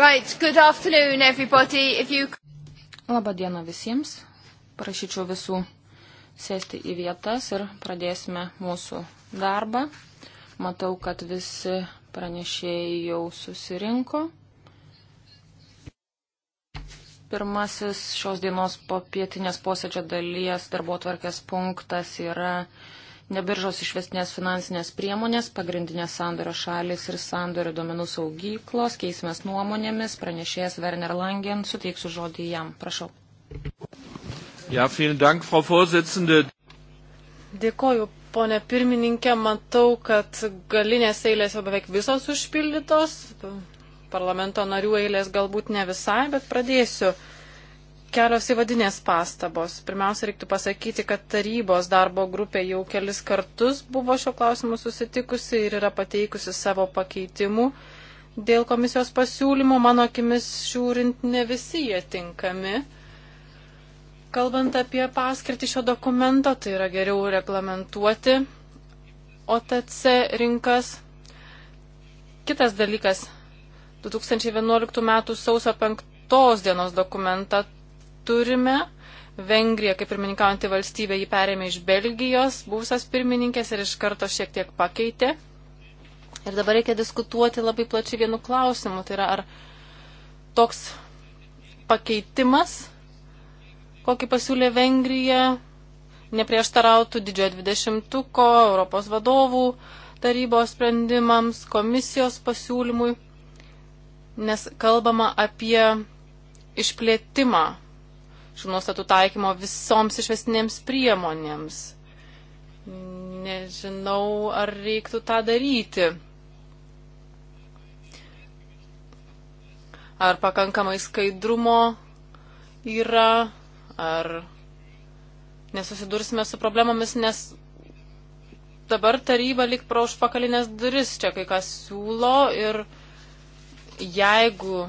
Right, good afternoon everybody. If you... Labą dieną visiems. Prašyčiau visų sėsti į vietas ir pradėsime mūsų darbą. Matau, kad visi pranešėjai jau susirinko. Pirmasis šios dienos popietinės posėdžio dalies darbo tvarkės punktas yra nebiržos išvestinės finansinės priemonės, pagrindinės sandorio šalis ir sandorio duomenų saugyklos, keisimės nuomonėmis, pranešėjas Werner Langen, suteiksiu žodį jam. Prašau. Ja, Dank, Frau Vorsitzende. Dėkoju, ponė pirmininkė, matau, kad galinės eilės jau beveik visos užpildytos, parlamento narių eilės galbūt ne visai, bet pradėsiu Kelios įvadinės pastabos. Pirmiausia, reiktų pasakyti, kad tarybos darbo grupė jau kelis kartus buvo šio klausimu susitikusi ir yra pateikusi savo pakeitimų. Dėl komisijos pasiūlymų, mano akimis, žiūrint, ne visi jie tinkami. Kalbant apie paskirtį šio dokumento, tai yra geriau reglamentuoti OTC rinkas. Kitas dalykas, 2011 m. sausio 5 tos dienos dokumentą turime. Vengrija, kaip pirmininkaujanti valstybė, jį perėmė iš Belgijos, buvusios pirmininkės ir iš karto šiek tiek pakeitė. Ir dabar reikia diskutuoti labai plačiai vienu klausimu. Tai yra, ar toks pakeitimas, kokį pasiūlė Vengrija, neprieštarautų didžiojo dvidešimtuko, Europos vadovų tarybos sprendimams, komisijos pasiūlymui, nes kalbama apie išplėtimą šių nuostatų taikymo visoms išvestinėms priemonėms. Nežinau, ar reiktų tą daryti. Ar pakankamai skaidrumo yra, ar nesusidursime su problemomis, nes dabar taryba lik pro užpakalinės duris čia kai kas siūlo ir jeigu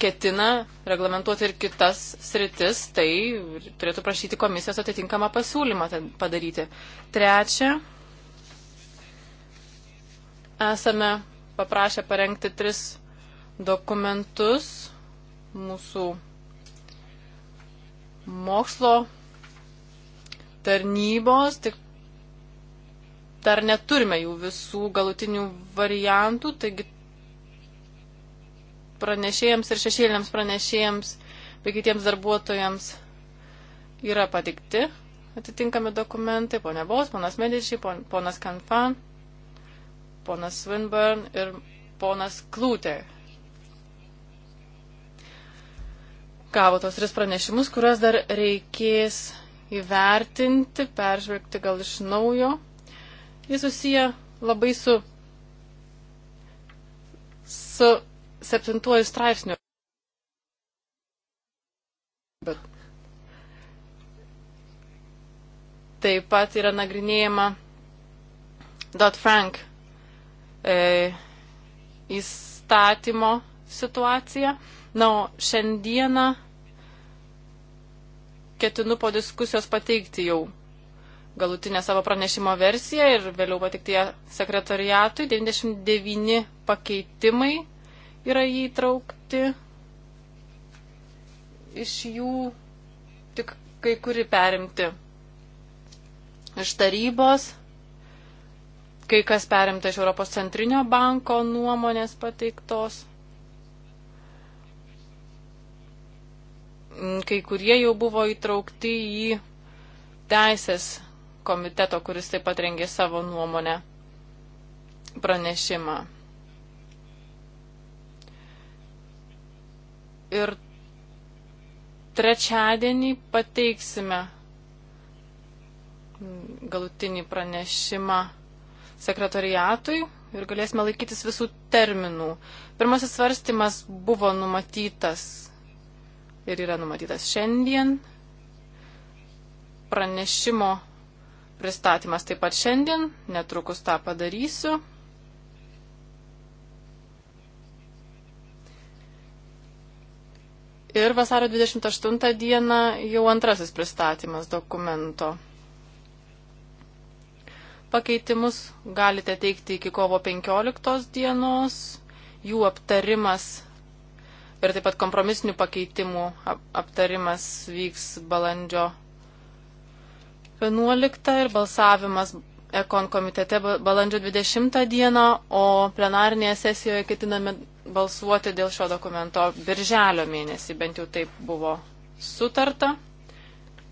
ketina reglamentuoti ir kitas sritis, tai turėtų prašyti komisijos atitinkamą pasiūlymą padaryti. Trečia, esame paprašę parengti tris dokumentus mūsų mokslo tarnybos, tik dar neturime jų visų galutinių variantų, taigi pranešėjams ir šešėliniams pranešėjams bei kitiems darbuotojams yra patikti atitinkami dokumentai, ponia Bos, ponas Medičiai, pon, ponas Kanfan, ponas Swinburne ir ponas Klūtė. Gavo tos tris pranešimus, kuriuos dar reikės įvertinti, peržvelgti gal iš naujo. Jis susiję labai su, su septintuoju straipsniu. Bet taip pat yra nagrinėjama Dot Frank e, įstatymo situacija. Na, o šiandieną ketinu po diskusijos pateikti jau galutinę savo pranešimo versiją ir vėliau patikti ją sekretariatui. 99 pakeitimai yra įtraukti. Iš jų tik kai kuri perimti iš tarybos, kai kas perimta iš Europos centrinio banko nuomonės pateiktos. Kai kurie jau buvo įtraukti į teisės komiteto, kuris taip pat rengė savo nuomonę pranešimą. ir trečiadienį pateiksime galutinį pranešimą sekretariatui ir galėsime laikytis visų terminų. Pirmasis svarstymas buvo numatytas ir yra numatytas šiandien. Pranešimo pristatymas taip pat šiandien, netrukus tą padarysiu. Ir vasario 28 dieną jau antrasis pristatymas dokumento. Pakeitimus galite teikti iki kovo 15 dienos. Jų aptarimas ir taip pat kompromisinių pakeitimų aptarimas vyks balandžio 11 ir balsavimas Ekon komitete balandžio 20 dieną, o plenarinėje sesijoje ketiname balsuoti dėl šio dokumento birželio mėnesį, bent jau taip buvo sutarta.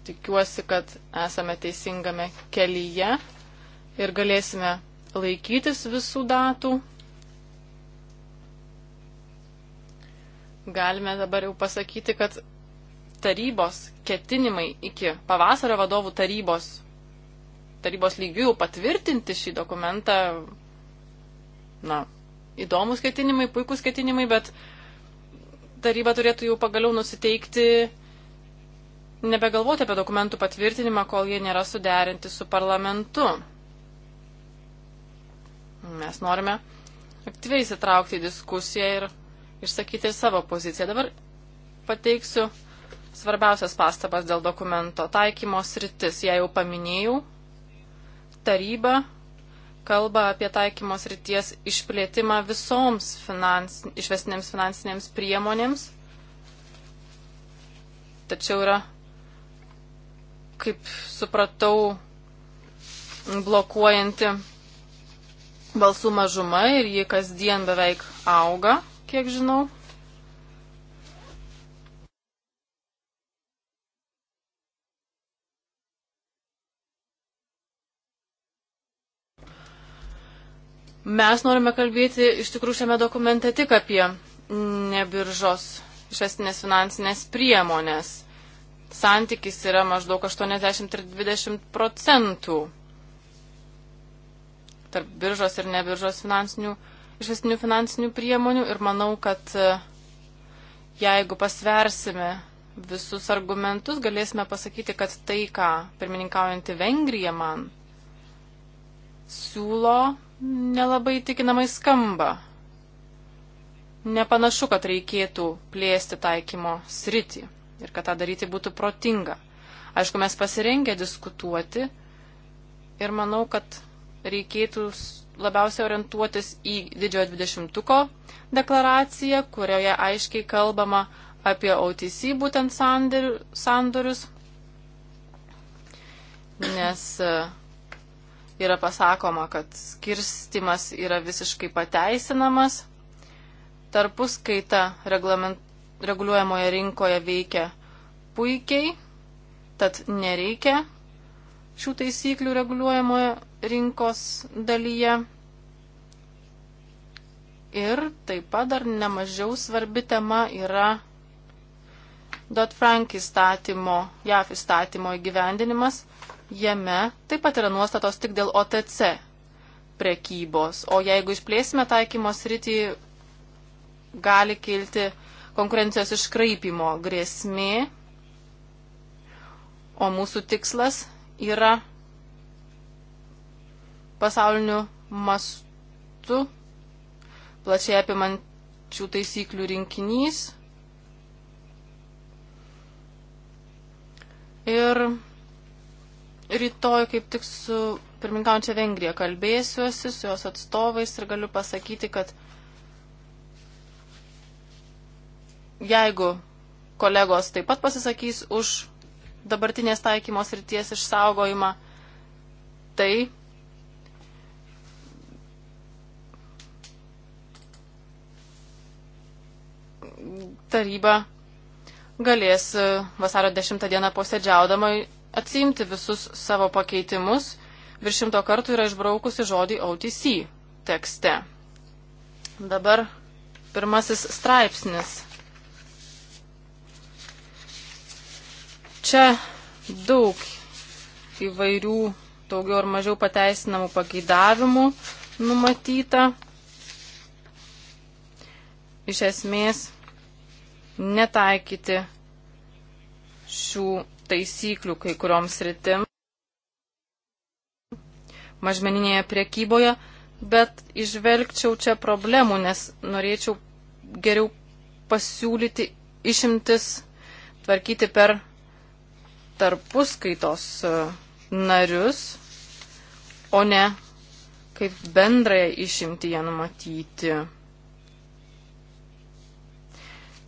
Tikiuosi, kad esame teisingame kelyje ir galėsime laikytis visų datų. Galime dabar jau pasakyti, kad tarybos ketinimai iki pavasario vadovų tarybos, tarybos lygių patvirtinti šį dokumentą, na, įdomus ketinimai, puikus ketinimai, bet taryba turėtų jau pagaliau nusiteikti nebegalvoti apie dokumentų patvirtinimą, kol jie nėra suderinti su parlamentu. Mes norime aktyviai įsitraukti į diskusiją ir išsakyti ir savo poziciją. Dabar pateiksiu svarbiausias pastabas dėl dokumento. Taikymos rytis, ją jau paminėjau, taryba kalba apie taikymos ryties išplėtimą visoms finans, išvesnėms finansinėms priemonėms. Tačiau yra, kaip supratau, blokuojanti balsų mažuma ir ji kasdien beveik auga, kiek žinau. Mes norime kalbėti iš tikrųjų šiame dokumente tik apie nebiržos išvestinės finansinės priemonės. Santykis yra maždaug 80 ir 20 procentų tarp biržos ir nebiržos finansinių, išvestinių finansinių priemonių ir manau, kad e, jeigu pasversime visus argumentus, galėsime pasakyti, kad tai, ką pirmininkaujantį Vengriją man siūlo, nelabai tikinamai skamba. Nepanašu, kad reikėtų plėsti taikymo sritį ir kad tą daryti būtų protinga. Aišku, mes pasirengę diskutuoti ir manau, kad reikėtų labiausiai orientuotis į didžiojo dvidešimtuko deklaraciją, kurioje aiškiai kalbama apie OTC būtent sandorius, nes e, yra pasakoma, kad skirstimas yra visiškai pateisinamas. Tarpuskaita reguliuojamoje rinkoje veikia puikiai, tad nereikia šių taisyklių reguliuojamoje rinkos dalyje. Ir taip pat dar nemažiau svarbi tema yra Dot Frank įstatymo, JAF įstatymo įgyvendinimas – jame taip pat yra nuostatos tik dėl OTC prekybos, o jeigu išplėsime taikymo sritį, gali kilti konkurencijos iškraipimo grėsmė, o mūsų tikslas yra pasauliniu mastu plačiai apimančių taisyklių rinkinys. Ir rytoj kaip tik su pirmininkaujančia Vengrija kalbėsiuosi, su jos atstovais ir galiu pasakyti, kad jeigu kolegos taip pat pasisakys už dabartinės taikymos ryties išsaugojimą, tai taryba galės e, vasario 10 dieną posėdžiaudama atsimti visus savo pakeitimus. Virš šimto kartų yra išbraukusi žodį OTC tekste. Dabar pirmasis straipsnis. Čia daug įvairių daugiau ar mažiau pateisinamų pageidavimų numatyta. Iš esmės netaikyti šių taisyklių kai kurioms rytim mažmeninėje priekyboje, bet išvelgčiau čia problemų, nes norėčiau geriau pasiūlyti išimtis tvarkyti per tarpuskaitos e, narius, o ne kaip bendrąją išimtį ją numatyti.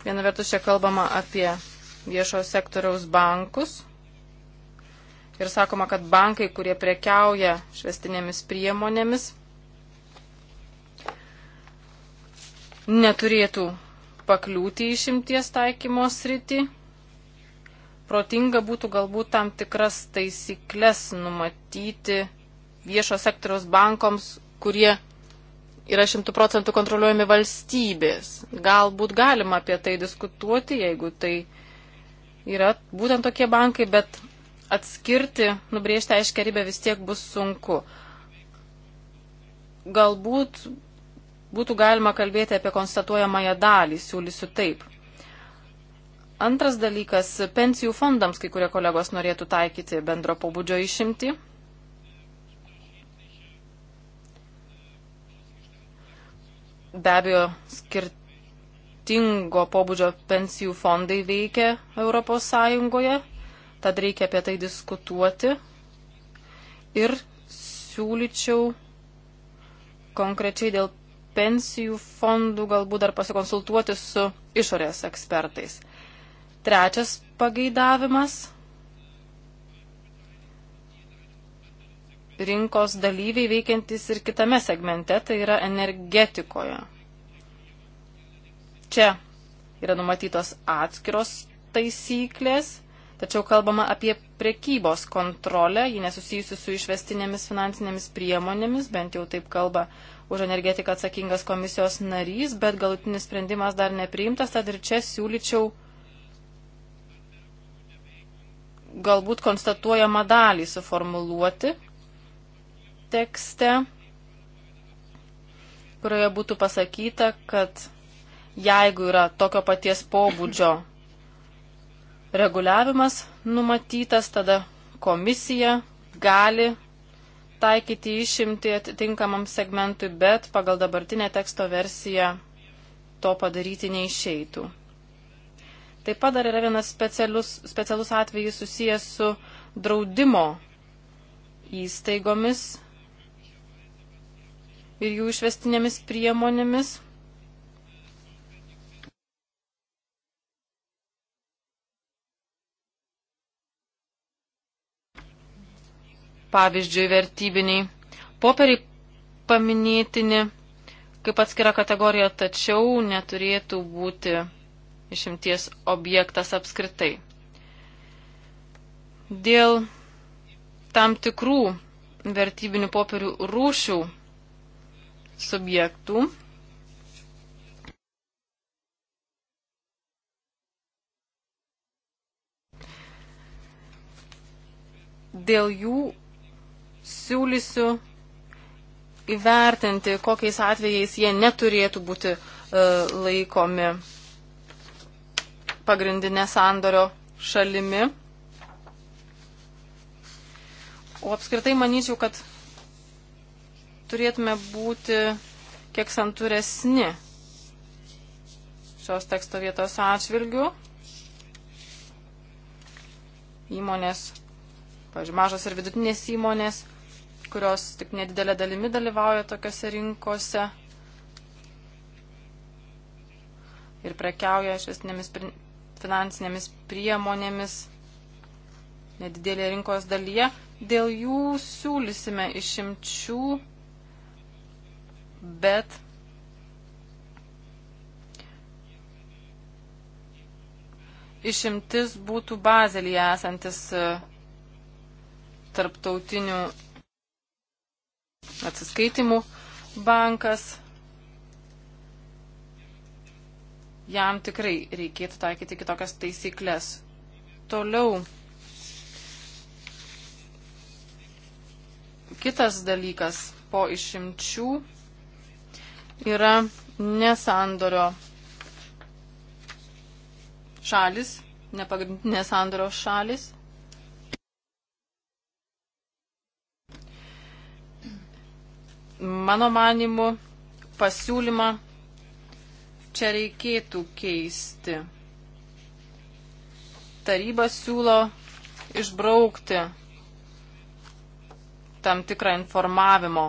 Viena vertus čia kalbama apie viešojo sektoriaus bankus. Ir sakoma, kad bankai, kurie prekiauja švestinėmis priemonėmis, neturėtų pakliūti išimties taikymo sritį. Protinga būtų galbūt tam tikras taisyklės numatyti viešo sektoriaus bankoms, kurie yra šimtų procentų kontroliuojami valstybės. Galbūt galima apie tai diskutuoti, jeigu tai yra būtent tokie bankai, bet atskirti, nubriežti aiškę ribę vis tiek bus sunku. Galbūt būtų galima kalbėti apie konstatuojamąją dalį, siūlysiu taip. Antras dalykas - pensijų fondams kai kurie kolegos norėtų taikyti bendro pobūdžio išimti. Be abejo, skirt skirtingo pobūdžio pensijų fondai veikia Europos Sąjungoje, tad reikia apie tai diskutuoti ir siūlyčiau konkrečiai dėl pensijų fondų galbūt dar pasikonsultuoti su išorės ekspertais. Trečias pageidavimas rinkos dalyviai veikiantys ir kitame segmente, tai yra energetikoje. Čia yra numatytos atskiros taisyklės, tačiau kalbama apie prekybos kontrolę, ji nesusijusi su išvestinėmis finansinėmis priemonėmis, bent jau taip kalba už energetiką atsakingas komisijos narys, bet galutinis sprendimas dar nepriimtas, tad ir čia siūlyčiau galbūt konstatuojamą dalį suformuluoti tekste, kurioje būtų pasakyta, kad jeigu yra tokio paties pobūdžio reguliavimas numatytas, tada komisija gali taikyti išimti atitinkamam segmentui, bet pagal dabartinę teksto versiją to padaryti neišeitų. Taip pat dar yra vienas specialus, specialus atvejis susijęs su draudimo įstaigomis ir jų išvestinėmis priemonėmis. pavyzdžiui, vertybiniai popieriai paminėtini kaip atskira kategorija, tačiau neturėtų būti išimties objektas apskritai. Dėl tam tikrų vertybinių popierių rūšių subjektų dėl jų siūlysiu įvertinti, kokiais atvejais jie neturėtų būti e, laikomi pagrindinė sandorio šalimi. O apskritai manyčiau, kad turėtume būti kiek santūresni šios teksto vietos atžvilgių. Įmonės, pažiūrėjau, mažos ir vidutinės įmonės kurios tik nedidelė dalimi dalyvauja tokiuose rinkose ir prekiauja šviesnėmis finansinėmis priemonėmis nedidelė rinkos dalyje. Dėl jų siūlysime išimčių, bet išimtis būtų bazelyje esantis e, tarptautinių atsiskaitimų bankas. Jam tikrai reikėtų taikyti kitokias taisyklės. Toliau. Kitas dalykas po išimčių yra nesandorio šalis, nepagrindinės sandorio šalis, mano manimu, pasiūlymą čia reikėtų keisti. Taryba siūlo išbraukti tam tikrą informavimo,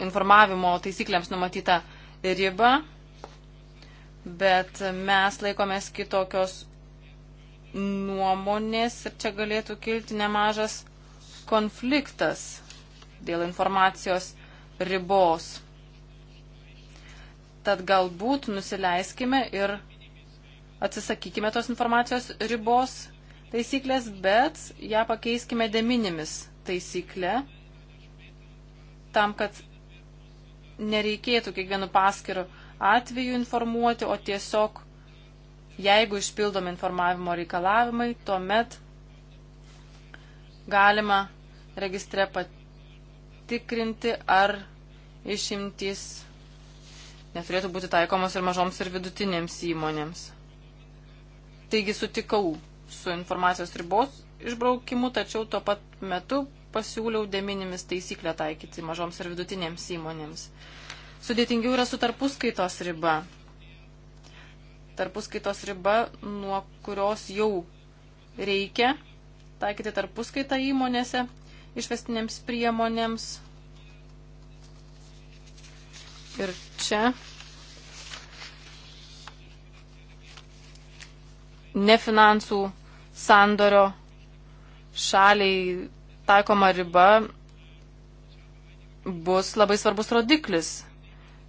informavimo taisyklėms numatytą ribą, bet mes laikomės kitokios nuomonės ir čia galėtų kilti nemažas konfliktas dėl informacijos ribos. Tad galbūt nusileiskime ir atsisakykime tos informacijos ribos taisyklės, bet ją pakeiskime deminimis taisyklę, tam, kad nereikėtų kiekvienu paskiru atveju informuoti, o tiesiog jeigu išpildomi informavimo reikalavimai, tuomet galima registre pat patikrinti, ar išimtys neturėtų būti taikomos ir mažoms ir vidutinėms įmonėms. Taigi sutikau su informacijos ribos išbraukimu, tačiau tuo pat metu pasiūliau deminimis taisyklę taikyti mažoms ir vidutinėms įmonėms. Sudėtingiau yra su tarpuskaitos riba. Tarpuskaitos riba, nuo kurios jau reikia taikyti tarpuskaitą įmonėse, išvestinėms priemonėms. Ir čia ne finansų sandorio šaliai taikoma riba bus labai svarbus rodiklis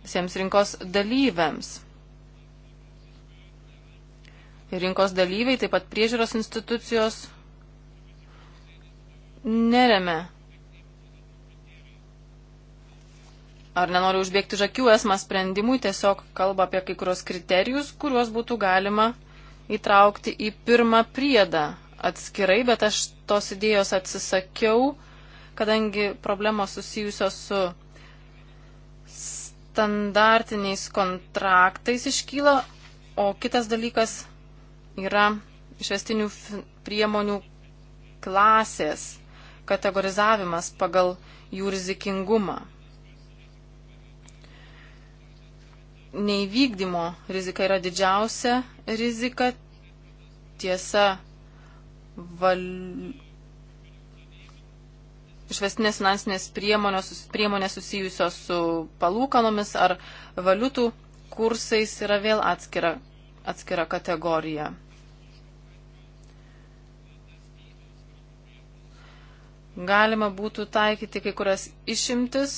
visiems rinkos dalyviams. Rinkos dalyviai, taip pat priežiūros institucijos neremia. Ar nenoriu užbėgti žakių esmą sprendimui, tiesiog kalba apie kai kurios kriterijus, kuriuos būtų galima įtraukti į pirmą priedą atskirai, bet aš tos idėjos atsisakiau, kadangi problemos susijusios su standartiniais kontraktais iškyla, o kitas dalykas yra išvestinių priemonių klasės kategorizavimas pagal jų rizikingumą. Neįvykdymo rizika yra didžiausia rizika. Tiesa, val... išvestinės finansinės priemonės, priemonės susijusios su palūkanomis ar valiutų kursais yra vėl atskira, atskira kategorija. galima būtų taikyti kai kurias išimtis.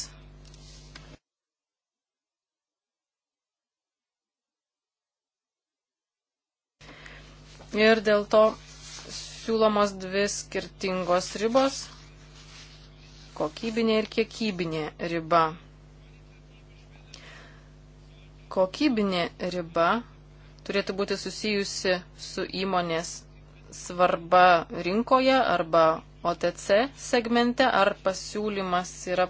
Ir dėl to siūlomos dvi skirtingos ribos - kokybinė ir kiekybinė riba. Kokybinė riba turėtų būti susijusi su įmonės svarba rinkoje arba OTC segmente, ar pasiūlymas yra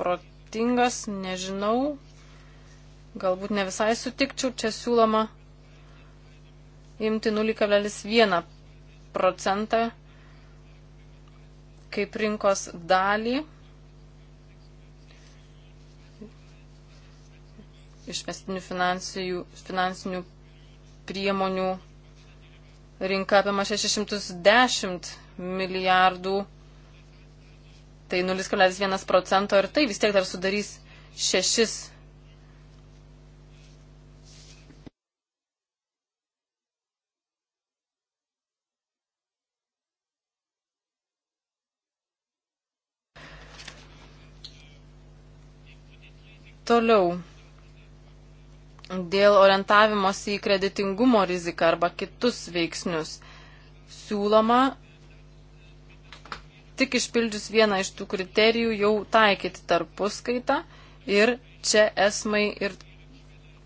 protingas, nežinau. Galbūt ne visai sutikčiau, čia siūloma imti 0,1 procentą kaip rinkos dalį išmestinių finansinių priemonių rinka apima 610 milijardų, tai 0,1 procento ir tai vis tiek dar sudarys 6 Toliau. Dėl orientavimosi į kreditingumo riziką arba kitus veiksnius siūloma tik išpildžius vieną iš tų kriterijų jau taikyti tarpuskaitą ir čia esmai ir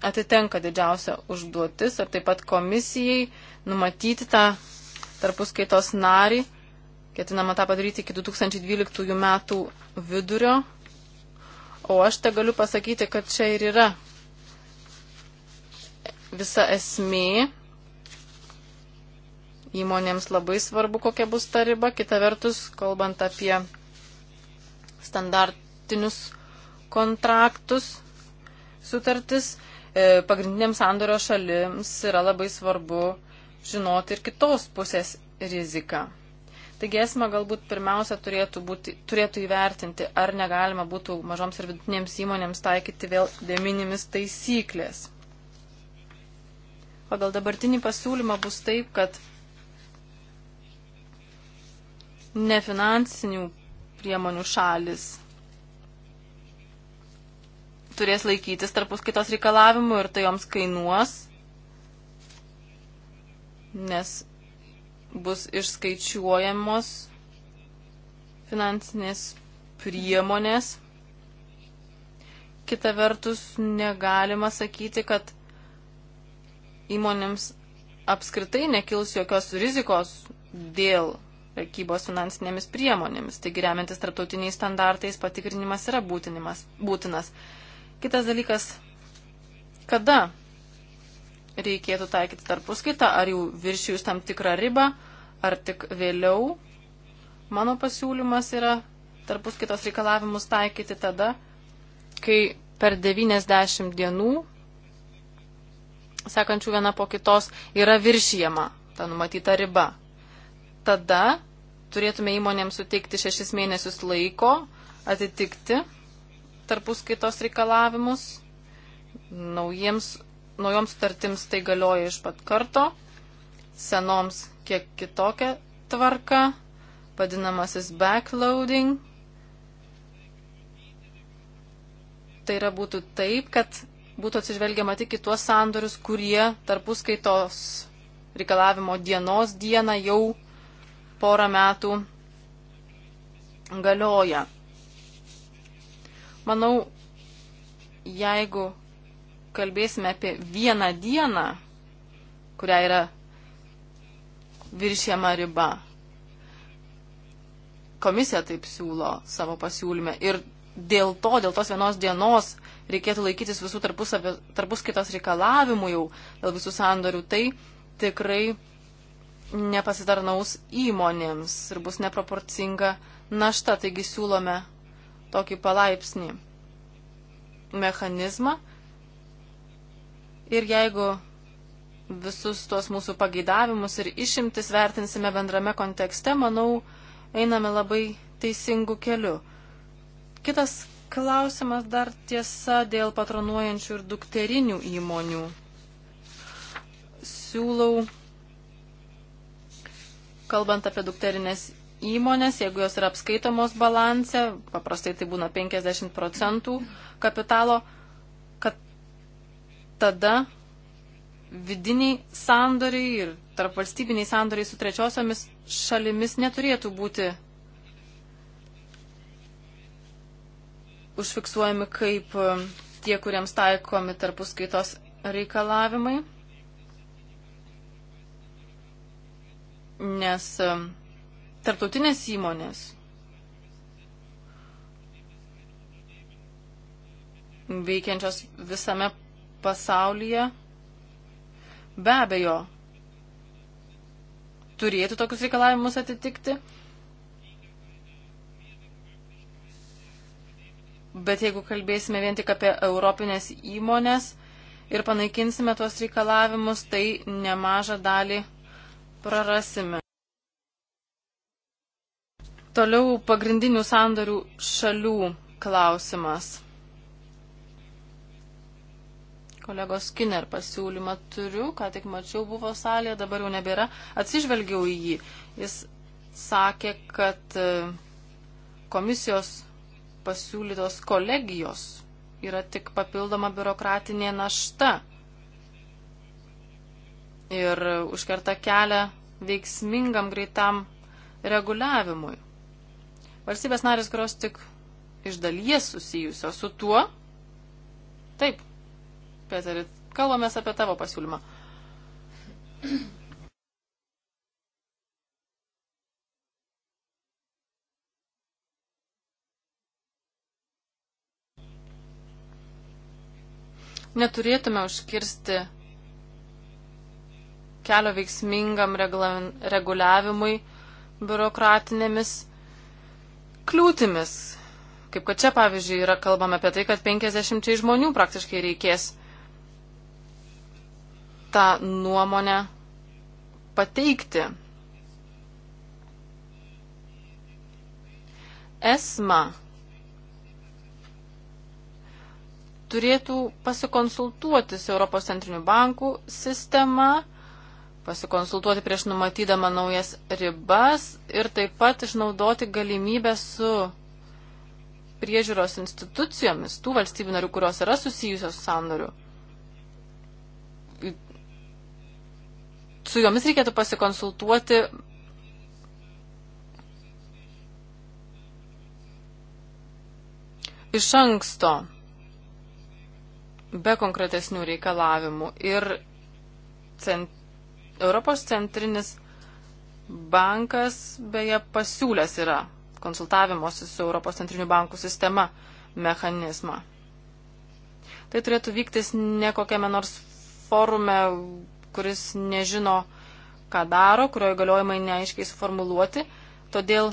atitenka didžiausia užduotis, ar taip pat komisijai numatyti tą tarpuskaitos narį. Ketinama tą padaryti iki 2012 metų vidurio. O aš te galiu pasakyti, kad čia ir yra visa esmė įmonėms labai svarbu, kokia bus ta riba. Kita vertus, kalbant apie standartinius kontraktus, sutartis, e, pagrindiniams sandorio šalims yra labai svarbu žinoti ir kitos pusės riziką. Taigi esmė galbūt pirmiausia turėtų, būti, turėtų įvertinti, ar negalima būtų mažoms ir vidutinėms įmonėms taikyti vėl dėminimis taisyklės. Pagal dabartinį pasiūlymą bus taip, kad nefinansinių priemonių šalis turės laikytis tarpuskaitos reikalavimų ir tai joms kainuos, nes bus išskaičiuojamos finansinės priemonės. Kita vertus, negalima sakyti, kad įmonėms apskritai nekils jokios rizikos dėl prekybos finansinėmis priemonėmis. Taigi remiantis tarptautiniais standartais patikrinimas yra būtinas. Kitas dalykas, kada reikėtų taikyti tarpuskaitą, ar jau viršijus tam tikrą ribą, ar tik vėliau. Mano pasiūlymas yra tarpuskaitos reikalavimus taikyti tada, kai per 90 dienų, sekančių viena po kitos, yra viršijama ta numatyta riba. Tada turėtume įmonėms suteikti šešis mėnesius laiko atitikti tarpuskaitos reikalavimus. Naujiems, naujoms sutartims tai galioja iš pat karto, senoms kiek kitokia tvarka, vadinamasis backloading. Tai yra būtų taip, kad būtų atsižvelgiama tik į tuos sandorius, kurie tarpuskaitos reikalavimo dienos dieną jau porą metų galioja. Manau, jeigu kalbėsime apie vieną dieną, kuria yra viršėma riba, komisija taip siūlo savo pasiūlyme ir dėl to, dėl tos vienos dienos reikėtų laikytis visų tarpus, tarpus kitos reikalavimų jau dėl visų sandorių, tai tikrai nepasitarnaus įmonėms ir bus neproporcinga našta. Taigi siūlome tokį palaipsnį mechanizmą. Ir jeigu visus tuos mūsų pageidavimus ir išimtis vertinsime bendrame kontekste, manau, einame labai teisingu keliu. Kitas klausimas dar tiesa dėl patronuojančių ir dukterinių įmonių. Siūlau Kalbant apie dukterinės įmonės, jeigu jos yra apskaitomos balanse, paprastai tai būna 50 procentų kapitalo, kad tada vidiniai sandoriai ir tarp valstybiniai sandoriai su trečiosiomis šalimis neturėtų būti užfiksuojami kaip tie, kuriems taikomi tarpuskaitos reikalavimai. nes tarptautinės įmonės veikiančios visame pasaulyje be abejo turėtų tokius reikalavimus atitikti. Bet jeigu kalbėsime vien tik apie europinės įmonės ir panaikinsime tuos reikalavimus, tai nemažą dalį prarasime. Toliau pagrindinių sandorių šalių klausimas. Kolegos Skinner pasiūlymą turiu, ką tik mačiau buvo salėje, dabar jau nebėra. Atsižvelgiau į jį. Jis sakė, kad e, komisijos pasiūlytos kolegijos yra tik papildoma biurokratinė našta ir užkerta kelią veiksmingam greitam reguliavimui. Valstybės narės, kurios tik iš dalies susijusios su tuo, taip, Peteri, kalbamės apie tavo pasiūlymą. Neturėtume užkirsti kelio veiksmingam reguliavimui biurokratinėmis kliūtimis. Kaip kad čia, pavyzdžiui, yra kalbama apie tai, kad 50 žmonių praktiškai reikės tą nuomonę pateikti. Esma turėtų pasikonsultuoti su Europos centriniu banku sistema pasikonsultuoti prieš numatydama naujas ribas ir taip pat išnaudoti galimybę su priežiūros institucijomis, tų valstybių narių, kurios yra susijusios sandorių. Su jomis reikėtų pasikonsultuoti iš anksto, be konkretesnių reikalavimų. Ir cent, Europos centrinis bankas beje pasiūlęs yra konsultavimuose su Europos centriniu bankų sistema mechanizmą. Tai turėtų vyktis ne kokiame nors forume, kuris nežino, ką daro, kurio įgaliojimai neaiškiai suformuluoti. Todėl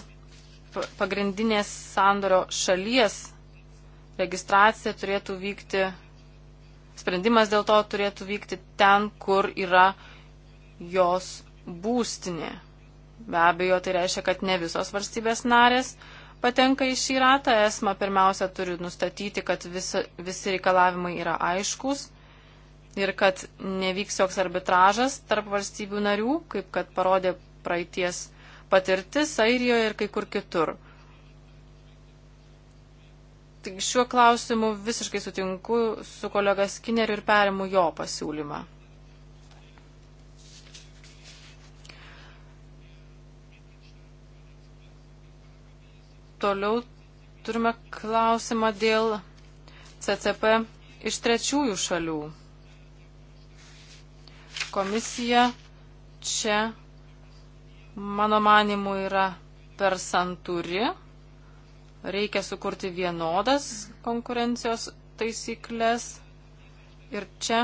pagrindinės sandorio šalies registracija turėtų vykti, sprendimas dėl to turėtų vykti ten, kur yra uh, jos būstinė. Be abejo, tai reiškia, kad ne visos valstybės narės patenka į šį ratą. ESMA pirmiausia turi nustatyti, kad visi, visi reikalavimai yra aiškus ir kad nevyks joks arbitražas tarp valstybių narių, kaip kad parodė praeities patirtis Airijoje ir kai kur kitur. Tik šiuo klausimu visiškai sutinku su kolega Skinneriu ir perimu jo pasiūlymą. Toliau turime klausimą dėl CCP iš trečiųjų šalių. Komisija čia, mano manimu, yra per santūri. Reikia sukurti vienodas konkurencijos taisyklės. Ir čia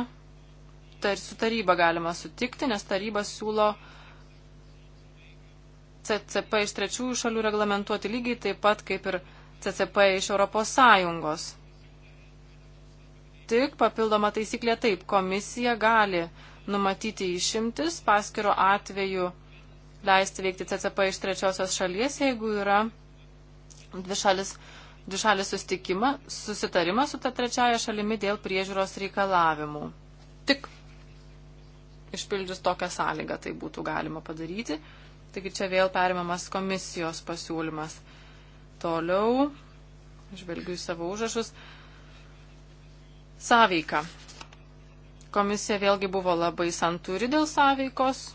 tar, su taryba galima sutikti, nes taryba siūlo uh, CCP iš trečiųjų šalių reglamentuoti lygiai taip pat kaip ir CCP iš Europos Sąjungos. Tik papildoma taisyklė taip, komisija gali numatyti išimtis paskiro atveju leisti veikti CCP iš trečiosios šalies, jeigu yra dvišalis, dvišalis susitarimas su ta trečiaja šalimi dėl priežiūros reikalavimų. Tik išpildžius tokią sąlygą tai būtų galima padaryti. Taigi čia vėl perimamas komisijos pasiūlymas. Toliau, žvelgiu į savo užrašus, sąveika. Komisija vėlgi buvo labai santūri dėl sąveikos.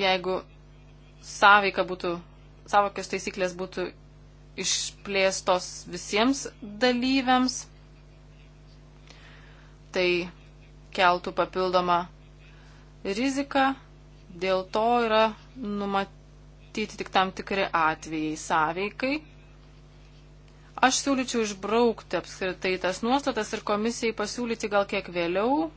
Jeigu sąveika būtų, savokios taisyklės būtų išplėstos visiems dalyviams, tai keltų papildomą riziką, dėl to yra numatyti tik tam tikri atvejai sąveikai. Aš siūlyčiau išbraukti apskritai tas nuostatas ir komisijai pasiūlyti gal kiek vėliau.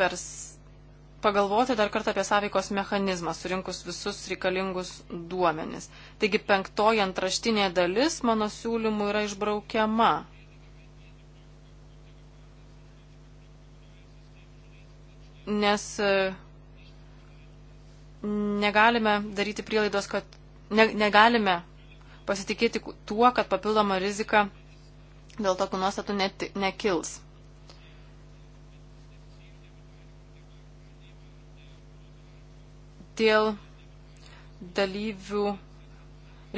Per pagalvoti dar kartą apie sąveikos mechanizmą, surinkus visus reikalingus duomenis. Taigi penktoji antraštinė dalis mano siūlymų yra išbraukiama. Nes e, negalime daryti prielaidos, kad ne, negalime pasitikėti tuo, kad papildoma rizika dėl tokių nuostatų net, nekils. dėl dalyvių,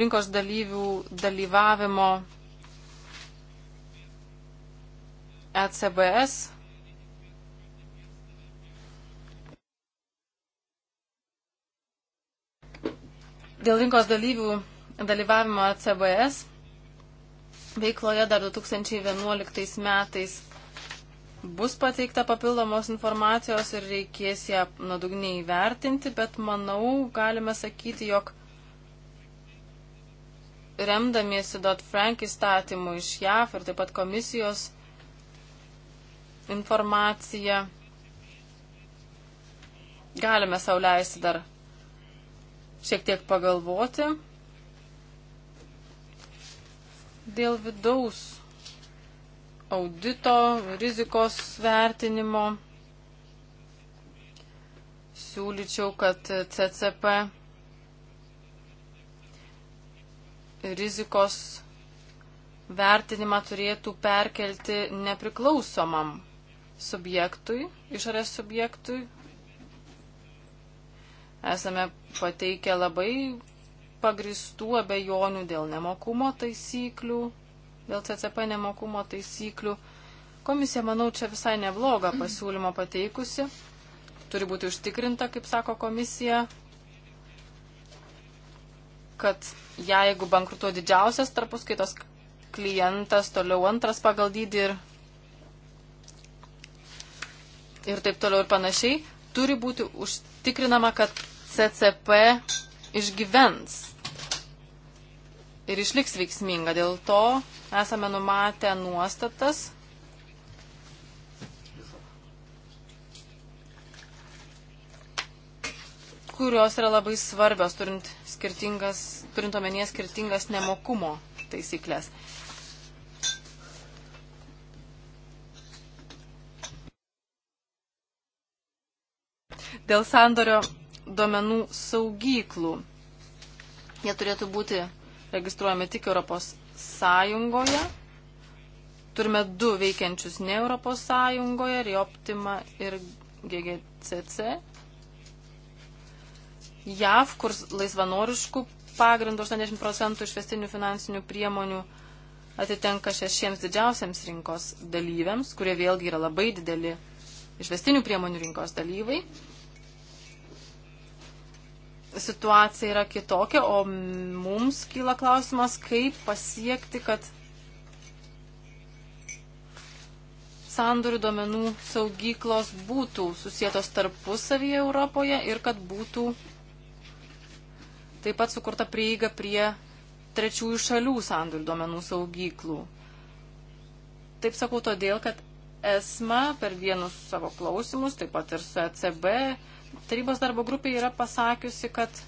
rinkos dalyvių dalyvavimo ECBS. Dėl rinkos dalyvių dalyvavimo ECBS veikloje dar 2011 metais bus pateikta papildomos informacijos ir reikės ją nuodugniai įvertinti, bet manau, galime sakyti, jog remdamiesi Dodd-Frank įstatymu iš JAF ir taip pat komisijos informaciją, galime sauliaisti dar šiek tiek pagalvoti dėl vidaus audito, rizikos vertinimo. Siūlyčiau, kad CCP rizikos vertinimą turėtų perkelti nepriklausomam subjektui, išorės subjektui. Esame pateikę labai pagristų abejonių dėl nemokumo taisyklių, dėl CCP nemokumo taisyklių. Komisija, manau, čia visai neblogą pasiūlymą pateikusi. Turi būti užtikrinta, kaip sako komisija, kad jeigu bankrutuo didžiausias tarpuskaitos klientas, toliau antras pagal dydį ir, ir taip toliau ir panašiai, turi būti užtikrinama, kad CCP išgyvens ir išliks veiksminga. Dėl to esame numatę nuostatas, kurios yra labai svarbios, turint, turint omenyje skirtingas nemokumo taisyklės. Dėl sandorio duomenų saugyklų. Jie turėtų būti registruojami tik Europos Sąjungoje. Turime du veikiančius ne Europos Sąjungoje, Reoptima ir GGCC. JAV, kur laisvanoriškų pagrindų 80 procentų išvestinių finansinių priemonių atitenka šešiems didžiausiams rinkos dalyviams, kurie vėlgi yra labai dideli išvestinių priemonių rinkos dalyvai situacija yra kitokia, o mums kyla klausimas, kaip pasiekti, kad sandorių duomenų saugyklos būtų susijėtos tarpusavyje Europoje ir kad būtų taip pat sukurta prieiga prie trečiųjų šalių sandorių duomenų saugyklų. Taip sakau todėl, kad ESMA per vienus savo klausimus, taip pat ir su ECB, tarybos darbo grupė yra pasakiusi, kad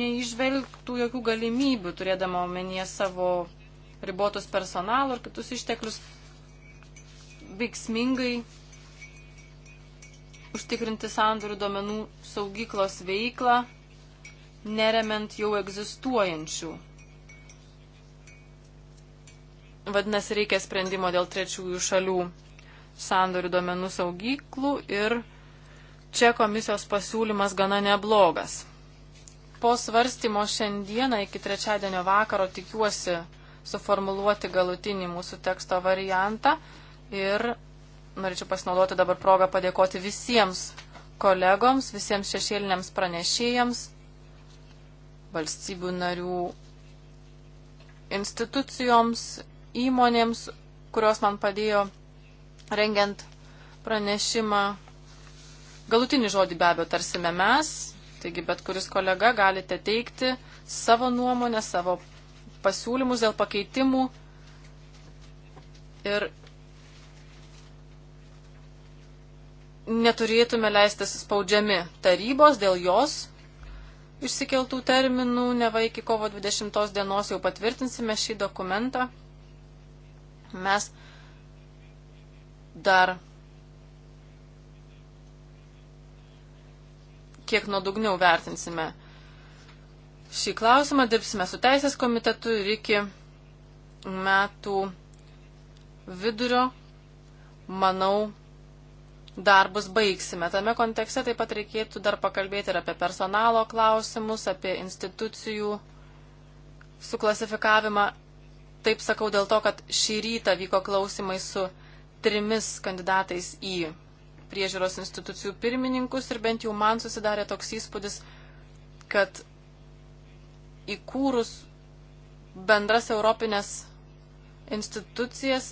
neižvelgtų jokių galimybių, turėdama omenyje savo ribotus personalų ir kitus išteklius, veiksmingai užtikrinti sandorių duomenų saugyklos veiklą, neremiant jau egzistuojančių. Vadinasi, reikia sprendimo dėl trečiųjų šalių sandorių duomenų saugyklų ir čia komisijos pasiūlymas gana neblogas. Po svarstymo šiandieną iki trečiadienio vakaro tikiuosi suformuluoti galutinį mūsų teksto variantą ir norėčiau pasinaudoti dabar progą padėkoti visiems kolegoms, visiems šešėliniams pranešėjams, valstybių narių institucijoms, įmonėms, kurios man padėjo rengiant pranešimą Galutinį žodį be abejo tarsime mes, taigi bet kuris kolega galite teikti savo nuomonę, savo pasiūlymus dėl pakeitimų ir neturėtume leistis spaudžiami tarybos dėl jos išsikeltų terminų, neva iki kovo 20 dienos jau patvirtinsime šį dokumentą. Mes dar kiek nuodugniau vertinsime šį klausimą, dirbsime su Teisės komitetu ir iki metų vidurio, manau, darbus baigsime. Tame kontekste taip pat reikėtų dar pakalbėti ir apie personalo klausimus, apie institucijų suklasifikavimą. Taip sakau dėl to, kad šį rytą vyko klausimai su trimis kandidatais į priežiūros institucijų pirmininkus ir bent jau man susidarė toks įspūdis, kad įkūrus bendras europinės institucijas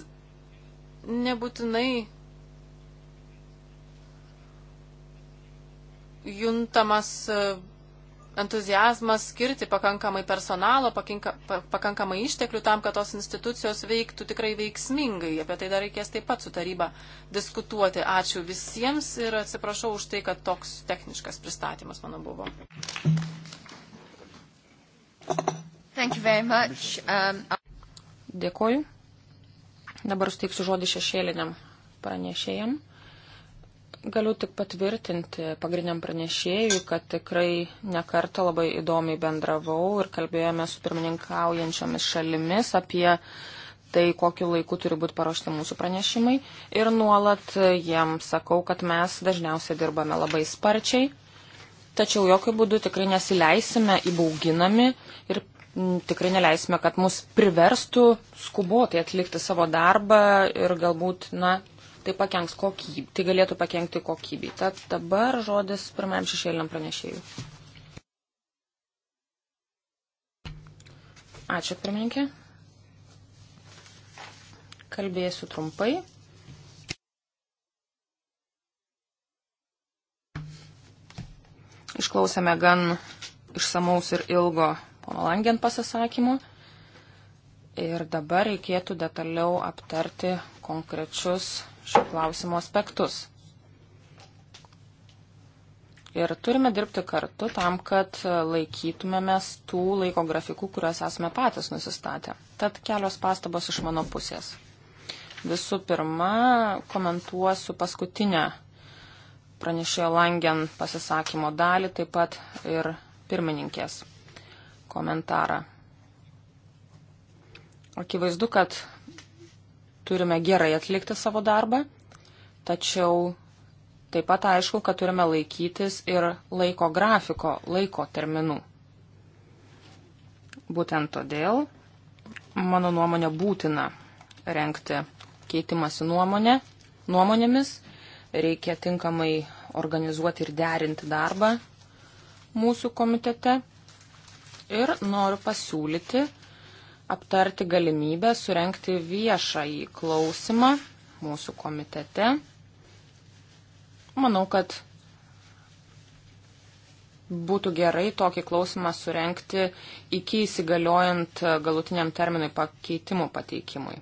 nebūtinai juntamas e, entuzijazmas skirti pakankamai personalo, pakinka, pakankamai išteklių tam, kad tos institucijos veiktų tikrai veiksmingai. Apie tai dar reikės taip pat su taryba diskutuoti. Ačiū visiems ir atsiprašau už tai, kad toks techniškas pristatymas mano buvo. Um, Dėkoju. Dabar suteiksiu žodį šešėliniam pranešėjam. Galiu tik patvirtinti pagrindiniam pranešėjui, kad tikrai nekartą labai įdomiai bendravau ir kalbėjome su pirmininkaujančiomis šalimis apie tai, kokiu laiku turi būti paruošti mūsų pranešimai. Ir nuolat jiems sakau, kad mes dažniausiai dirbame labai sparčiai, tačiau jokių būdų tikrai nesileisime įbauginami ir tikrai neleisime, kad mus priverstų skubotai atlikti savo darbą ir galbūt, na, tai, pakenks kokybė, tai galėtų pakengti kokybei. Tad dabar žodis pirmajam šešėliniam pranešėjui. Ačiū, pirmininkė. Kalbėsiu trumpai. Išklausėme gan išsamaus ir ilgo pono Langen pasisakymų. Ir dabar reikėtų detaliau aptarti konkrečius šio klausimo aspektus. Ir turime dirbti kartu tam, kad laikytumėmės tų laiko grafikų, kuriuos esame patys nusistatę. Tad kelios pastabos iš mano pusės. Visų pirma, komentuosiu paskutinę pranešėjo Langen pasisakymo dalį, taip pat ir pirmininkės komentarą. Akivaizdu, kad turime gerai atlikti savo darbą, tačiau taip pat aišku, kad turime laikytis ir laiko grafiko, laiko terminų. Būtent todėl, mano nuomonė, būtina renkti keitimąsi nuomonę, nuomonėmis, reikia tinkamai organizuoti ir derinti darbą mūsų komitete. Ir noriu pasiūlyti aptarti galimybę surenkti viešąjį klausimą mūsų komitete. Manau, kad būtų gerai tokį klausimą surenkti iki įsigaliojant galutiniam terminui pakeitimų pateikimui.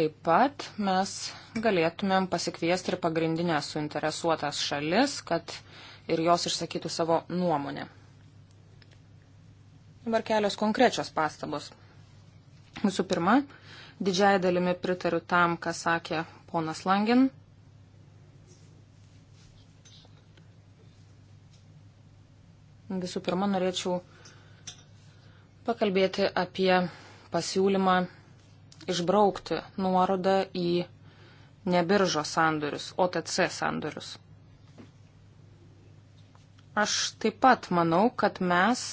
Taip pat mes galėtumėm pasikviesti ir pagrindinę suinteresuotas šalis, kad ir jos išsakytų savo nuomonę. Dabar kelios konkrečios pastabos. Visų pirma, didžiai dalimi pritariu tam, ką sakė ponas Langin. Visų pirma, norėčiau pakalbėti apie pasiūlymą išbraukti nuorodą į nebiržo sandorius, OTC sandorius. Aš taip pat manau, kad mes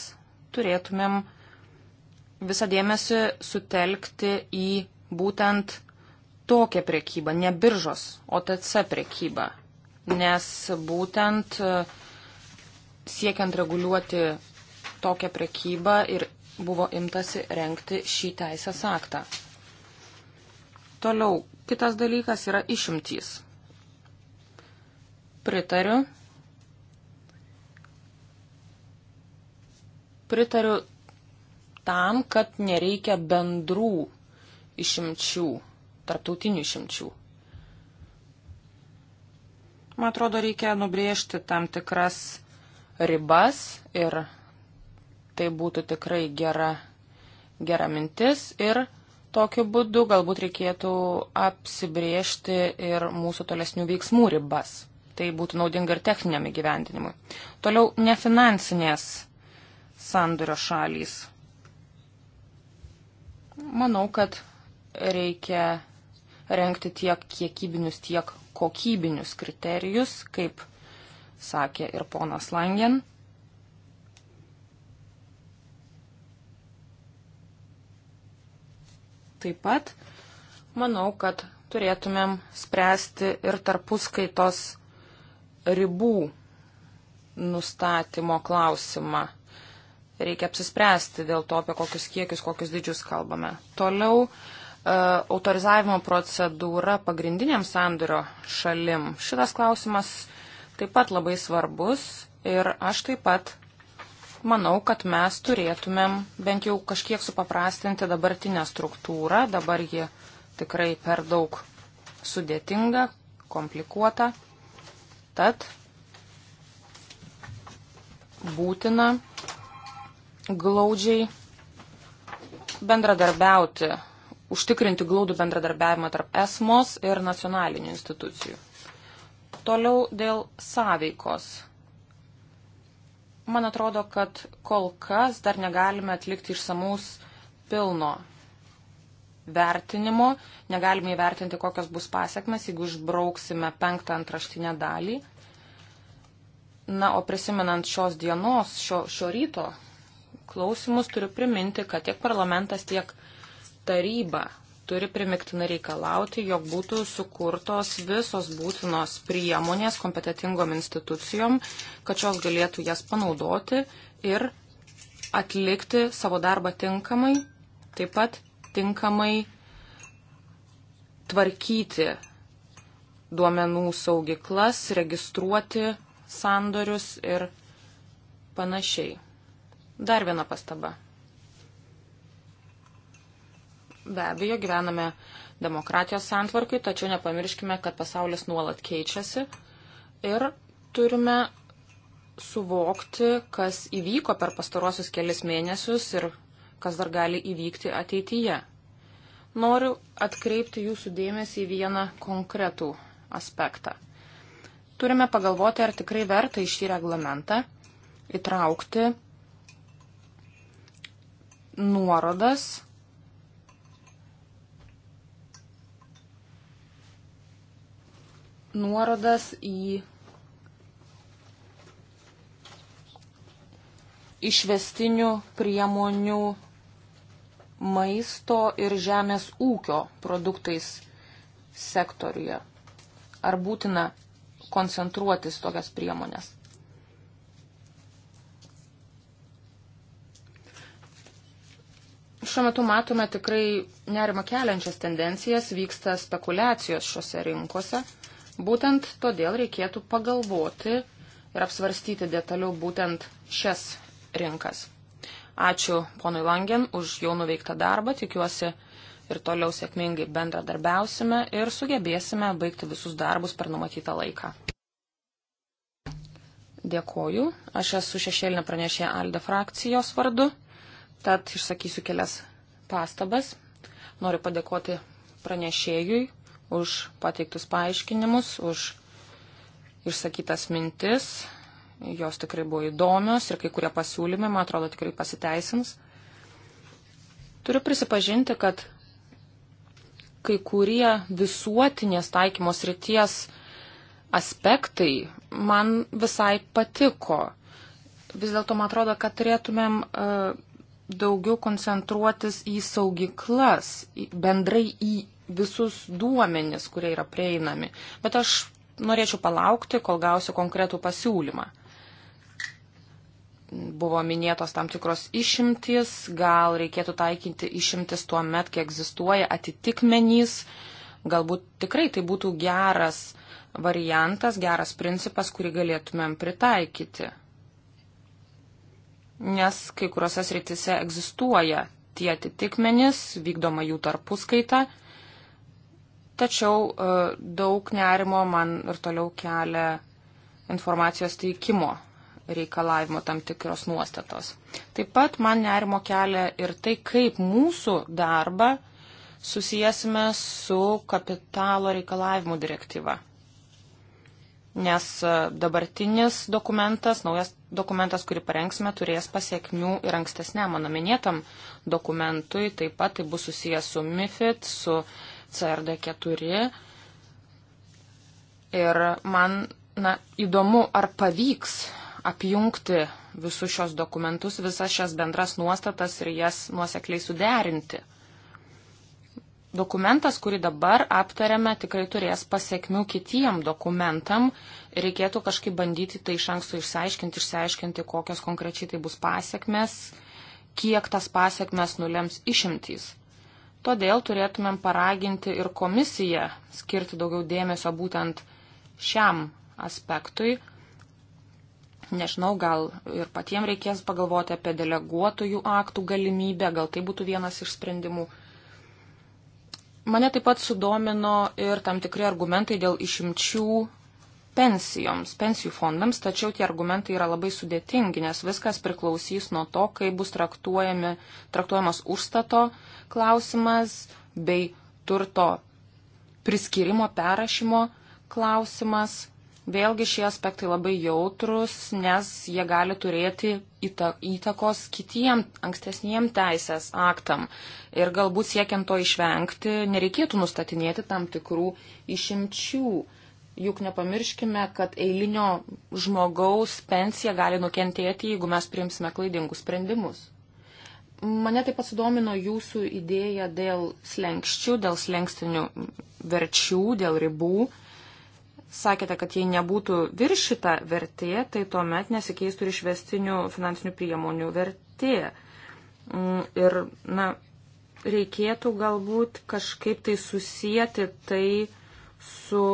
turėtumėm visą dėmesį sutelkti į būtent tokią priekybą, ne biržos, OTC priekybą. Nes būtent e, siekiant reguliuoti tokią priekybą ir buvo imtasi renkti šį teisės aktą. Toliau, kitas dalykas yra išimtys. Pritariu Pritariu tam, kad nereikia bendrų išimčių, tarptautinių išimčių. Man atrodo, reikia nubrėžti tam tikras ribas ir tai būtų tikrai gera, gera mintis ir tokiu būdu galbūt reikėtų apsibriežti ir mūsų tolesnių veiksmų ribas. Tai būtų naudinga ir techniniam įgyvendinimui. Toliau nefinansinės sandurio šalys. Manau, kad reikia renkti tiek kiekybinius, tiek kokybinius kriterijus, kaip sakė ir ponas Langen. Taip pat manau, kad turėtumėm spręsti ir tarpuskaitos ribų nustatymo klausimą. Reikia apsispręsti dėl to, apie kokius kiekius, kokius didžius kalbame. Toliau e, autorizavimo procedūra pagrindiniam sandorio šalim. Šitas klausimas taip pat labai svarbus ir aš taip pat manau, kad mes turėtumėm bent jau kažkiek supaprastinti dabartinę struktūrą. Dabar ji tikrai per daug sudėtinga, komplikuota. Tad būtina glaudžiai bendradarbiauti, užtikrinti glaudų bendradarbiavimą tarp esmos ir nacionalinių institucijų. Toliau dėl sąveikos. Man atrodo, kad kol kas dar negalime atlikti išsamaus pilno vertinimo, negalime įvertinti, kokios bus pasiekmes, jeigu išbrauksime penktą antraštinę dalį. Na, o prisimenant šios dienos, šio, šio ryto klausimus, turiu priminti, kad tiek parlamentas, tiek taryba turi primiktinai reikalauti, jog būtų sukurtos visos būtinos priemonės kompetitingom institucijom, kad šios galėtų jas panaudoti ir atlikti savo darbą tinkamai, taip pat tinkamai tvarkyti duomenų saugiklas, registruoti sandorius ir panašiai. Dar viena pastaba. Be abejo, gyvename demokratijos santvarkai, tačiau nepamirškime, kad pasaulis nuolat keičiasi ir turime suvokti, kas įvyko per pastaruosius kelis mėnesius ir kas dar gali įvykti ateityje. Noriu atkreipti jūsų dėmesį į vieną konkretų aspektą. Turime pagalvoti, ar tikrai verta į šį reglamentą įtraukti nuorodas. Nuorodas į išvestinių priemonių maisto ir žemės ūkio produktais sektoriuje. Ar būtina koncentruotis tokias priemonės? Šiuo metu matome tikrai nerima keliančias tendencijas, vyksta spekulacijos šiuose rinkose. Būtent todėl reikėtų pagalvoti ir apsvarstyti detaliau būtent šias rinkas. Ačiū ponui Langen už jau nuveiktą darbą, tikiuosi ir toliau sėkmingai bendradarbiausime ir sugebėsime baigti visus darbus per numatytą laiką. Dėkoju. Aš esu šešėlinė pranešė Alde frakcijos vardu. Tad išsakysiu kelias pastabas. Noriu padėkoti pranešėjui už pateiktus paaiškinimus, už išsakytas mintis. Jos tikrai buvo įdomios ir kai kurie pasiūlymai, man atrodo, tikrai pasiteisins. Turiu prisipažinti, kad kai kurie visuotinės taikymos ryties aspektai man visai patiko. Vis dėlto man atrodo, kad turėtumėm uh, daugiau koncentruotis į saugiklas, bendrai į visus duomenis, kurie yra prieinami. Bet aš norėčiau palaukti, kol gausiu konkretų pasiūlymą. Buvo minėtos tam tikros išimtis, gal reikėtų taikinti išimtis tuo met, kai egzistuoja atitikmenys. Galbūt tikrai tai būtų geras variantas, geras principas, kurį galėtumėm pritaikyti nes kai kuriuose sritise egzistuoja tie atitikmenys, vykdoma jų tarpuskaita, tačiau e, daug nerimo man ir toliau kelia informacijos teikimo reikalavimo tam tikros nuostatos. Taip pat man nerimo kelia ir tai, kaip mūsų darbą susijęsime su kapitalo reikalavimų direktyva nes e, dabartinis dokumentas, naujas dokumentas, kurį parengsime, turės pasiekmių ir ankstesniam mano minėtam dokumentui, taip pat tai bus susijęs su MIFID, su CRD4. Ir man na, įdomu, ar pavyks apjungti visus šios dokumentus, visas šias bendras nuostatas ir jas nuosekliai suderinti dokumentas, kurį dabar aptariame, tikrai turės pasiekmių kitiem dokumentam. Reikėtų kažkaip bandyti tai iš anksto išsiaiškinti, išsiaiškinti, kokios konkrečiai tai bus pasiekmes, kiek tas pasiekmes nulems išimtys. Todėl turėtumėm paraginti ir komisiją skirti daugiau dėmesio būtent šiam aspektui. Nežinau, gal ir patiems reikės pagalvoti apie deleguotojų aktų galimybę, gal tai būtų vienas iš sprendimų. Mane taip pat sudomino ir tam tikri argumentai dėl išimčių pensijoms, pensijų fondams, tačiau tie argumentai yra labai sudėtingi, nes viskas priklausys nuo to, kaip bus traktuojamas užstato klausimas bei turto priskirimo perrašymo klausimas Vėlgi šie aspektai labai jautrus, nes jie gali turėti įtakos kitiem ankstesniem teisės aktam. Ir galbūt siekiant to išvengti, nereikėtų nustatinėti tam tikrų išimčių. Juk nepamirškime, kad eilinio žmogaus pensija gali nukentėti, jeigu mes priimsime klaidingus sprendimus. Mane taip pat sudomino jūsų idėja dėl slengščių, dėl slengstinių verčių, dėl ribų sakėte, kad jei nebūtų viršita vertė, tai tuomet nesikeistų ir išvestinių finansinių priemonių vertė. Mm, ir, na, reikėtų galbūt kažkaip tai susijęti tai su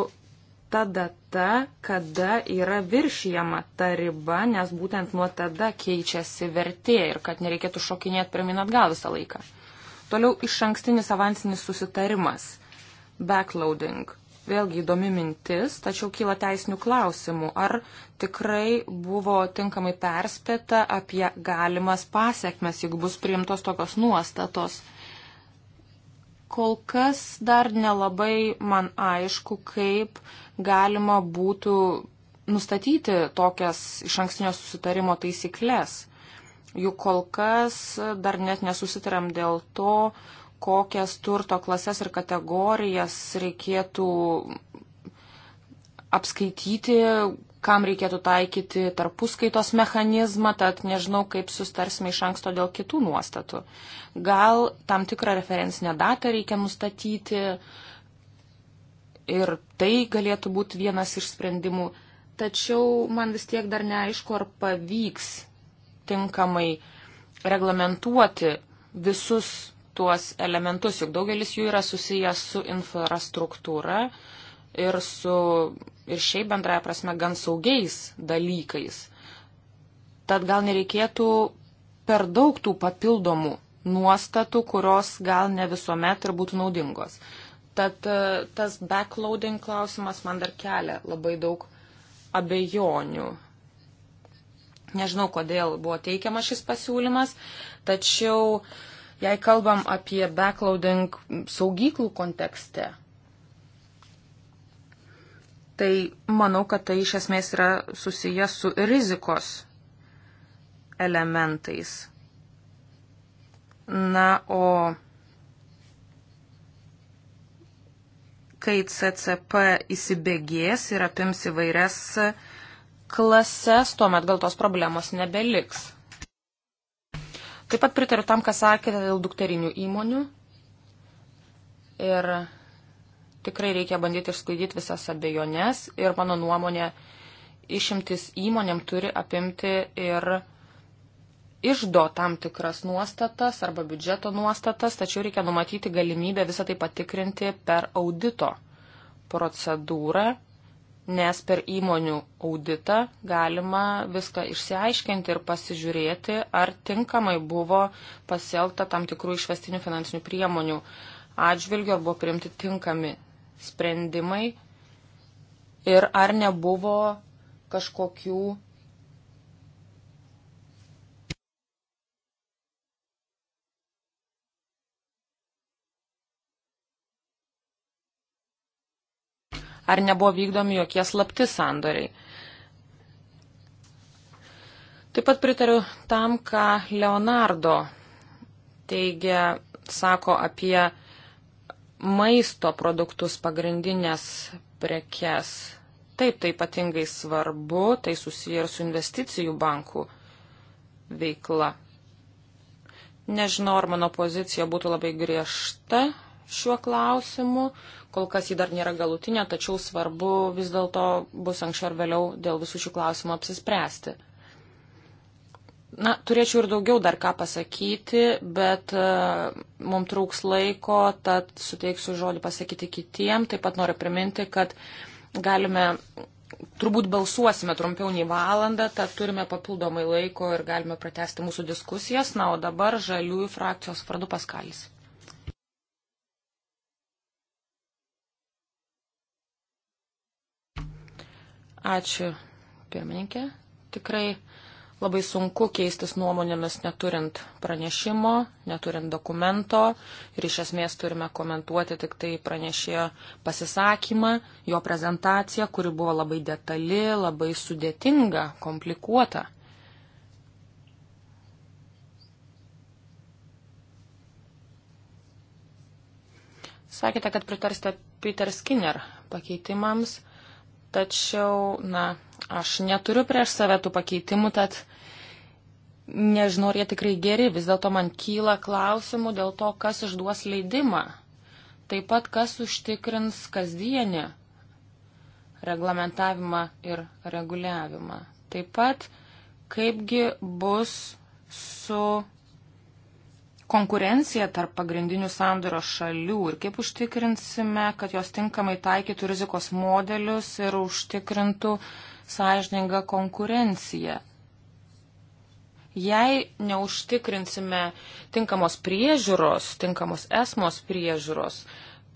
ta data, kada yra viršijama ta riba, nes būtent nuo tada keičiasi vertė ir kad nereikėtų šokinėti pirmin atgal visą laiką. Toliau iš ankstinis avansinis susitarimas. Backloading vėlgi įdomi mintis, tačiau kyla teisinių klausimų, ar tikrai buvo tinkamai perspėta apie galimas pasiekmes, jeigu bus priimtos tokios nuostatos. Kol kas dar nelabai man aišku, kaip galima būtų nustatyti tokias iš ankstinio susitarimo taisyklės. Juk kol kas dar net nesusitarėm dėl to, kokias turto klases ir kategorijas reikėtų apskaityti, kam reikėtų taikyti tarpuskaitos mechanizmą, tad nežinau, kaip sustarsime iš anksto dėl kitų nuostatų. Gal tam tikrą referencinę datą reikia nustatyti ir tai galėtų būti vienas iš sprendimų. Tačiau man vis tiek dar neaišku, ar pavyks tinkamai reglamentuoti visus tuos elementus, juk daugelis jų yra susijęs su infrastruktūra ir, su, ir šiaip bendraja prasme gan saugiais dalykais. Tad gal nereikėtų per daug tų papildomų nuostatų, kurios gal ne visuomet ir būtų naudingos. Tad e, tas backloading klausimas man dar kelia labai daug abejonių. Nežinau, kodėl buvo teikiamas šis pasiūlymas, tačiau uh, Jei kalbam apie backloading saugyklų kontekste, tai manau, kad tai iš esmės yra susijęs su rizikos elementais. Na, o kai CCP įsibėgės ir apims įvairias klases, tuomet gal tos problemos nebeliks. Taip pat pritariu tam, ką sakėte dėl dukterinių įmonių. Ir tikrai reikia bandyti išsklaidyti visas abejonės. Ir mano nuomonė, išimtis įmonėm turi apimti ir išdo tam tikras nuostatas arba biudžeto nuostatas, tačiau reikia numatyti galimybę visą tai patikrinti per audito procedūrą nes per įmonių auditą galima viską išsiaiškinti ir pasižiūrėti, ar tinkamai buvo pasielta tam tikrų išvestinių finansinių priemonių atžvilgių, ar buvo priimti tinkami sprendimai ir ar nebuvo kažkokių ar nebuvo vykdomi jokie slapti sandoriai. Taip pat pritariu tam, ką Leonardo teigia, sako apie maisto produktus pagrindinės prekes. Taip, tai ypatingai svarbu, tai susiję ir su investicijų bankų veikla. Nežinau, ar mano pozicija būtų labai griežta šiuo klausimu, Kol kas ji dar nėra galutinė, tačiau svarbu vis dėlto bus anksčiau ar vėliau dėl visų šių klausimų apsispręsti. Na, turėčiau ir daugiau dar ką pasakyti, bet uh, mums trūks laiko, tad suteiksiu žodį pasakyti kitiem. Taip pat noriu priminti, kad galime, turbūt balsuosime trumpiau nei valandą, tad turime papildomai laiko ir galime pratesti mūsų diskusijas. Na, o dabar žaliųjų frakcijos vardu Paskalis. Ačiū, pirmininkė. Tikrai labai sunku keistis nuomonėmis neturint pranešimo, neturint dokumento ir iš esmės turime komentuoti tik tai pranešėjo pasisakymą, jo prezentaciją, kuri buvo labai detali, labai sudėtinga, komplikuota. Sakėte, kad pritarsite Peter Skinner pakeitimams. Tačiau, na, aš neturiu prieš save tų pakeitimų, tad nežinau, ar jie tikrai geri. Vis dėlto man kyla klausimų dėl to, kas išduos leidimą. Taip pat, kas užtikrins kasdienį reglamentavimą ir reguliavimą. Taip pat, kaipgi bus su konkurenciją tarp pagrindinių sandorio šalių ir kaip užtikrinsime, kad jos tinkamai taikytų rizikos modelius ir užtikrintų sąžiningą konkurenciją. Jei neužtikrinsime tinkamos priežiūros, tinkamos esmos priežiūros,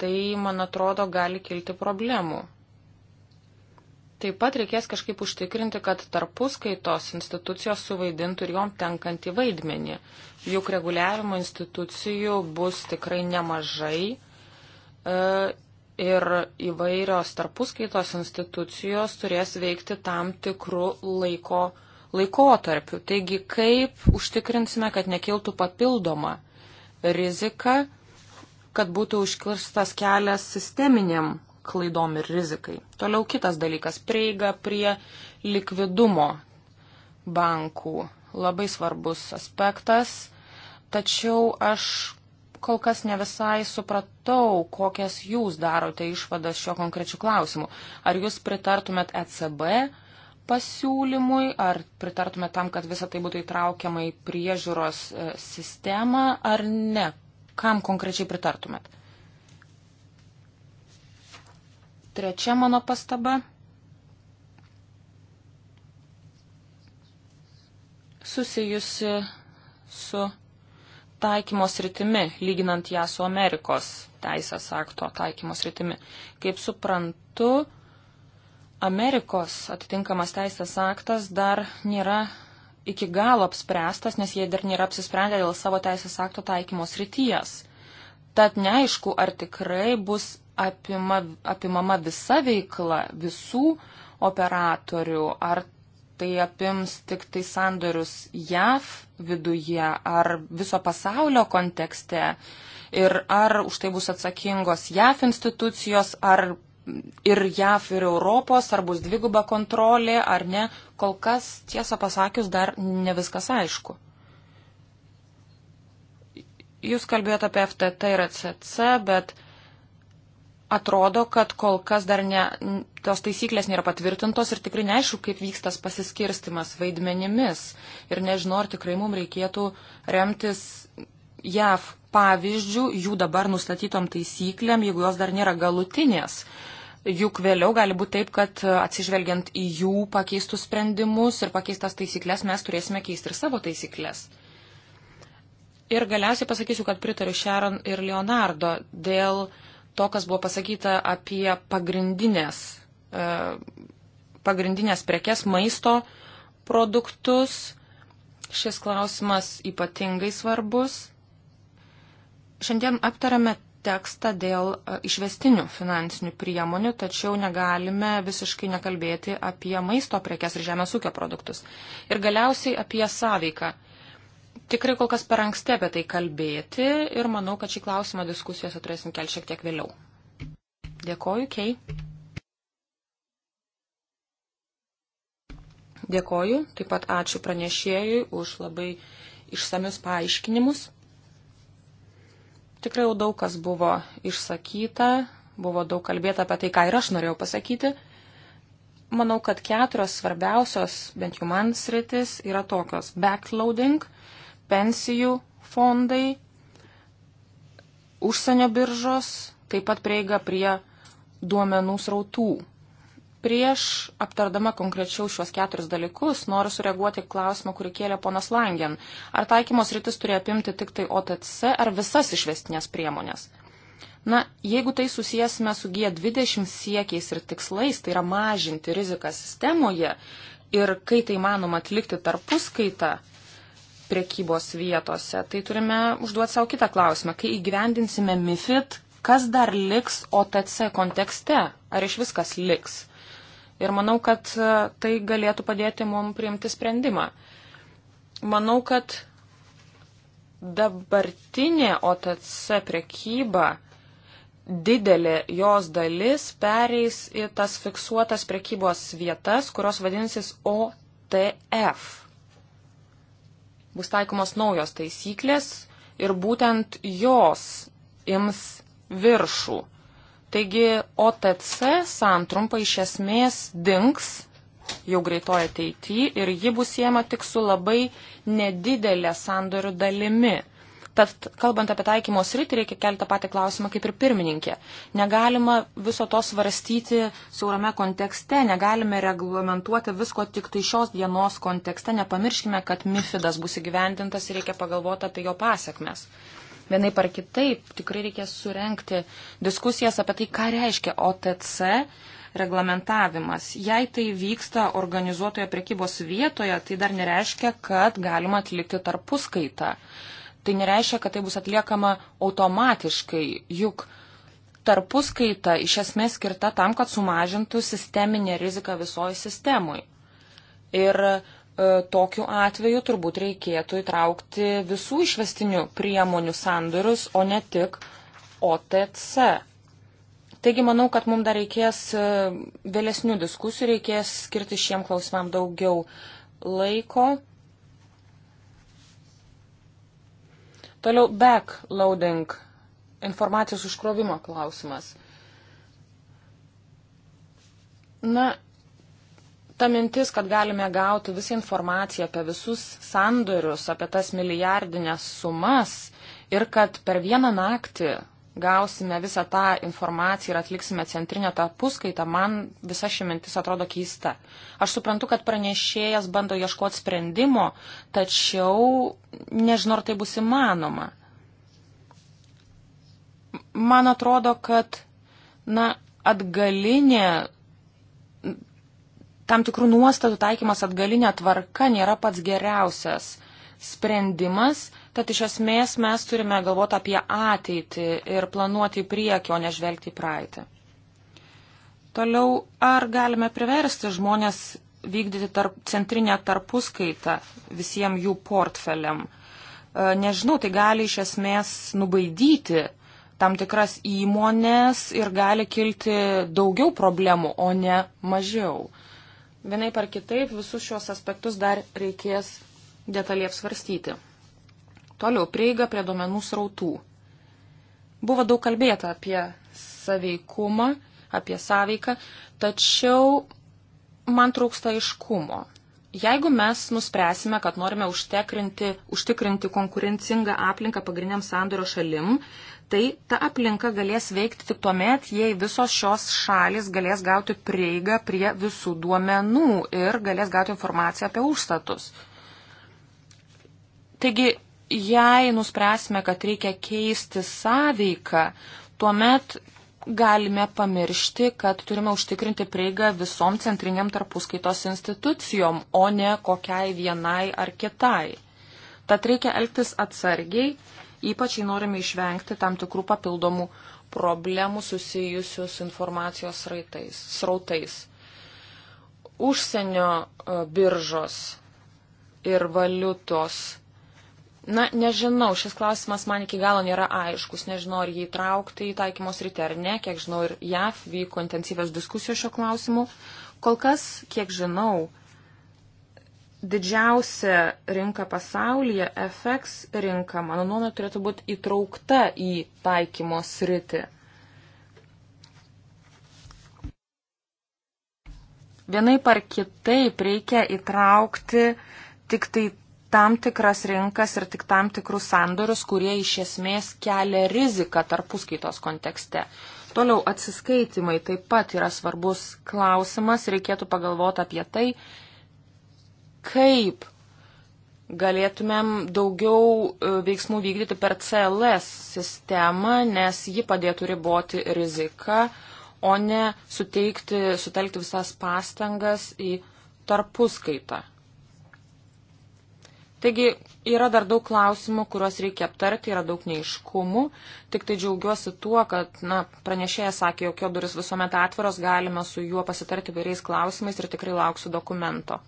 tai, man atrodo, gali kilti problemų. Taip pat reikės kažkaip užtikrinti, kad tarpuskaitos institucijos suvaidintų ir jom tenkantį vaidmenį. Juk reguliavimo institucijų bus tikrai nemažai e, ir įvairios tarpuskaitos institucijos turės veikti tam tikrų laiko laikotarpių. Taigi, kaip užtikrinsime, kad nekiltų papildoma rizika, kad būtų užkirstas kelias sisteminiam klaidom ir rizikai. Toliau kitas dalykas - prieiga prie likvidumo bankų. Labai svarbus aspektas, tačiau aš kol kas ne visai supratau, kokias jūs darote išvadas šio konkrečiu klausimu. Ar jūs pritartumėt ECB pasiūlymui, ar pritartumėt tam, kad visa tai būtų įtraukiama į priežiūros e, sistemą, ar ne? Kam konkrečiai pritartumėt? Trečia mano pastaba. Susijusi su taikymos rytimi, lyginant ją su Amerikos teisės akto taikymos rytimi. Kaip suprantu, Amerikos atitinkamas teisės aktas dar nėra iki galo apspręstas, nes jie dar nėra apsisprendę dėl savo teisės akto taikymos ryties. Tad neaišku, ar tikrai bus apima, apimama visa veikla visų operatorių, ar tai apims tik tai sandorius JAV viduje, ar viso pasaulio kontekste, ir ar už tai bus atsakingos JAV institucijos, ar ir JAV, ir Europos, ar bus dviguba kontrolė, ar ne, kol kas, tiesą pasakius, dar ne viskas aišku. Jūs kalbėjote apie FTT ir ACC, bet atrodo, kad kol kas dar ne, tos taisyklės nėra patvirtintos ir tikrai neaišku, kaip vyks tas pasiskirstimas vaidmenimis. Ir nežinau, ar tikrai mums reikėtų remtis JAV pavyzdžių, jų dabar nustatytom taisyklėm, jeigu jos dar nėra galutinės. Juk vėliau gali būti taip, kad atsižvelgiant į jų pakeistus sprendimus ir pakeistas taisyklės, mes turėsime keisti ir savo taisyklės. Ir galiausiai pasakysiu, kad pritariu Sharon ir Leonardo dėl uh, to, kas buvo pasakyta apie pagrindinės, e, pagrindinės prekes maisto produktus. Šis klausimas ypatingai svarbus. Šiandien aptarėme tekstą dėl e, išvestinių finansinių priemonių, tačiau negalime visiškai nekalbėti apie maisto prekes ir žemės ūkio produktus. Ir galiausiai apie sąveiką tikrai kol kas per anksti apie tai kalbėti ir manau, kad šį klausimą diskusijose turėsim kelti šiek tiek vėliau. Dėkoju, Kei. Dėkoju, taip pat ačiū pranešėjui už labai išsamius paaiškinimus. Tikrai jau daug kas buvo išsakyta, buvo daug kalbėta apie tai, ką ir aš norėjau pasakyti. Manau, kad keturios svarbiausios, bent jau man sritis, yra tokios backloading – pensijų fondai, užsienio biržos, taip pat prieiga prie duomenų srautų. Prieš aptardama konkrečiau šiuos keturis dalykus, noriu sureaguoti klausimą, kurį kėlė ponas Langen. Ar taikymos rytis turėjo apimti tik tai OTC ar visas išvestinės priemonės? Na, jeigu tai susijęsime su G20 siekiais ir tikslais, tai yra mažinti riziką sistemoje ir kai tai manoma atlikti tarpuskaitą, prekybos vietose, tai turime užduoti savo kitą klausimą. Kai įgyvendinsime MIFID, kas dar liks OTC kontekste? Ar iš viskas liks? Ir manau, kad e, tai galėtų padėti mums priimti sprendimą. Manau, kad dabartinė OTC prekyba didelė jos dalis pereis į tas fiksuotas prekybos vietas, kurios vadinsis OTF bus taikomos naujos taisyklės ir būtent jos ims viršų. Taigi OTC santrumpa iš esmės dinks jau greitoje ateityje ir ji bus siema tik su labai nedidelė sandorių dalimi. Tad, kalbant apie taikymo sritį, reikia kelti tą patį klausimą kaip ir pirmininkė. Negalima viso to svarstyti siaurame kontekste, negalime reglamentuoti visko tik tai šios dienos kontekste, nepamirškime, kad MIFIDas bus įgyvendintas ir reikia pagalvoti apie jo pasiekmes vienai par kitaip tikrai reikės surenkti diskusijas apie tai, ką reiškia OTC reglamentavimas. Jei tai vyksta organizuotoje prekybos vietoje, tai dar nereiškia, kad galima atlikti tarpuskaitą tai nereiškia, kad tai bus atliekama automatiškai, juk tarpuskaita iš esmės skirta tam, kad sumažintų sisteminę riziką visoji sistemui. Ir e, tokiu atveju turbūt reikėtų įtraukti visų išvestinių priemonių sandorius, o ne tik OTC. Taigi manau, kad mums dar reikės e, vėlesnių diskusijų, reikės skirti šiem klausimam daugiau laiko. Toliau backloading, informacijos užkrovimo klausimas. Na, ta mintis, kad galime gauti visą informaciją apie visus sandorius, apie tas milijardinės sumas ir kad per vieną naktį gausime visą tą informaciją ir atliksime centrinę tą puskaitą, man visa ši mintis atrodo keista. Aš suprantu, kad pranešėjas bando ieškoti sprendimo, tačiau nežinau, ar tai bus įmanoma. Man atrodo, kad, na, atgalinė, tam tikrų nuostatų taikymas atgalinė tvarka nėra pats geriausias sprendimas Tad iš esmės mes turime galvoti apie ateitį ir planuoti į priekį, o nežvelgti į praeitį. Toliau, ar galime priversti žmonės vykdyti tarp, centrinę tarpuskaitą visiems jų portfeliam? E, nežinau, tai gali iš esmės nubaidyti tam tikras įmonės ir gali kilti daugiau problemų, o ne mažiau. Vienai par kitaip visus šios aspektus dar reikės detaliai apsvarstyti. Toliau prieiga prie duomenų srautų. Buvo daug kalbėta apie saveikumą, apie sąveiką, tačiau man trūksta iškumo. Jeigu mes nuspręsime, kad norime užtikrinti, užtikrinti konkurencingą aplinką pagrindiniam sandorio šalim, tai ta aplinka galės veikti tik tuo met, jei visos šios šalis galės gauti prieigą prie visų duomenų ir galės gauti informaciją apie užstatus. Taigi jei nuspręsime, kad reikia keisti sąveiką, tuomet galime pamiršti, kad turime užtikrinti prieigą visom centriniam tarpuskaitos institucijom, o ne kokiai vienai ar kitai. Tad reikia elgtis atsargiai, ypač jei norime išvengti tam tikrų papildomų problemų susijusių su informacijos raitais, srautais. Užsienio e, biržos ir valiutos Na, nežinau, šis klausimas man iki galo nėra aiškus, nežinau, ar jį įtraukti į taikymos rytę ar ne, kiek žinau, ir JAF vyko intensyvės diskusijos šio klausimu. Kol kas, kiek žinau, didžiausia rinka pasaulyje, FX rinka, mano nuomonė, turėtų būti įtraukta į taikymos rytį. Vienai par kitaip reikia įtraukti tik tai tam tikras rinkas ir tik tam tikrus sandorius, kurie iš esmės kelia riziką tarpuskaitos kontekste. Toliau atsiskaitimai taip pat yra svarbus klausimas, reikėtų pagalvoti apie tai, kaip galėtumėm daugiau e, veiksmų vykdyti per CLS sistemą, nes ji padėtų riboti riziką, o ne suteikti, sutelkti visas pastangas į tarpuskaitą. Taigi yra dar daug klausimų, kuriuos reikia aptarti, yra daug neiškumų. Tik tai džiaugiuosi tuo, kad na, pranešėjas sakė, jog jo duris visuomet atviros, galime su juo pasitarti vairiais klausimais ir tikrai lauksiu dokumento.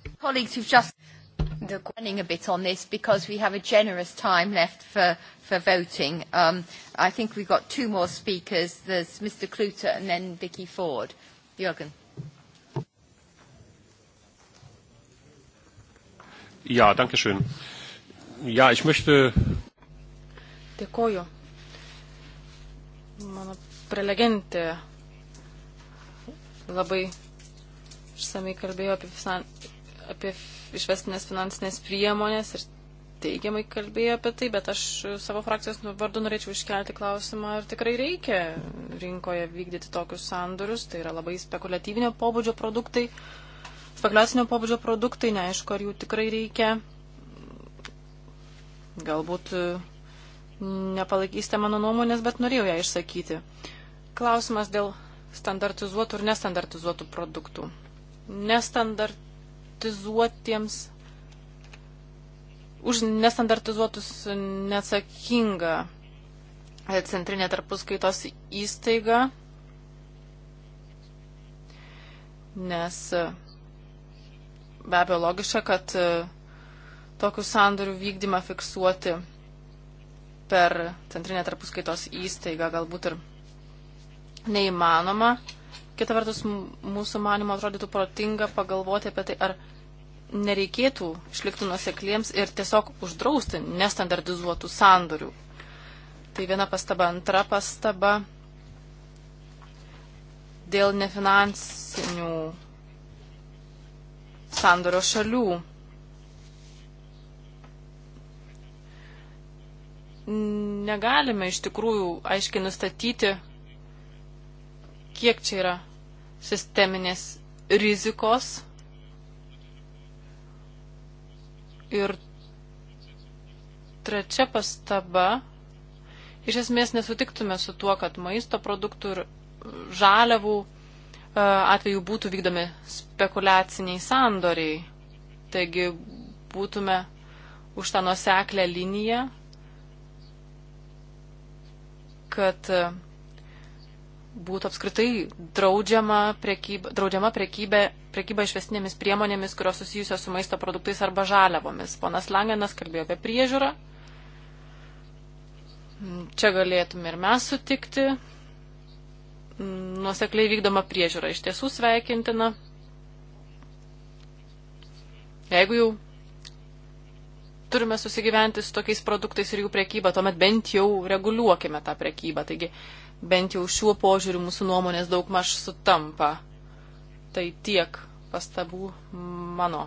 Depending a bit on this because we have a generous time left for, for voting. Um, I think we've got two more speakers. There's Mr. Cluter and then Vicky Ford. Jürgen. Ja, danke schön. Ja, ich möchte. Dėkoju. Mano prelegentė labai išsamei kalbėjo apie, finan, apie išvestinės finansinės priemonės ir teigiamai kalbėjo apie tai, bet aš savo frakcijos vardu norėčiau iškelti klausimą, ar tikrai reikia rinkoje vykdyti tokius sandorius, tai yra labai spekuliatyvinio pobūdžio produktai. Uh, Spekulacinio pobūdžio produktai, neaišku, ar jų tikrai reikia. Galbūt e, nepalaikysite mano nuomonės, bet norėjau ją išsakyti. Klausimas dėl standartizuotų ir nestandartizuotų produktų. Nestandartizuotiems už nestandartizuotus neatsakinga centrinė tarpuskaitos įstaiga, nes be abejo logiška, kad e, tokių sandorių vykdymą fiksuoti per centrinę tarpuskaitos įstaigą galbūt ir neįmanoma. Kita vertus, mūsų manimo atrodytų protinga pagalvoti apie tai, ar nereikėtų išlikti nusekliems ir tiesiog uždrausti nestandardizuotų sandorių. Tai viena pastaba. Antra pastaba dėl nefinansinių sandoro šalių. Negalime iš tikrųjų aiškiai nustatyti, kiek čia yra sisteminės rizikos ir trečia pastaba. Iš esmės nesutiktume su tuo, kad maisto produktų ir žaliavų E, atveju būtų vykdomi spekuliaciniai sandoriai. Taigi būtume už tą nuseklę liniją, kad e, būtų apskritai draudžiama prekyba, draudžiama prekybė, prekyba išvestinėmis priemonėmis, kurios susijusios su maisto produktais arba žaliavomis. Ponas Langenas kalbėjo apie priežiūrą. Čia galėtume ir mes sutikti nuosekliai vykdoma priežiūra iš tiesų sveikintina. Jeigu jau turime susigyventi su tokiais produktais ir jų prekyba, tuomet bent jau reguliuokime tą prekybą. Taigi bent jau šiuo požiūriu mūsų nuomonės daug maž sutampa. Tai tiek pastabų mano.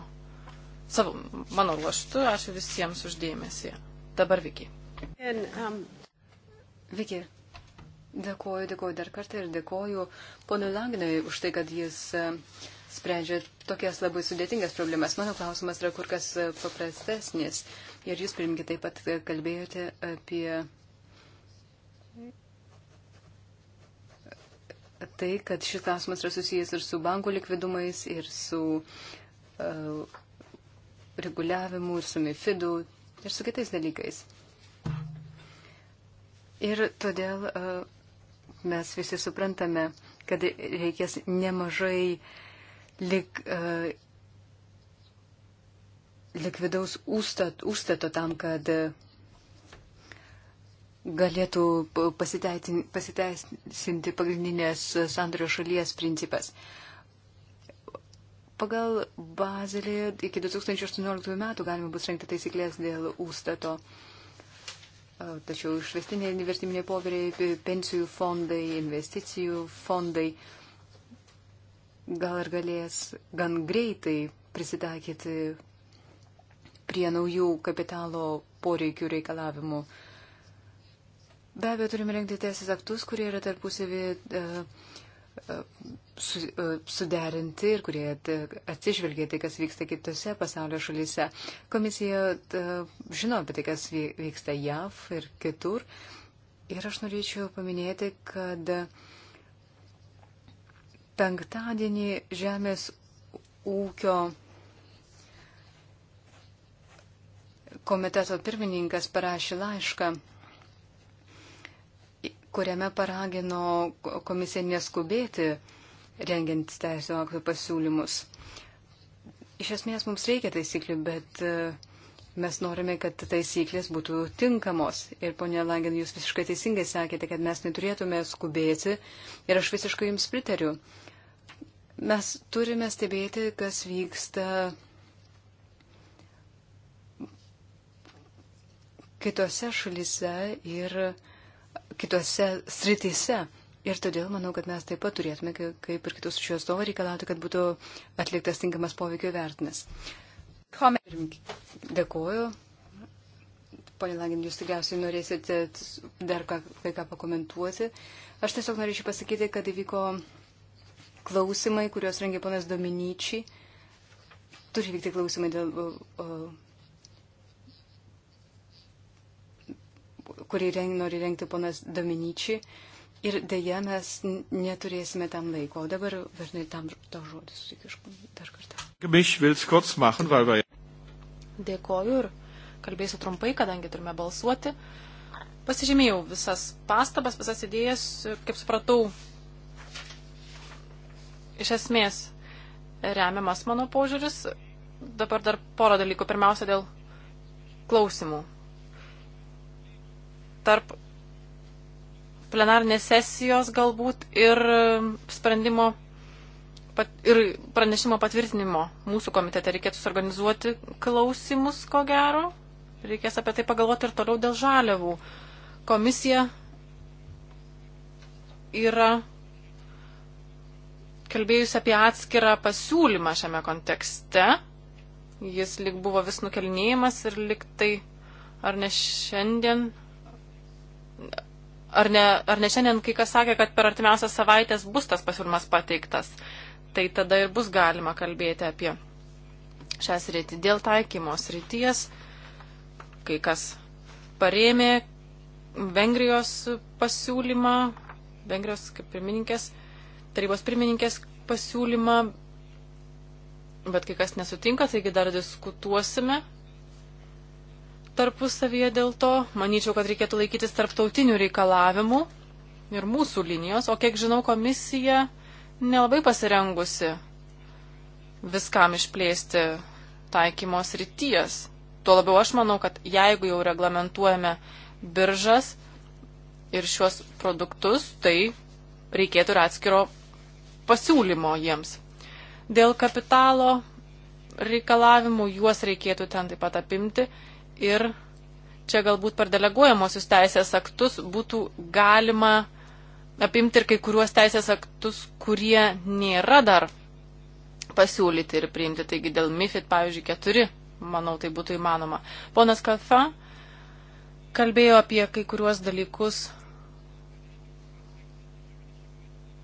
Savo, mano ruoštų, ačiū visiems uždėmesi. Dabar Viki. And, um, Viki, Dėkuoju, dėkuoju dar kartą ir dėkuoju ponui Langinui už tai, kad jis e, sprendžia tokias labai sudėtingas problemas. Mano klausimas yra kur kas e, paprastesnis. Ir jūs, pirmgi, taip pat e, kalbėjote apie tai, kad šis klausimas yra susijęs ir su bankų likvidumais, ir su uh, reguliavimu, ir su MIFIDu, ir su kitais dalykais. Ir todėl uh, mes visi suprantame, kad reikės nemažai lik, e, likvidaus užstat, užstato tam, kad galėtų pasiteisinti pagrindinės sandorio šalies principas. Pagal Bazelį iki 2018 metų galima bus rengti taisyklės dėl užstato. Uh, Tačiau išvestiniai vertiminiai poveriai, pensijų fondai, investicijų fondai gal ir galės gan greitai prisitaikyti prie naujų kapitalo poreikių reikalavimų. Be abejo, turime rengti teisės aktus, kurie yra tarpusavį uh, su, e, suderinti ir kurie atsižvelgia tai, kas vyksta kitose pasaulio šalyse. Komisija žino apie tai, kas vyksta JAV ir kitur. Ir aš norėčiau paminėti, kad penktadienį Žemės ūkio komiteto pirmininkas parašė laišką kuriame paragino komisiją neskubėti rengiant teisų aktų pasiūlymus. Iš esmės mums reikia taisyklių, bet e, mes norime, kad taisyklės būtų tinkamos. Ir ponia Langin, jūs visiškai teisingai sakėte, kad mes neturėtume skubėti ir aš visiškai jums pritariu. Mes turime stebėti, kas vyksta kitose šalise ir kitose sritise. Ir todėl manau, kad mes taip pat turėtume, kaip ir kitus šios atstovai, reikalauti, kad būtų atliktas tinkamas poveikio vertinas. Dėkuoju. Pone Langin, jūs tikriausiai norėsite dar ką, kai ką pakomentuoti. Aš tiesiog norėčiau pasakyti, kad įvyko klausimai, kuriuos rengė ponas Dominyčiai. Turi vykti klausimai dėl o, o, kurį reng, nori rengti ponas Dominyčiai. Ir dėja mes neturėsime tam laiko. O dabar dažnai tam to žodis sutikišku dar kartą. Dėkoju ir kalbėsiu trumpai, kadangi turime balsuoti. Pasižymėjau visas pastabas, visas idėjas, kaip supratau, iš esmės remiamas mano požiūris. Dabar dar porą dalykų. Pirmiausia, dėl klausimų tarp plenarnės sesijos galbūt ir um, sprendimo pat, ir pranešimo patvirtinimo mūsų komitete reikėtų suorganizuoti klausimus, ko gero. Reikės apie tai pagalvoti ir toliau dėl žaliavų. Komisija yra kalbėjusi apie atskirą pasiūlymą šiame kontekste. Jis lik buvo vis nukelinėjimas ir lik tai ar ne šiandien, Ar ne, ar ne šiandien kai kas sakė, kad per artimiausias savaitės bus tas pasiūlymas pateiktas, tai tada ir bus galima kalbėti apie šią sritį. Dėl taikymo srities kai kas parėmė Vengrijos pasiūlymą, Vengrijos kaip pirmininkės, tarybos pirmininkės pasiūlymą, bet kai kas nesutinka, taigi dar diskutuosime tarpusavyje dėl to. Manyčiau, kad reikėtų laikytis tarptautinių reikalavimų ir mūsų linijos, o kiek žinau, komisija nelabai pasirengusi viskam išplėsti taikymos ryties. Tuo labiau aš manau, kad jeigu jau reglamentuojame biržas ir šiuos produktus, tai reikėtų ir atskiro pasiūlymo jiems. Dėl kapitalo reikalavimų juos reikėtų ten taip pat apimti ir čia galbūt per deleguojamosius teisės aktus būtų galima apimti ir kai kuriuos teisės aktus, kurie nėra dar pasiūlyti ir priimti. Taigi dėl MIFID, pavyzdžiui, keturi, manau, tai būtų įmanoma. Ponas Kalfa kalbėjo apie kai kuriuos dalykus,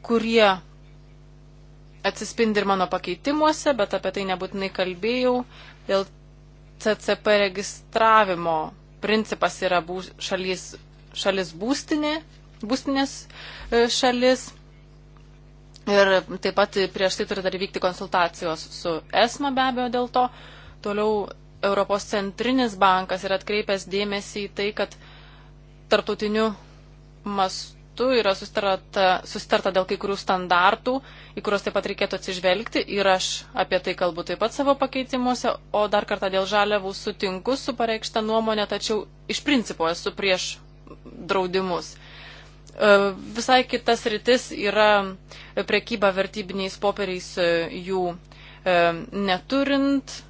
kurie atsispindi ir mano pakeitimuose, bet apie tai nebūtinai kalbėjau. Dėl CCP registravimo principas yra būs, šalis, šalis būstinė, būstinės e, šalis. Ir taip pat prieš tai turi dar vykti konsultacijos su ESMA be abejo dėl to. Toliau Europos centrinis bankas yra atkreipęs dėmesį į tai, kad tartutiniu mastu metu yra sustarta, sustarta dėl kai kurių standartų, į kuriuos taip pat reikėtų atsižvelgti ir aš apie tai kalbu taip pat savo pakeitimuose, o dar kartą dėl žaliavų sutinku su pareikšta nuomonė, tačiau iš principo esu prieš draudimus. E, visai kitas rytis yra prekyba vertybiniais popieriais e, jų e, neturint,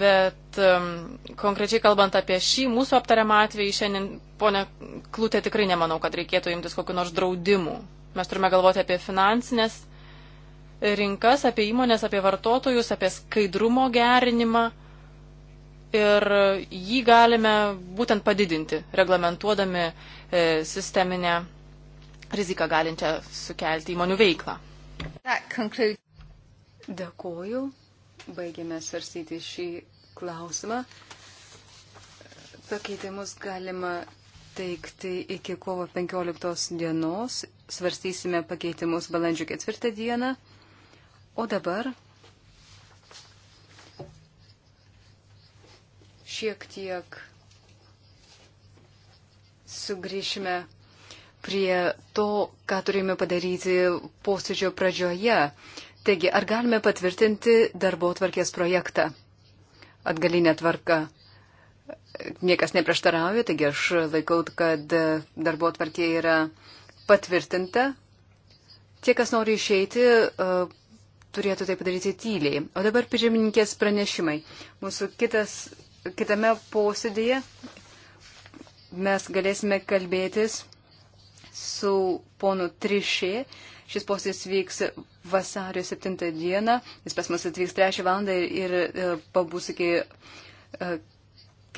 Bet konkrečiai kalbant apie šį mūsų aptariamą atvejį, šiandien, ponia Klūtė, tikrai nemanau, kad reikėtų imtis kokiu nors draudimu. Mes turime galvoti apie finansinės rinkas, apie įmonės, apie vartotojus, apie skaidrumo gerinimą ir jį galime būtent padidinti, reglamentuodami e, sisteminę riziką galinčią sukelti įmonių veiklą. Dėkuoju baigėme svarstyti šį klausimą. Pakeitimus galima teikti iki kovo 15 dienos. Svarstysime pakeitimus balandžio 4 dieną. O dabar šiek tiek sugrįšime prie to, ką turėjome padaryti posėdžio pradžioje. Taigi, ar galime patvirtinti darbo tvarkės projektą? Atgalinė tvarka. Niekas neprieštarauja, taigi aš laikau, kad darbo tvarkė yra patvirtinta. Tie, kas nori išeiti, e, turėtų tai padaryti tyliai. O dabar pirmininkės pranešimai. Mūsų kitas, kitame posėdėje mes galėsime kalbėtis su ponu Trišė Šis posėdis vyks vasario 7 dieną, jis pas mus atvyks 3 val. ir e, pabūs iki e,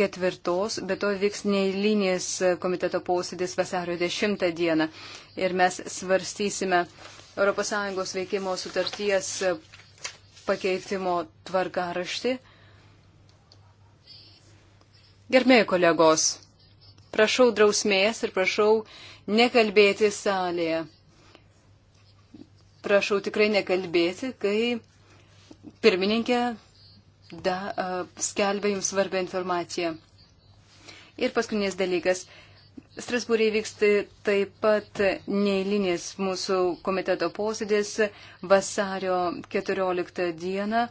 ketvirtos, bet to vyks neįlynės komiteto posėdis vasario 10 dieną. Ir mes svarstysime ES veikimo sutarties pakeitimo tvarkaraštį. Gerbėjai kolegos, prašau drausmės ir prašau nekalbėti salėje prašau tikrai nekalbėti, kai pirmininkė da, skelbia jums svarbę informaciją. Ir paskutinis dalykas. Strasbūrė vyksta taip pat neįlinis mūsų komiteto posėdis vasario 14 dieną.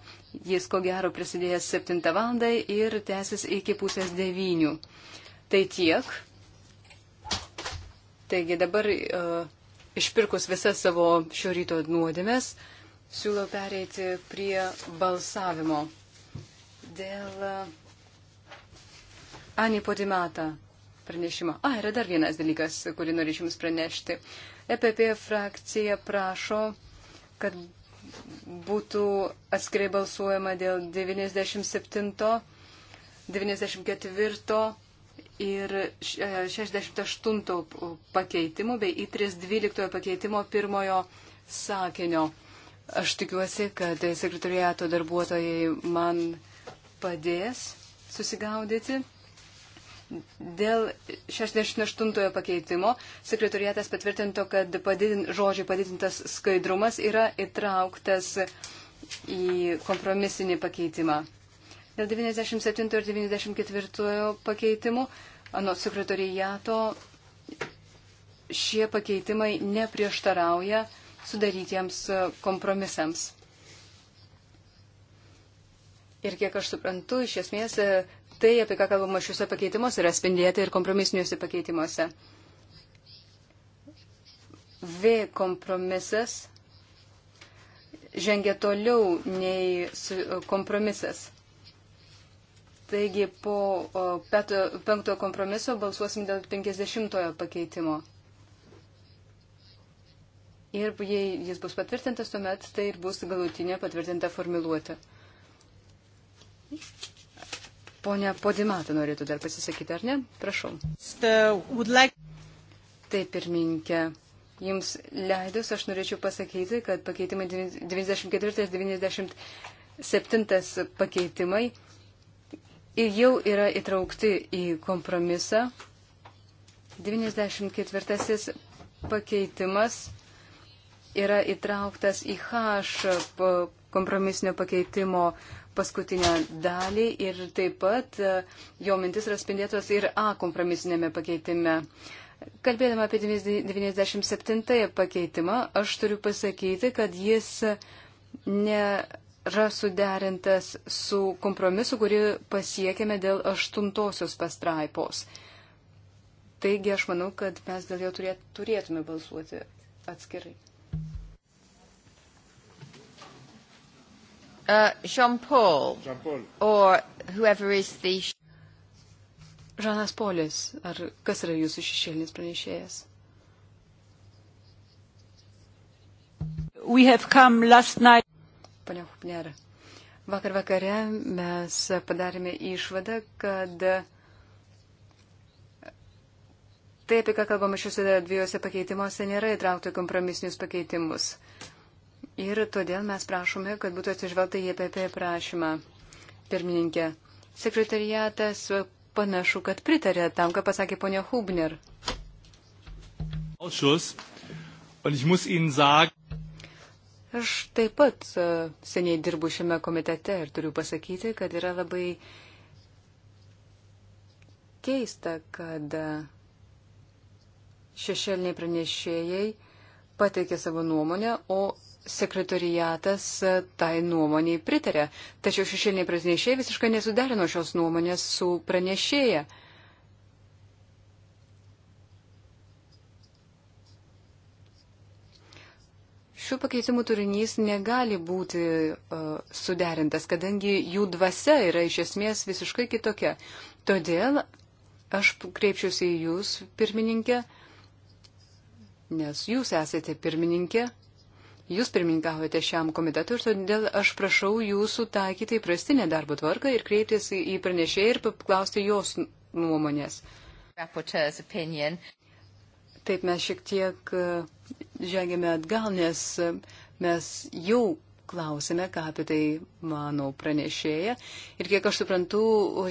Jis ko gero prasidėjęs 7 val. ir tęsis iki pusės 9. Tai tiek. Taigi dabar. Uh, išpirkus visas savo šio ryto nuodėmės, siūlau pereiti prie balsavimo dėl uh, Ani Podimata pranešimo. A, yra dar vienas dalykas, kurį norėčiau Jums pranešti. EPP frakcija prašo, kad būtų atskirai balsuojama dėl 97, 94 ir 68 pakeitimų bei į 312 pakeitimo pirmojo sakinio. Aš tikiuosi, kad sekretariato darbuotojai man padės susigaudyti. Dėl 68 pakeitimo sekretariatas patvirtinto, kad padidin, žodžiai padidintas skaidrumas yra įtrauktas į kompromisinį pakeitimą. Dėl 97 ir 94 pakeitimų, anot sekretorijato, šie pakeitimai neprieštarauja sudarytiems kompromisams. Ir kiek aš suprantu, iš esmės tai, apie ką kalbama šiuose pakeitimuose, yra spindėta ir kompromisiniuose pakeitimuose. V kompromisas žengia toliau nei kompromisas. Taigi po peto, penktojo kompromiso balsuosim dėl penkisdešimtojo pakeitimo. Ir jei jis bus patvirtintas, tuomet tai ir bus galutinė patvirtinta formuluotė. Pone Podimata norėtų dar pasisakyti, ar ne? Prašau. Taip, pirmininkė. Jums leidus, aš norėčiau pasakyti, kad pakeitimai 94-97 pakeitimai ir jau yra įtraukti į kompromisą. 94 pakeitimas yra įtrauktas į H kompromisinio pakeitimo paskutinę dalį ir taip pat e, jo mintis yra spindėtos ir A kompromisinėme pakeitime. Kalbėdama apie 97 pakeitimą, aš turiu pasakyti, kad jis ne yra suderintas su kompromisu, kurį pasiekėme dėl aštuntosios pastraipos. Taigi aš manau, kad mes dėl jo turėtume balsuoti atskirai. Uh, Jean-Paul. Jean-Paul. Or whoever is the. Žanas Polis. Ar kas yra jūsų šešėlinis pranešėjas? We have come last night ponia Hupner. Vakar vakare mes padarėme išvadą, kad tai, apie ką kalbama šiuose dviejose pakeitimuose, nėra įtraukta kompromisinius pakeitimus. Ir todėl mes prašome, kad būtų atsižvelgta į EPP prašymą. Pirmininkė, sekretariatas panašu, kad pritarė tam, ką pasakė ponia Hubner. Ausschuss. Und ich muss Ihnen sagen, Aš taip pat e, seniai dirbu šiame komitete ir turiu pasakyti, kad yra labai keista, kad e, šešėliniai pranešėjai pateikė savo nuomonę, o sekretariatas e, tai nuomoniai pritarė. Tačiau šešėliniai pranešėjai visiškai nesuderino šios nuomonės su pranešėja. Šių pakeitimų turinys negali būti uh, suderintas, kadangi jų dvasia yra iš esmės visiškai kitokia. Todėl aš kreipčiausi į Jūs, pirmininkė, nes Jūs esate pirmininkė, Jūs pirmininkavote šiam komitetui ir todėl aš prašau Jūsų taikyti įprastinę darbo tvarką ir kreiptis į pranešėją ir paklausti jos nuomonės. Taip mes šiek tiek e, žengėme atgal, nes e, mes jau klausėme, ką apie tai mano pranešėja. Ir kiek aš suprantu,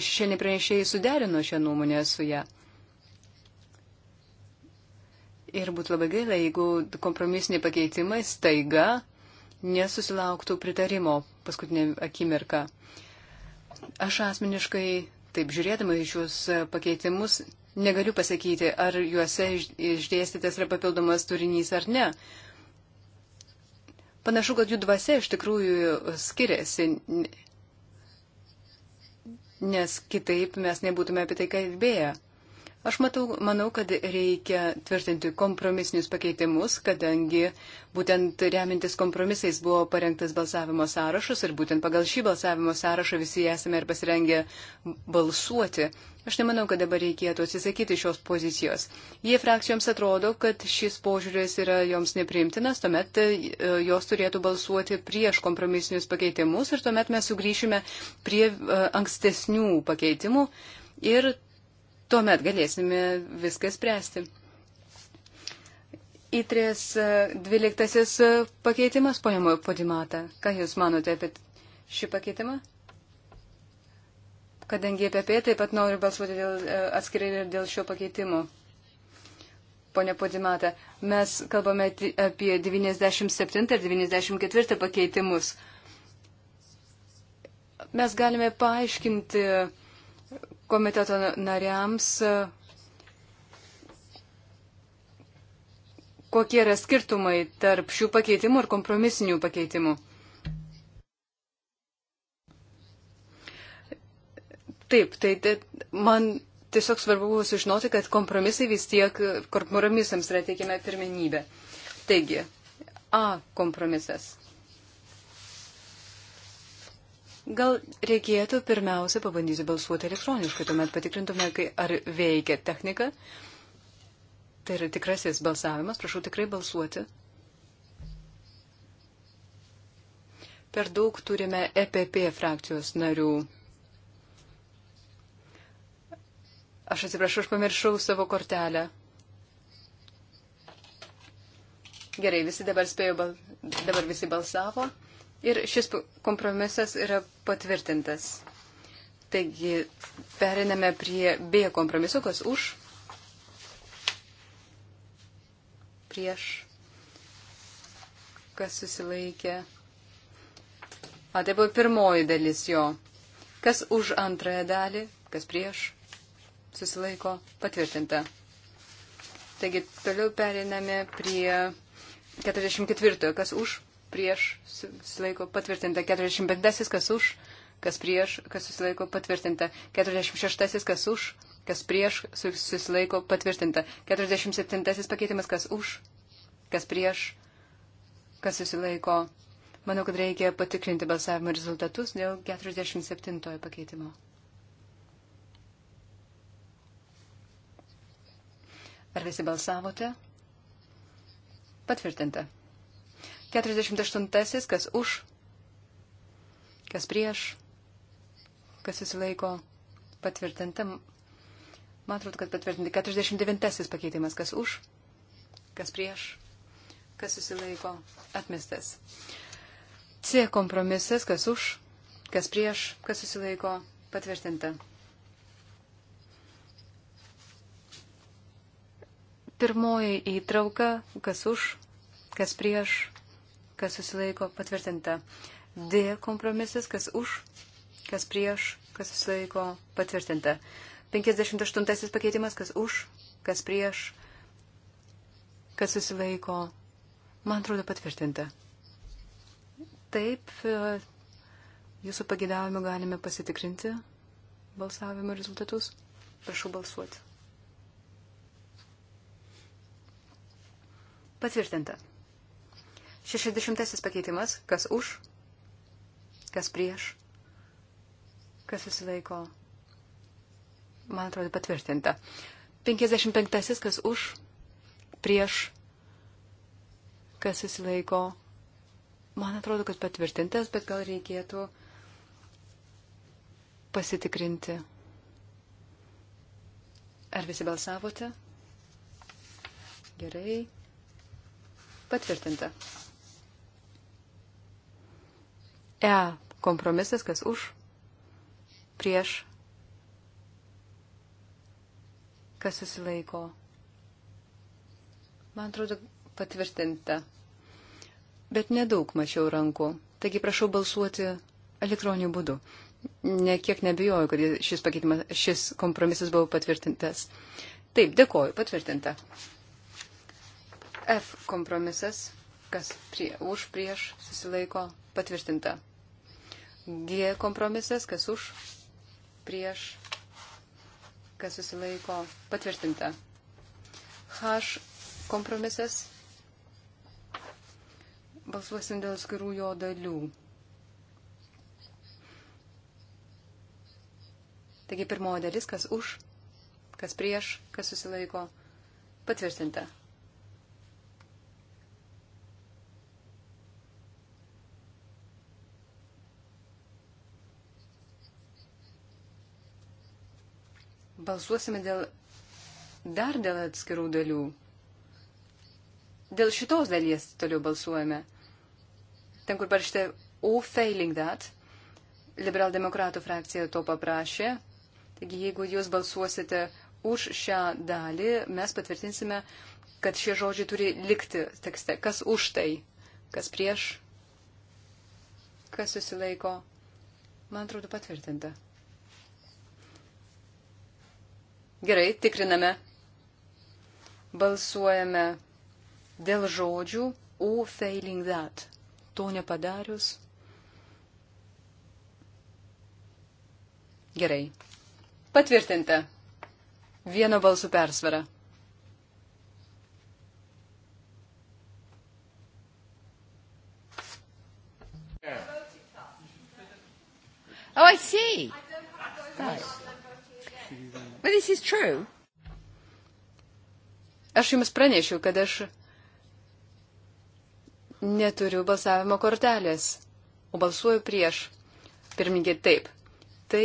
šiandien pranešėjai suderino šią nuomonę su ją. Ir būtų labai gaila, jeigu kompromisiniai pakeitimai staiga nesusilauktų pritarimo paskutinė akimirka. Aš asmeniškai, taip žiūrėdama į šios pakeitimus, negaliu pasakyti, ar juose išdėstytas yra papildomas turinys ar ne. Panašu, kad jų dvasia iš tikrųjų skiriasi, nes kitaip mes nebūtume apie tai kalbėję. Aš matau, manau, kad reikia tvirtinti kompromisinius pakeitimus, kadangi būtent remintis kompromisais buvo parengtas balsavimo sąrašas ir būtent pagal šį balsavimo sąrašą visi esame ir pasirengę balsuoti. Aš nemanau, kad dabar reikėtų atsisakyti šios pozicijos. Jei frakcijoms atrodo, kad šis požiūris yra joms nepriimtinas, tuomet e, jos turėtų balsuoti prieš kompromisinius pakeitimus ir tuomet mes sugrįšime prie e, ankstesnių pakeitimų ir tuomet galėsime viską spręsti. Įtrės e, dvyliktasis e, pakeitimas, pojamojo podimata. Ką Jūs manote apie šį pakeitimą? Kadangi apie apie taip pat noriu balsuoti dėl, e, atskirai ir dėl šio pakeitimo. Pone Podimata, mes kalbame apie 97 ir 94 pakeitimus. Mes galime paaiškinti uh, komiteto nariams, kokie yra skirtumai tarp šių pakeitimų ir kompromisinių pakeitimų. Taip, tai, tai man tiesiog svarbu buvo sužinoti, kad kompromisai vis tiek, kompromisams yra teikiama pirmenybė. Taigi, A kompromisas. Gal reikėtų pirmiausia pabandyti balsuoti elektroniškai, tuomet patikrintume, ar veikia technika. Tai yra tikrasis balsavimas, prašau tikrai balsuoti. Per daug turime EPP frakcijos narių. Aš atsiprašau, aš pamiršau savo kortelę. Gerai, visi dabar spėjo, bal... dabar visi balsavo. Ir šis kompromisas yra patvirtintas. Taigi periname prie B kompromiso, kas už, prieš, kas susilaikė. A, tai buvo pirmoji dalis jo. Kas už antrąją dalį, kas prieš, susilaiko patvirtinta. Taigi toliau periname prie 44. Kas už? prieš susilaiko patvirtinta 45, kas už, kas prieš, kas susilaiko patvirtinta 46, kas už, kas prieš susilaiko patvirtinta 47 pakeitimas, kas už, kas prieš, kas susilaiko. Manau, kad reikia patikrinti balsavimo rezultatus dėl 47 pakeitimo. Ar visi balsavote? Patvirtinta. 48. Kas už, kas prieš, kas susilaiko patvirtinta. Man atrodo, kad patvirtinti. 49. pakeitimas. Kas už, kas prieš, kas susilaiko atmestas. C kompromisas. Kas už, kas prieš, kas susilaiko patvirtinta. Pirmoji įtrauka, kas už, kas prieš, kas susilaiko patvirtinta. D kompromisas, kas už, kas prieš, kas susilaiko patvirtinta. 58 pakeitimas, kas už, kas prieš, kas susilaiko, man atrodo patvirtinta. Taip, e, jūsų pagėdavimu galime pasitikrinti balsavimo rezultatus. Prašau balsuoti. Patvirtinta. Šešdešimtasis pakeitimas. Kas už? Kas prieš? Kas susilaiko? Man atrodo patvirtinta. 55. Kas už? Prieš? Kas susilaiko? Man atrodo, kad patvirtintas, bet gal reikėtų pasitikrinti. Ar visi balsavote? Gerai. Patvirtinta. E kompromisas, kas už, prieš, kas susilaiko. Man atrodo patvirtinta, bet nedaug mačiau rankų. Taigi prašau balsuoti elektroniniu būdu. Nekiek nebijoju, kad šis, šis kompromisas buvo patvirtintas. Taip, dėkoju, patvirtinta. F kompromisas, kas prie, už prieš susilaiko, patvirtinta. G kompromisas, kas už, prieš, kas susilaiko, patvirtinta. H kompromisas, balsuosim dėl skirų jo dalių. Taigi pirmoji dalis, kas už, kas prieš, kas susilaiko, patvirtinta. balsuosime dėl, dar dėl atskirų dalių. Dėl šitos dalies toliau balsuojame. Ten, kur parašyta O failing that, liberaldemokratų frakcija to paprašė. Taigi, jeigu jūs balsuosite už šią dalį, mes patvirtinsime, kad šie žodžiai turi likti tekste. Kas už tai? Kas prieš? Kas susilaiko? Man atrodo patvirtinta. Gerai, tikriname. Balsuojame dėl žodžių U failing that. To nepadarius. Gerai. Patvirtinta. Vieno balsų persvara. Oh, I see. Nice. Aš jums pranešiu, kad aš neturiu balsavimo kortelės, o balsuoju prieš. Pirmininkė, taip. Tai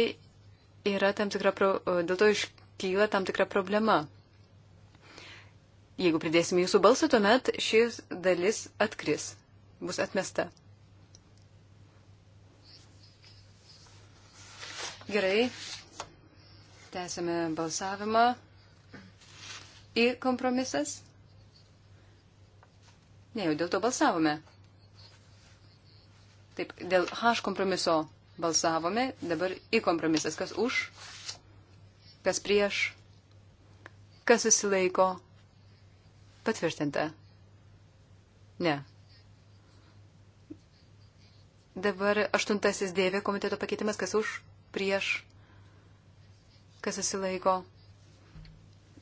yra tam tikra, pro... dėl to iškyla tam tikra problema. Jeigu pridėsime jūsų balsą, tuomet šis dalis atkris, bus atmesta. Gerai, Tęsime balsavimą. Į kompromisas? Ne, jau dėl to balsavome. Taip, dėl H kompromiso balsavome, dabar į kompromisas. Kas už, kas prieš, kas susilaiko. Patvirtinta. Ne. Dabar aštuntasis dėvė komiteto pakeitimas, kas už, prieš, kas susilaiko.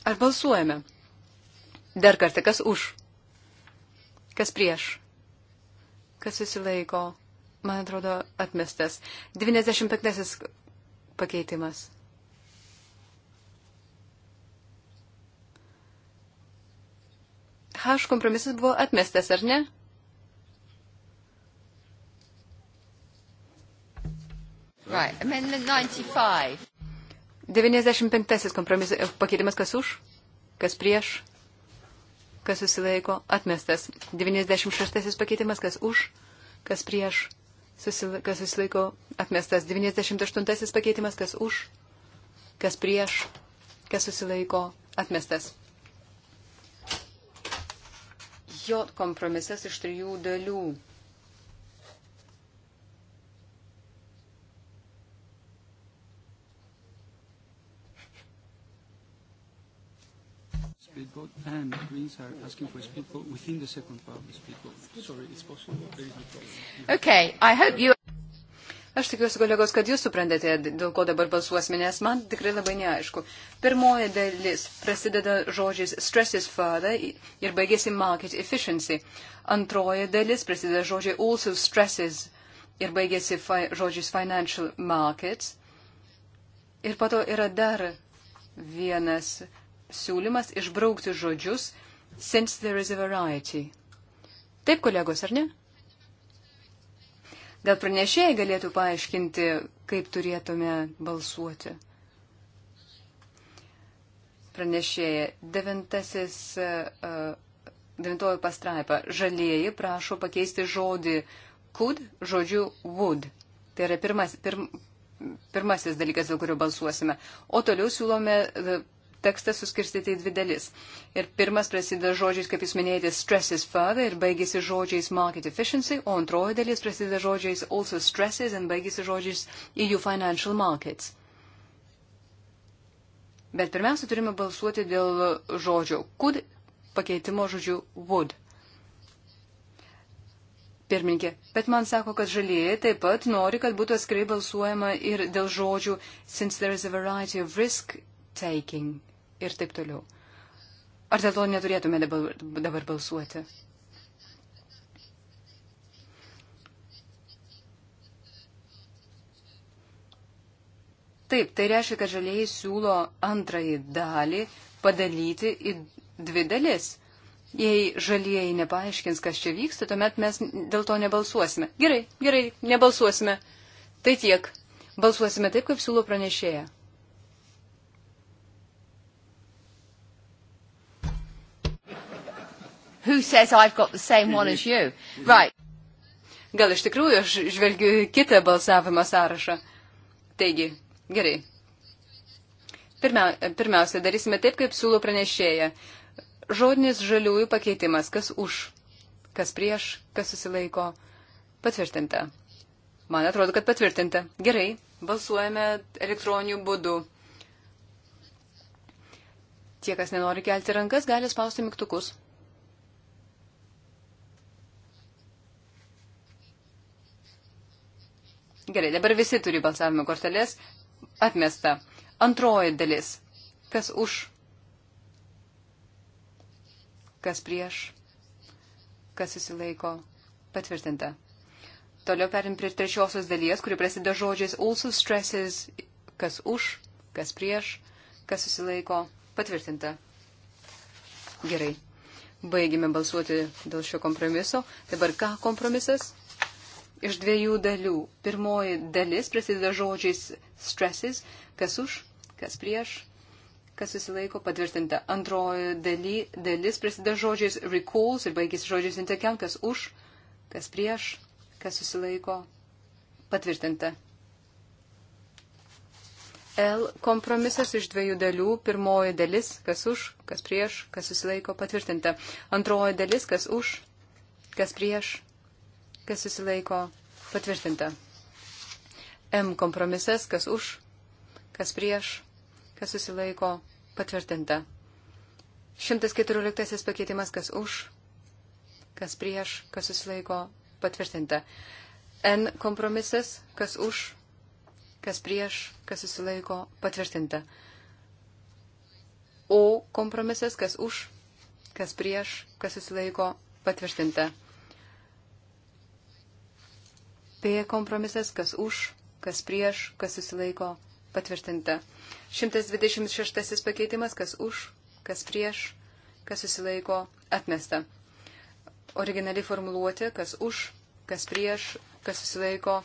Ar balsuojame? Dar kartą, kas už? Kas prieš? Kas susilaiko? Man atrodo, atmestas. 95 pakeitimas. H kompromisas buvo atmestas, ar ne? Right, amendment 95. 95 kompromisas e, pakeitimas kas už, kas prieš, kas susilaiko, atmestas. 96 pakeitimas kas už, kas prieš, susila, kas susilaiko, atmestas. 98 pakeitimas kas už, kas prieš, kas susilaiko, atmestas. Jo kompromisas iš trijų dalių. vote, and Greens are asking for a split vote within the second part of the split vote. Sorry, it's possible. There is no problem. Okay, I hope you... Aš tikiuosi, kolegos, kad jūs suprantate, dėl ko dabar balsuosime, nes man tikrai labai neaišku. Pirmoji dalis prasideda žodžiais stresses further ir baigėsi market efficiency. Antroji dalis prasideda žodžiai also stresses ir baigėsi fi žodžiais financial markets. Ir pato yra dar vienas siūlymas išbraukti žodžius since there is a variety. Taip, kolegos, ar ne? Gal pranešėjai galėtų paaiškinti, kaip turėtume balsuoti? Pranešėjai, devintasis, uh, devintojo pastraipa, žalieji prašo pakeisti žodį could žodžiu would. Tai yra pirmas, pirm, pirmasis dalykas, dėl kurio balsuosime. O toliau siūlome tekstą suskirstyti į dvi dalis. Ir pirmas prasideda žodžiais, kaip jūs minėjote, stresses further ir baigėsi žodžiais market efficiency, o antroji dalis prasideda žodžiais also stresses ir baigėsi žodžiais EU financial markets. Bet pirmiausia, turime balsuoti dėl žodžio could pakeitimo žodžiu would. Pirminkė, bet man sako, kad žalieji taip pat nori, kad būtų atskirai balsuojama ir dėl žodžių since there is a variety of risk taking ir taip toliau. Ar dėl to neturėtume dabar, dabar balsuoti? Taip, tai reiškia, kad žaliai siūlo antrąjį dalį padalyti į dvi dalis. Jei žalieji nepaaiškins, kas čia vyksta, tuomet mes dėl to nebalsuosime. Gerai, gerai, nebalsuosime. Tai tiek. Balsuosime taip, kaip siūlo pranešėja. Who says I've got the same one as you? Right. Gal iš tikrųjų aš žvelgiu kitą balsavimo sąrašą. Taigi, gerai. Pirmia, pirmiausia, darysime taip, kaip siūlo pranešėja. Žodinis žaliųjų pakeitimas. Kas už, kas prieš, kas susilaiko. Patvirtinta. Man atrodo, kad patvirtinta. Gerai, balsuojame elektroniniu būdu. Tie, kas nenori kelti rankas, gali spausti mygtukus. Gerai, dabar visi turi balsavimo kortelės. Atmesta. Antroji dalis. Kas už? Kas prieš? Kas susilaiko? Patvirtinta. Toliau perim prie trečiosios dalies, kuri prasideda žodžiais also stresses, kas už, kas prieš, kas susilaiko. Patvirtinta. Gerai. Baigime balsuoti dėl šio kompromiso. Dabar ką kompromisas? iš dviejų dalių. Pirmoji dalis prasideda žodžiais stresses, kas už, kas prieš, kas susilaiko patvirtinta. Antroji daly, dalis prasideda žodžiais recalls ir baigėsi žodžiais interkel, kas už, kas prieš, kas susilaiko patvirtinta. L kompromisas iš dviejų dalių. Pirmoji dalis, kas už, kas prieš, kas susilaiko patvirtinta. Antroji dalis, kas už, kas prieš, kas susilaiko patvirtinta. M kompromisas, kas už, kas prieš, kas susilaiko patvirtinta. 114 pakeitimas, kas už, kas prieš, kas susilaiko patvirtinta. N kompromisas, kas už, kas prieš, kas susilaiko patvirtinta. O kompromisas, kas už, kas prieš, kas susilaiko patvirtinta. P kompromisas, kas už, kas prieš, kas susilaiko patvirtinta. 126 pakeitimas, kas už, kas prieš, kas susilaiko atmesta. Originali formuluotė, kas už, kas prieš, kas susilaiko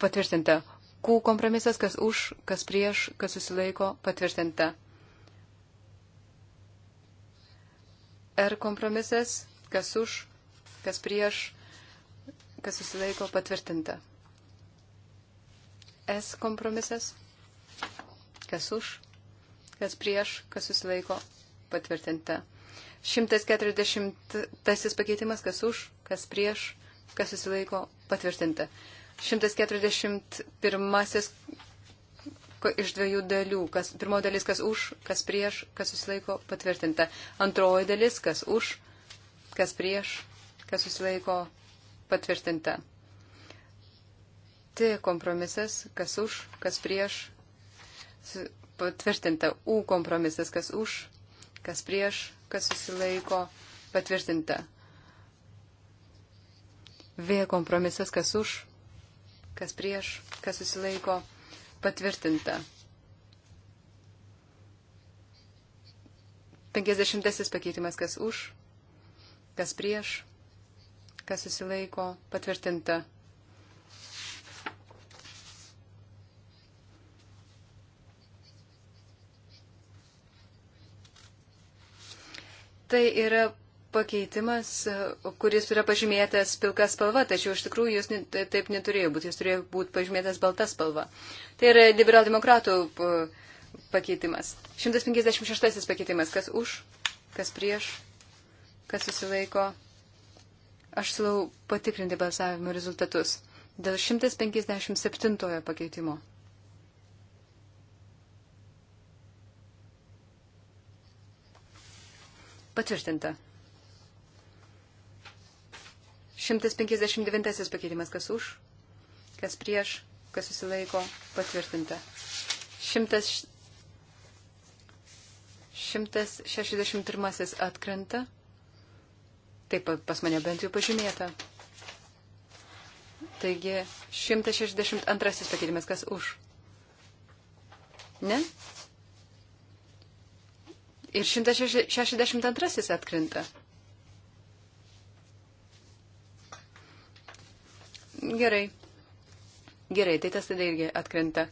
patvirtinta. Q kompromisas, kas už, kas prieš, kas susilaiko patvirtinta. R kompromisas, kas už, kas prieš, kas susilaiko patvirtinta. S kompromisas, kas už, kas prieš, kas susilaiko patvirtinta. 140 pakeitimas, kas už, kas prieš, kas susilaiko patvirtinta. 141 iš dviejų dalių. Kas, pirmo dalis, kas už, kas prieš, kas susilaiko patvirtinta. Antroji dalis, kas už, kas prieš, kas susilaiko patvirtinta. T kompromisas, kas už, kas prieš, patvirtinta. U kompromisas, kas už, kas prieš, kas susilaiko, patvirtinta. V kompromisas, kas už, kas prieš, kas susilaiko, patvirtinta. 50 pakeitimas, kas už, kas prieš, kas susilaiko, patvirtinta. Tai yra pakeitimas, kuris yra pažymėtas pilka spalva, tačiau iš tikrųjų jis taip neturėjo būti, jis turėjo būti pažymėtas balta spalva. Tai yra liberaldemokratų pakeitimas. 156 pakeitimas, kas už, kas prieš, kas susilaiko, Aš siūlau patikrinti balsavimo rezultatus dėl 157 pakeitimo. Patvirtinta. 159 pakeitimas kas už, kas prieš, kas susilaiko, patvirtinta. 100, 161 atkrenta. Taip pas mane bent jau pažymėta. Taigi 162 pakeitimas, kas už? Ne? Ir 162 atkrinta. Gerai. Gerai, tai tas tada irgi atkrenta.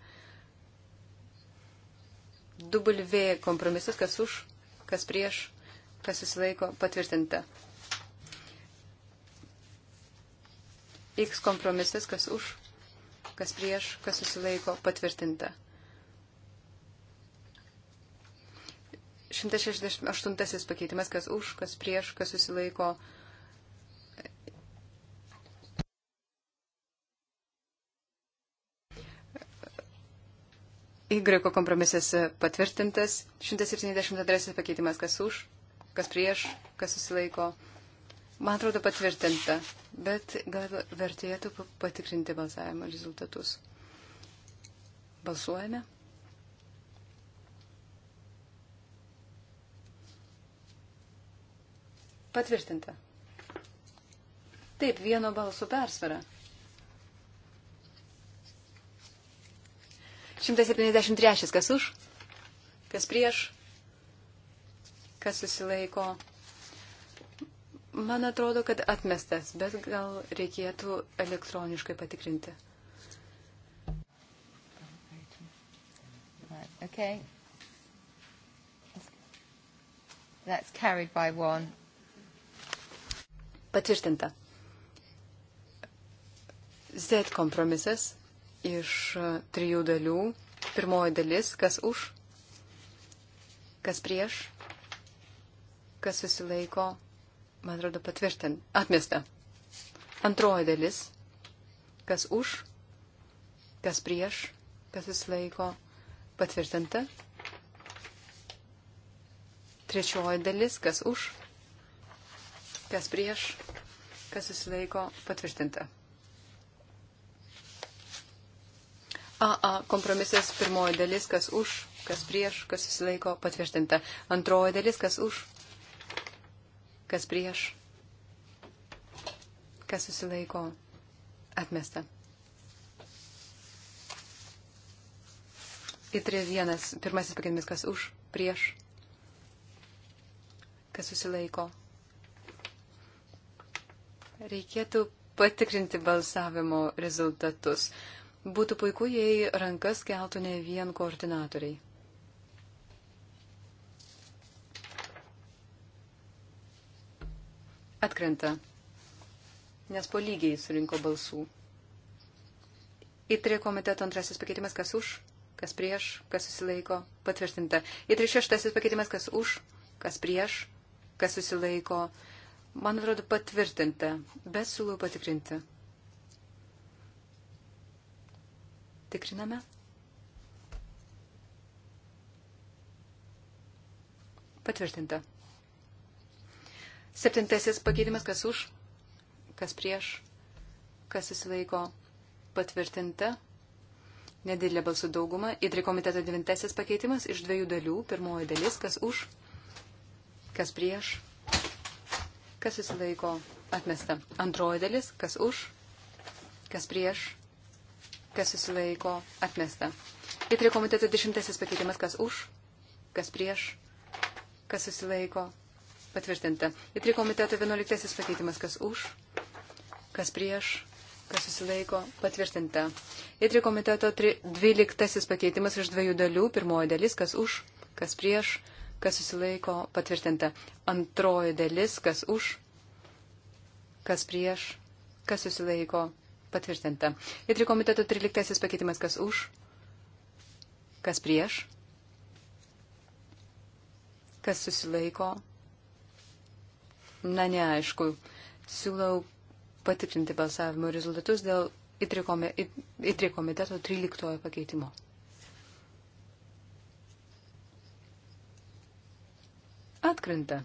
W kompromisas, kas už, kas prieš, kas susilaiko, patvirtinta. X kompromisas, kas už, kas prieš, kas susilaiko, patvirtinta. 168 pakeitimas, kas už, kas prieš, kas susilaiko. Y kompromisas patvirtintas. 172 pakeitimas, kas už, kas prieš, kas susilaiko Man atrodo patvirtinta, bet gal vertėtų patikrinti balsavimo rezultatus. Balsuojame. Patvirtinta. Taip, vieno balsų persvara. 173. Kas už? Kas prieš? Kas susilaiko? Man atrodo, kad atmestas, bet gal reikėtų elektroniškai patikrinti. Okay. That's carried by one. Patvirtinta. Z kompromisas iš uh, trijų dalių. Pirmoji dalis, kas už, kas prieš, kas susilaiko man atrodo, patvirtin, atmesta. Antroji dalis, kas už, kas prieš, kas jis laiko, patvirtinta. Trečioji dalis, kas už, kas prieš, kas jis laiko, patvirtinta. AA kompromisas pirmoji dalis, kas už, kas prieš, kas susilaiko patvirtinta. Antroji dalis, kas už, kas prieš, kas susilaiko atmesta. Įtrė vienas, pirmasis pagrindinis, kas už, prieš, kas susilaiko. Reikėtų patikrinti balsavimo rezultatus. Būtų puiku, jei rankas keltų ne vien koordinatoriai. atkrenta, nes po lygiai surinko balsų. Įtrė komiteto antrasis pakeitimas, kas už, kas prieš, kas susilaiko, patvirtinta. Įtrė šeštasis pakeitimas, kas už, kas prieš, kas susilaiko, man atrodo patvirtinta, bet siūlau patikrinti. Tikriname. Patvirtinta. Septintasis pakeitimas, kas už, kas prieš, kas įsilaiko patvirtinta. Nedidelė balsų dauguma. Įdri komiteto devintasis pakeitimas iš dviejų dalių. Pirmoji dalis, kas už, kas prieš, kas įsilaiko atmesta. Antroji dalis, kas už, kas prieš, kas įsilaiko atmesta. Įtri komiteto dešimtasis pakeitimas, kas už, kas prieš, kas įsilaiko Patvirtinta. Į tri komiteto 11 pakeitimas, kas už, kas prieš, kas susilaiko, patvirtinta. Į tri komiteto 12 pakeitimas iš dviejų dalių. Pirmoji dalis, kas už, kas prieš, kas susilaiko, patvirtinta. Antroji dalis, kas už, kas prieš, kas susilaiko, patvirtinta. Į tri komiteto 13 pakeitimas, kas už, kas prieš, kas susilaiko, patvirtinta na neaišku. Siūlau patikrinti balsavimo rezultatus dėl įtri komiteto 13 pakeitimo. Atkrinta.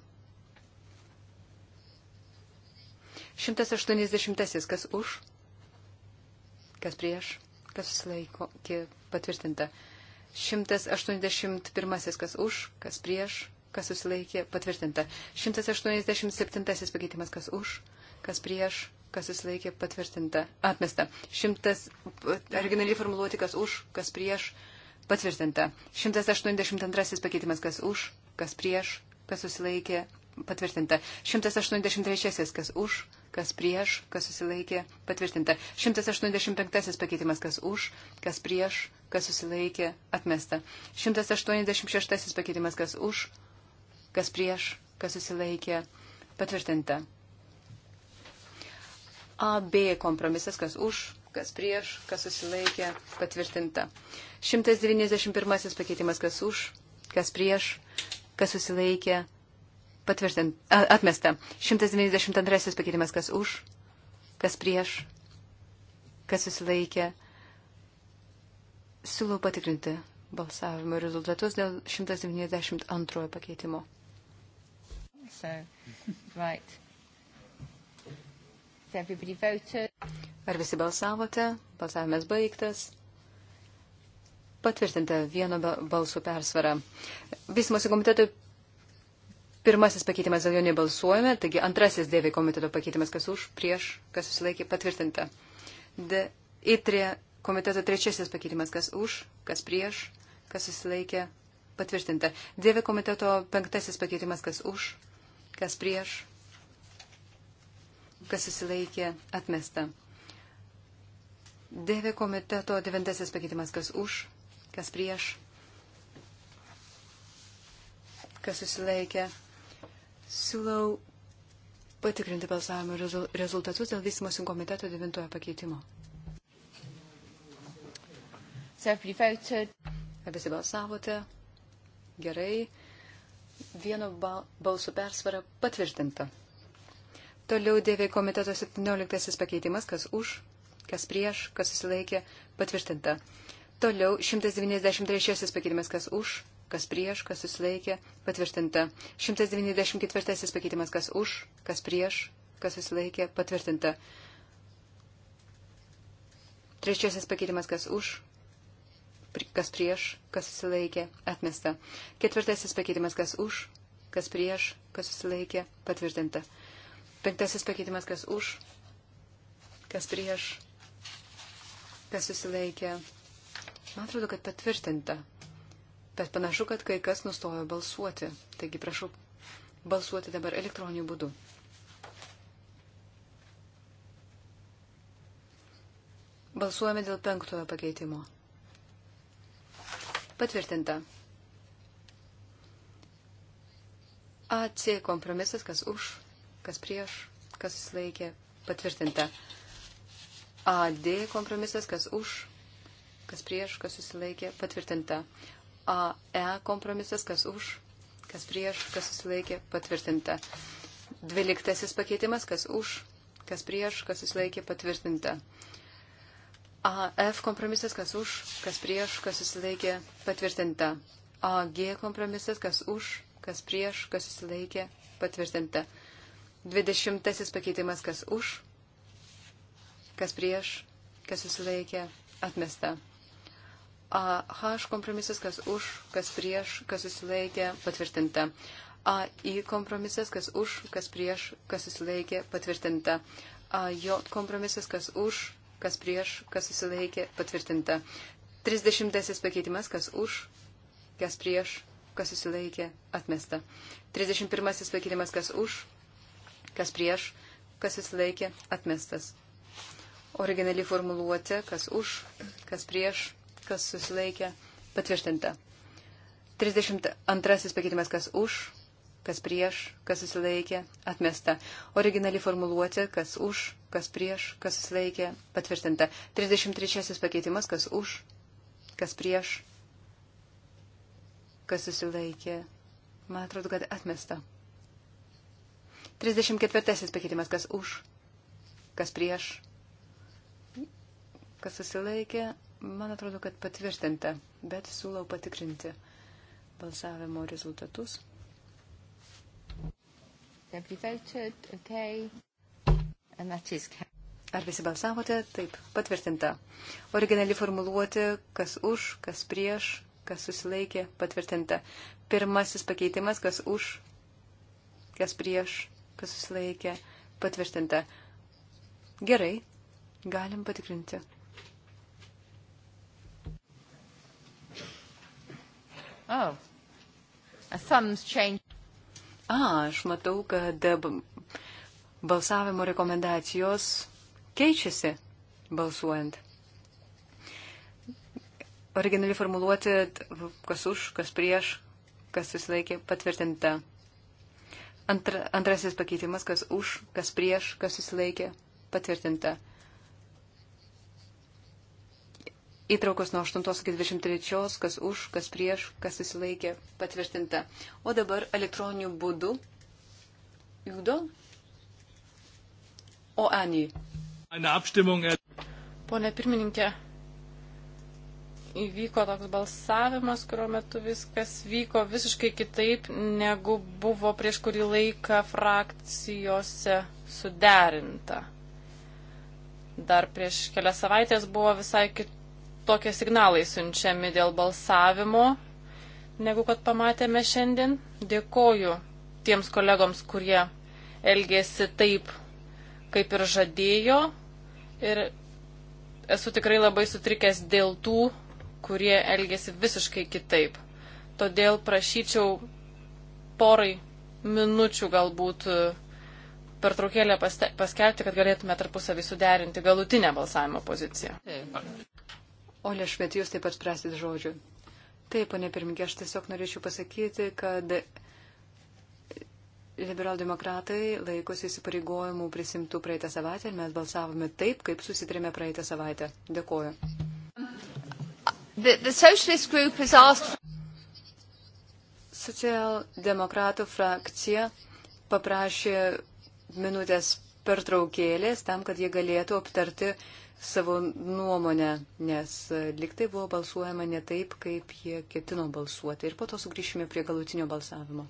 180. Kas už? Kas prieš? Kas susilaiko? Patvirtinta. 181. Kas už? Kas prieš? kas susilaikė, patvirtinta. 187 pakeitimas, kas už, kas prieš, kas susilaikė, patvirtinta, atmesta. 100, originaliai formuluoti, kas už, kas prieš, patvirtinta. 182 pakeitimas, kas už, kas prieš, kas susilaikė, patvirtinta. 183 kas už, kas prieš, kas susilaikė, patvirtinta. 185 pakeitimas, kas už, kas prieš, kas susilaikė, atmesta. 186 pakeitimas, kas už, kas prieš, kas susilaikė, patvirtinta. AB kompromisas, kas už, kas prieš, kas susilaikė, patvirtinta. 191 pakeitimas, kas už, kas prieš, kas susilaikė, patvirtinta, atmesta. 192 pakeitimas, kas už, kas prieš, kas susilaikė. Siūlau patikrinti balsavimo rezultatus dėl 192 pakeitimo. So, right. Has everybody voted? Ar visi balsavote? Balsavimas baigtas. Patvirtinta vieno balsų persvara. Vystimosi komiteto pirmasis pakeitimas dėl jo nebalsuojame, taigi antrasis dėvė komiteto pakeitimas, kas už, prieš, kas susilaikė, patvirtinta. De, įtrė komiteto trečiasis pakeitimas, kas už, kas prieš, kas susilaikė, patvirtinta. Dėvė komiteto penktasis pakeitimas, kas už, kas prieš, kas susilaikė, atmesta. Dėvė komiteto devintasis pakeitimas, kas už, kas prieš, kas susilaikė. Siūlau patikrinti balsavimo rezultatus dėl vystimosi komiteto devintojo pakeitimo. Ar visi balsavote? Gerai vieno balsų persvara patvirtinta. Toliau dėvė komiteto 17 pakeitimas, kas už, kas prieš, kas susilaikė, patvirtinta. Toliau 193 pakeitimas, kas už, kas prieš, kas susilaikė, patvirtinta. 194 pakeitimas, kas už, kas prieš, kas susilaikė, patvirtinta. Trečiasis pakeitimas, kas už, kas prieš, kas susilaikė, atmesta. Ketvirtasis pakeitimas, kas už, kas prieš, kas susilaikė, patvirtinta. Penktasis pakeitimas, kas už, kas prieš, kas susilaikė. Man atrodo, kad patvirtinta. Bet panašu, kad kai kas nustojo balsuoti. Taigi prašau balsuoti dabar elektroniniu būdu. Balsuojame dėl penktojo pakeitimo. Patvirtinta. AC kompromisas, kas už, kas prieš, kas susilaikė. Patvirtinta. AD kompromisas, kas už, kas prieš, kas susilaikė. Patvirtinta. AE kompromisas, kas už, kas prieš, kas susilaikė. Patvirtinta. Dvyliktasis pakeitimas, kas už, kas prieš, kas susilaikė. Patvirtinta. AF kompromisas, kas už, kas prieš, kas susilaikė, patvirtinta. AG kompromisas, kas už, kas prieš, kas susilaikė, patvirtinta. Dvidešimtasis pakeitimas, kas už, kas prieš, kas susilaikė, atmesta. AH kompromisas, kas už, kas prieš, kas susilaikė, patvirtinta. AI kompromisas, kas už, kas prieš, kas susilaikė, patvirtinta. AJ kompromisas, kas už, kas prieš, kas susilaikė, patvirtinta. 30 pakeitimas, kas už, kas prieš, kas susilaikė, atmesta. 31 pakeitimas, kas už, kas prieš, kas susilaikė, atmestas. Originali formuluotė, kas už, kas prieš, kas susilaikė, patvirtinta. 32 pakeitimas, kas už, kas prieš, kas susilaikė, atmesta. Originali formuluotė, kas už, kas prieš, kas susilaikė, patvirtinta. 33 pakeitimas, kas už, kas prieš, kas susilaikė. Man atrodo, kad atmesta. 34 pakeitimas, kas už, kas prieš, kas susilaikė. Man atrodo, kad patvirtinta, bet siūlau patikrinti balsavimo rezultatus. Have you voted? Okay. And that is... Ar visi balsavote? Taip, patvirtinta. Originali formuluoti, kas už, kas prieš, kas susilaikė, patvirtinta. Pirmasis pakeitimas, kas už, kas prieš, kas susilaikė, patvirtinta. Gerai, galim patikrinti. Oh. A thumbs change. A, aš matau, kad balsavimo rekomendacijos keičiasi balsuojant. Originali formuluoti, kas už, kas prieš, kas susilaikė, patvirtinta. Antra, antrasis pakeitimas, kas už, kas prieš, kas susilaikė, patvirtinta. Įtraukos nuo 8 iki 23, kas už, kas prieš, kas susilaikė, patvirtinta. O dabar elektroniniu būdu. Judo? O Anijai. Er- Pone pirmininkė, įvyko toks balsavimas, kurio metu viskas vyko visiškai kitaip, negu buvo prieš kurį laiką frakcijose suderinta. Dar prieš kelias savaitės buvo visai kitaip tokie signalai siunčiami dėl balsavimo, negu kad pamatėme šiandien. Dėkoju tiems kolegoms, kurie elgėsi taip, kaip ir žadėjo. Ir esu tikrai labai sutrikęs dėl tų, kurie elgėsi visiškai kitaip. Todėl prašyčiau porai minučių galbūt pertraukėlę paskelbti, kad galėtume tarpusavį suderinti galutinę balsavimo poziciją. Ole Švet, jūs taip pat prasit žodžių. Taip, ponė pirmininkė, aš tiesiog norėčiau pasakyti, kad liberaldemokratai laikosi įsipareigojimų prisimtų praeitą savaitę ir mes balsavome taip, kaip susitrėmė praeitą savaitę. Dėkuoju. The, the asked... Socialdemokratų frakcija paprašė minutės pertraukėlės tam, kad jie galėtų aptarti savo nuomonę, nes e, liktai buvo balsuojama ne taip, kaip jie ketino balsuoti. Ir po to sugrįšime prie galutinio balsavimo.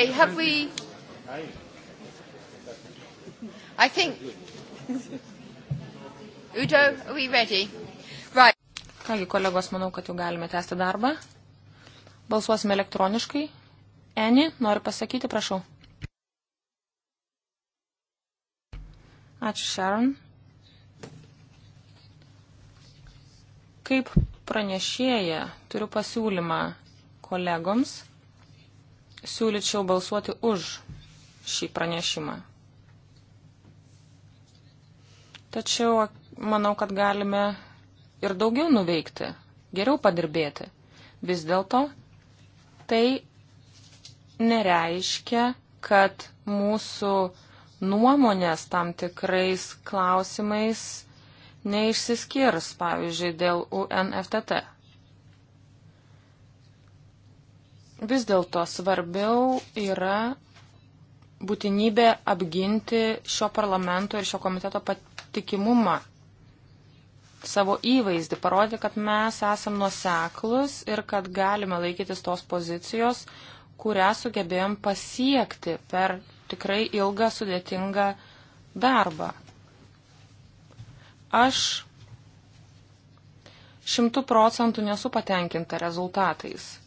Okay, have we... I think... Udo, are we ready? Right. Kągi, kolegos, manau, kad jau galime tęsti darbą. Balsuosime elektroniškai. Eni, nori pasakyti, prašau. Ačiū, Sharon. Kaip pranešėja, turiu pasiūlymą kolegoms – siūlyčiau balsuoti už šį pranešimą. Tačiau manau, kad galime ir daugiau nuveikti, geriau padirbėti. Vis dėlto tai nereiškia, kad mūsų nuomonės tam tikrais klausimais neišsiskirs, pavyzdžiui, dėl UNFTT. Vis dėlto svarbiau yra būtinybė apginti šio parlamento ir šio komiteto patikimumą, savo įvaizdį, parodyti, kad mes esam nuseklus ir kad galime laikytis tos pozicijos, kurią sugebėjom pasiekti per tikrai ilgą sudėtingą darbą. Aš šimtų procentų nesu patenkinta rezultatais.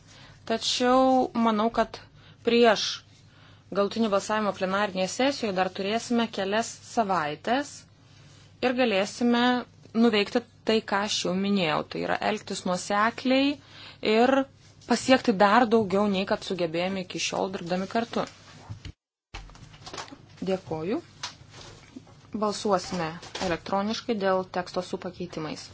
Tačiau manau, kad prieš galtinį balsavimą plenarinėje sesijoje dar turėsime kelias savaitės ir galėsime nuveikti tai, ką aš jau minėjau. Tai yra elgtis nuosekliai ir pasiekti dar daugiau, nei kad sugebėjome iki šiol dirbdami kartu. Dėkoju. Balsuosime elektroniškai dėl teksto su pakeitimais.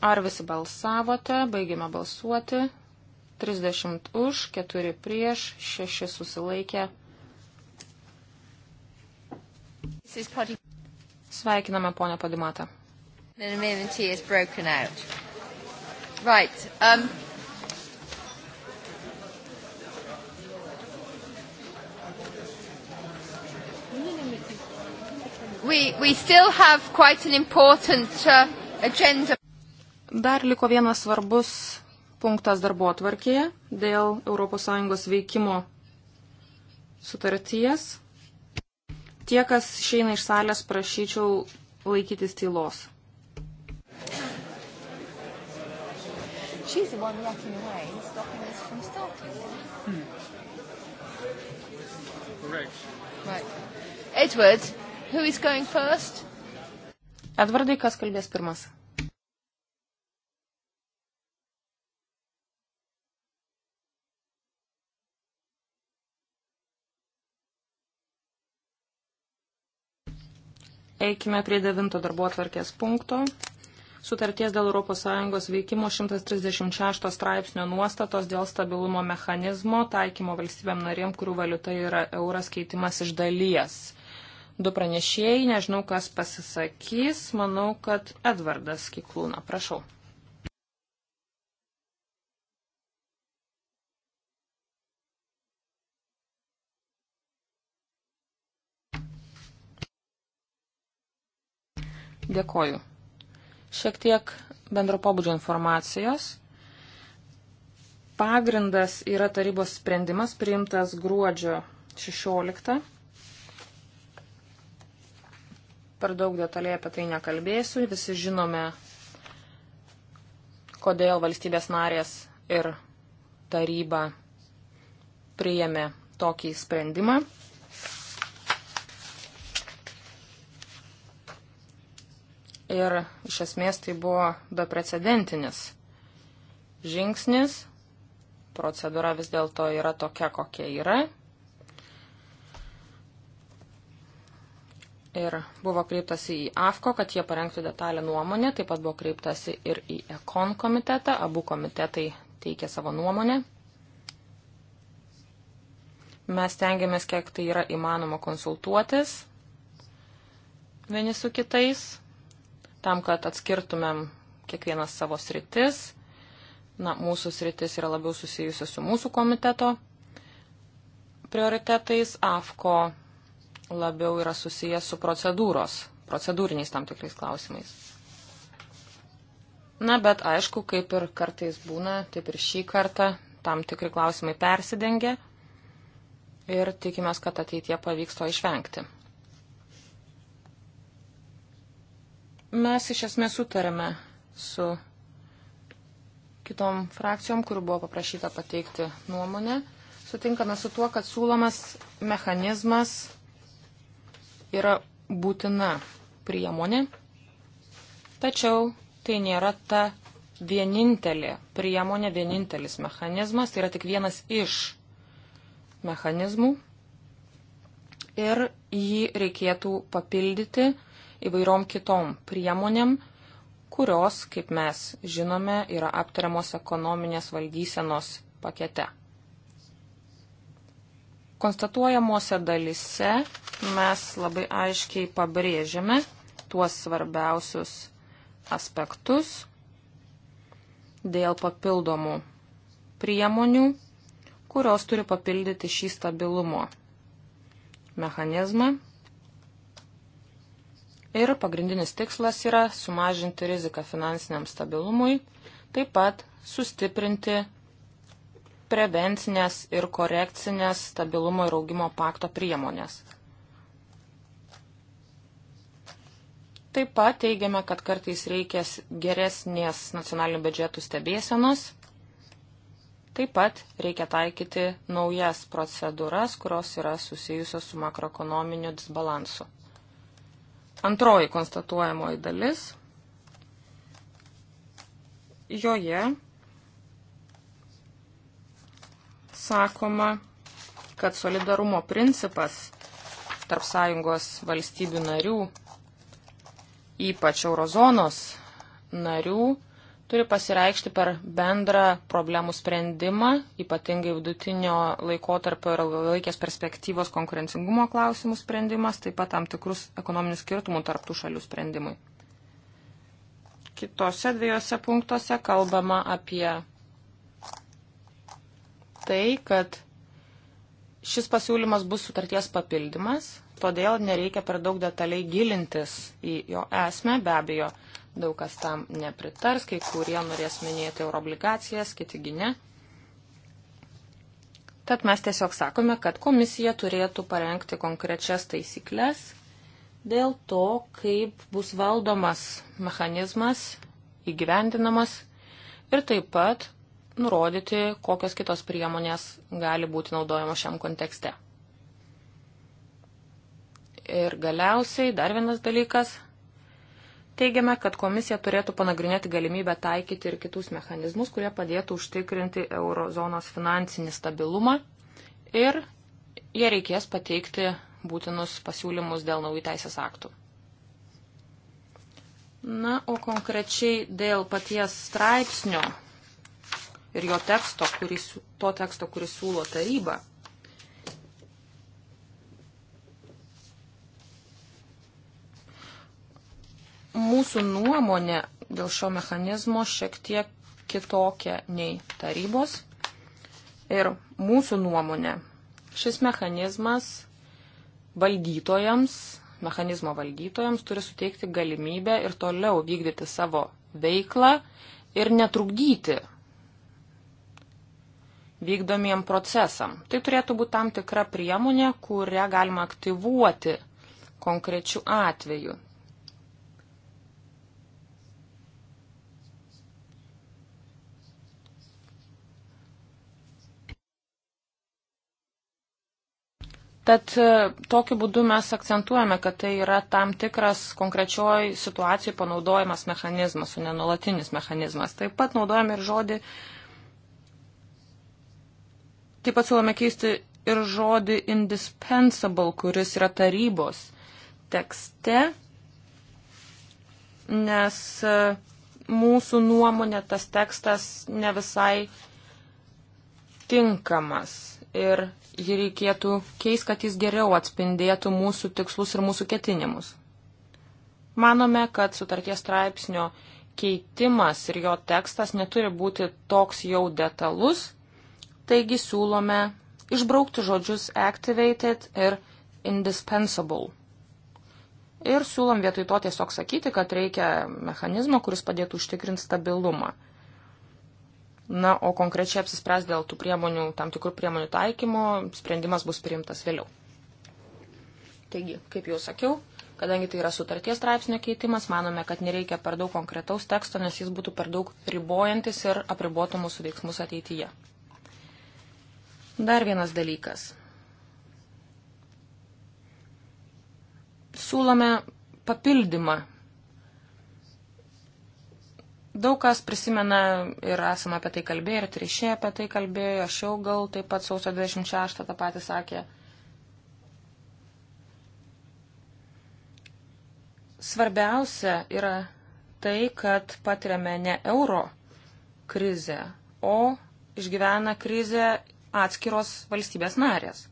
Ar visi balsavote? Baigime balsuoti. 30 už, 4 prieš, 6 susilaikė. Sveikiname ponę Padimatą. Right, um, we, we still have quite an important uh, agenda. Dar liko vienas svarbus punktas darbo atvarkėje dėl ES veikimo sutarties. Tie, kas išeina iš salės, prašyčiau laikytis tylos. She's the one locking away, stopping us from starting. Hmm. Correct. Right. Edward, Who is going first? Edvardai, kas kalbės pirmas? Eikime prie devinto darbo atvarkės punkto. Sutarties dėl ES veikimo 136 straipsnio nuostatos dėl stabilumo mechanizmo taikymo valstybėm narėm, kurių valiuta yra euras keitimas iš dalies du pranešėjai, nežinau, kas pasisakys, manau, kad Edvardas Kiklūna, prašau. Dėkoju. Šiek tiek bendro pobūdžio informacijos. Pagrindas yra tarybos sprendimas priimtas gruodžio 16 per daug detaliai apie tai nekalbėsiu. Visi žinome, kodėl valstybės narės ir taryba priėmė tokį sprendimą. Ir iš esmės tai buvo beprecedentinis žingsnis. Procedūra vis dėlto yra tokia, kokia yra. ir buvo kreiptasi į AFKO, kad jie parengtų detalę nuomonę, taip pat buvo kreiptasi ir į EKON komitetą, abu komitetai teikė savo nuomonę. Mes tengiamės, kiek tai yra įmanoma konsultuotis vieni su kitais, tam, kad atskirtumėm kiekvienas savo sritis. Na, mūsų sritis yra labiau susijusi su mūsų komiteto prioritetais, AFKO labiau yra susijęs su procedūros, procedūriniais tam tikrais klausimais. Na, bet aišku, kaip ir kartais būna, taip ir šį kartą tam tikri klausimai persidengia ir tikimės, kad ateitie pavyks to išvengti. Mes iš esmės sutarėme su kitom frakcijom, kur buvo paprašyta pateikti nuomonę. Sutinkame su tuo, kad siūlomas mechanizmas yra būtina priemonė, tačiau tai nėra ta vienintelė priemonė, vienintelis mechanizmas, tai yra tik vienas iš mechanizmų ir jį reikėtų papildyti įvairiom kitom priemonėm, kurios, kaip mes žinome, yra aptariamos ekonominės valdysenos pakete. Konstatuojamuose dalise mes labai aiškiai pabrėžiame tuos svarbiausius aspektus dėl papildomų priemonių, kurios turi papildyti šį stabilumo mechanizmą. Ir pagrindinis tikslas yra sumažinti riziką finansiniam stabilumui, taip pat sustiprinti prevencinės ir korekcinės stabilumo ir augimo pakto priemonės. Taip pat teigiame, kad kartais reikia geresnės nacionalinių biudžetų stebėsenos. Taip pat reikia taikyti naujas procedūras, kurios yra susijusios su makroekonominiu disbalansu. Antroji konstatuojamoji dalis. Joje sakoma, kad solidarumo principas tarp sąjungos valstybių narių, ypač eurozonos narių, turi pasireikšti per bendrą problemų sprendimą, ypatingai vidutinio laikotarpio ir ilgalaikės perspektyvos konkurencingumo klausimų sprendimas, taip pat tam tikrus ekonominių skirtumų tarptų šalių sprendimui. Kitose dviejose punktuose kalbama apie tai, kad šis pasiūlymas bus sutarties papildymas, todėl nereikia per daug detaliai gilintis į jo esmę, be abejo, daug kas tam nepritars, kai kurie norės minėti euroobligacijas, kitigi ne. Tad mes tiesiog sakome, kad komisija turėtų parengti konkrečias taisyklės dėl to, kaip bus valdomas mechanizmas, įgyvendinamas ir taip pat nurodyti, kokios kitos priemonės gali būti naudojamos šiam kontekste. Ir galiausiai dar vienas dalykas. Teigiame, kad komisija turėtų panagrinėti galimybę taikyti ir kitus mechanizmus, kurie padėtų užtikrinti eurozonos finansinį stabilumą ir jie reikės pateikti būtinus pasiūlymus dėl naujų teisės aktų. Na, o konkrečiai dėl paties straipsnio ir jo teksto, kuris, to teksto, kuris siūlo taryba. Mūsų nuomonė dėl šio mechanizmo šiek tiek kitokia nei tarybos. Ir mūsų nuomonė, šis mechanizmas valdytojams, mechanizmo valdytojams turi suteikti galimybę ir toliau vykdyti savo veiklą ir netrukdyti vykdomiem procesam. Tai turėtų būti tam tikra priemonė, kurią galima aktyvuoti konkrečių atvejų. Tad e, tokiu būdu mes akcentuojame, kad tai yra tam tikras konkrečioj situacijai panaudojimas mechanizmas, o ne nuolatinis mechanizmas. Taip pat naudojame ir žodį uh, Taip pat siūlome keisti ir žodį indispensable, kuris yra tarybos tekste, nes e, mūsų nuomonė tas tekstas ne visai tinkamas ir jį reikėtų keisti, kad jis geriau atspindėtų mūsų tikslus ir mūsų ketinimus. Manome, kad sutarties straipsnio keitimas ir jo tekstas neturi būti toks jau detalus, Taigi siūlome išbraukti žodžius activated ir indispensable. Ir siūlom vietoj to tiesiog sakyti, kad reikia mechanizmo, kuris padėtų užtikrinti stabilumą. Na, o konkrečiai apsispręs dėl tų priemonių, tam tikrų priemonių taikymo, sprendimas bus priimtas vėliau. Taigi, kaip jau sakiau, kadangi tai yra sutarties straipsnio keitimas, manome, kad nereikia per daug konkretaus teksto, nes jis būtų per daug ribojantis ir apribotų mūsų veiksmus ateityje. Dar vienas dalykas. Siūlome papildymą. Daug kas prisimena ir esame apie tai kalbėję, ir trišė apie tai kalbėjo, aš jau gal taip pat sausio 26 tą patį sakė. Svarbiausia yra tai, kad patiriame ne euro krizę, o išgyvena krizę atskiros valstybės narės.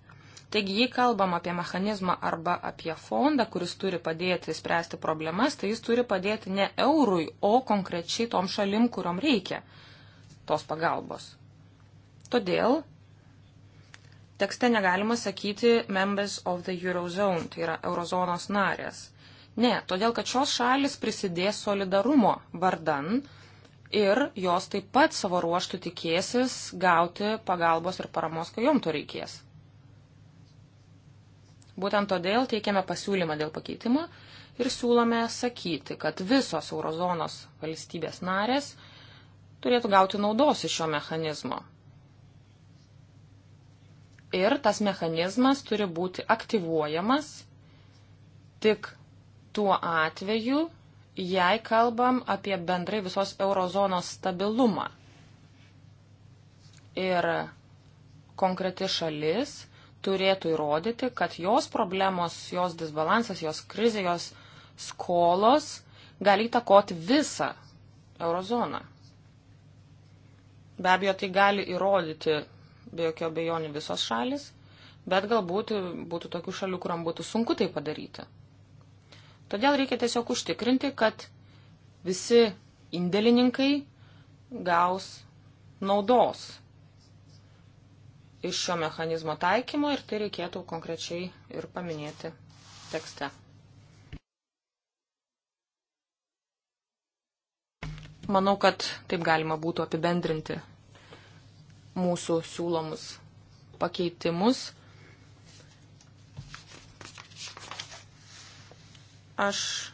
Taigi, jei kalbam apie mechanizmą arba apie fondą, kuris turi padėti spręsti problemas, tai jis turi padėti ne eurui, o konkrečiai tom šalim, kuriom reikia tos pagalbos. Todėl tekste negalima sakyti members of the eurozone, tai yra eurozonos narės. Ne, todėl kad šios šalis prisidės solidarumo vardan ir jos taip pat savo ruoštų tikėsis gauti pagalbos ir paramos, kai jom to reikės. Būtent todėl teikiame pasiūlymą dėl pakeitimo ir siūlome sakyti, kad visos eurozonos valstybės narės turėtų gauti naudos iš šio mechanizmo. Ir tas mechanizmas turi būti aktyvuojamas tik tuo atveju, jei kalbam apie bendrai visos eurozonos stabilumą. Ir konkreti šalis turėtų įrodyti, kad jos problemos, jos disbalansas, jos krizė, jos skolos gali įtakoti visą eurozoną. Be abejo, tai gali įrodyti be jokio abejonių visos šalis, bet galbūt būtų tokių šalių, kuriam būtų sunku tai padaryti. Todėl reikia tiesiog užtikrinti, kad visi indėlininkai gaus naudos iš šio mechanizmo taikymo ir tai reikėtų konkrečiai ir paminėti tekste. Manau, kad taip galima būtų apibendrinti mūsų siūlomus pakeitimus. Aš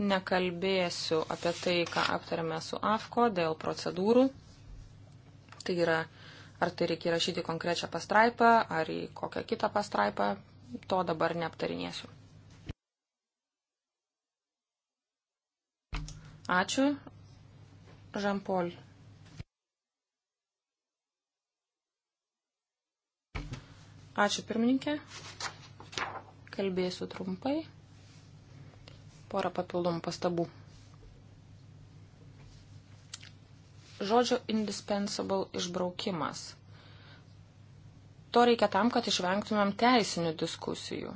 nekalbėsiu apie tai, ką aptarėme su AFKO dėl procedūrų. Tai yra, ar tai reikia rašyti konkrečią pastraipą, ar į kokią kitą pastraipą, to dabar neaptarinėsiu. Ačiū, Žampol. Ačiū pirmininkė kalbėsiu trumpai. Porą papildomų pastabų. Žodžio indispensable išbraukimas. To reikia tam, kad išvengtumėm teisinių diskusijų.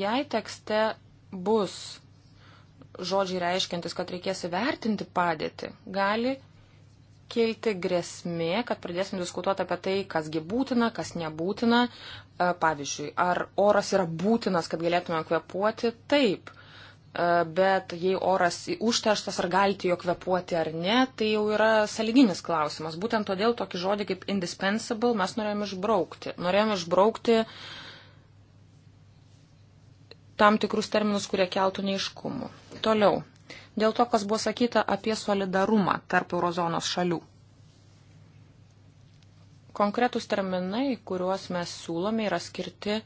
Jei tekste bus žodžiai reiškiantis, kad reikės įvertinti padėtį, gali kilti grėsmė, kad pradėsim diskutuoti apie tai, kasgi būtina, kas nebūtina. E, pavyzdžiui, ar oras yra būtinas, kad galėtume kvepuoti? Taip. E, bet jei oras užterštas, ar galite jo kvepuoti ar ne, tai jau yra saliginis klausimas. Būtent todėl tokį žodį kaip indispensable mes norėjom išbraukti. Norėjom išbraukti tam tikrus terminus, kurie keltų neiškumų. Toliau dėl to, kas buvo sakyta apie solidarumą tarp eurozonos šalių. Konkretus terminai, kuriuos mes siūlome, yra skirti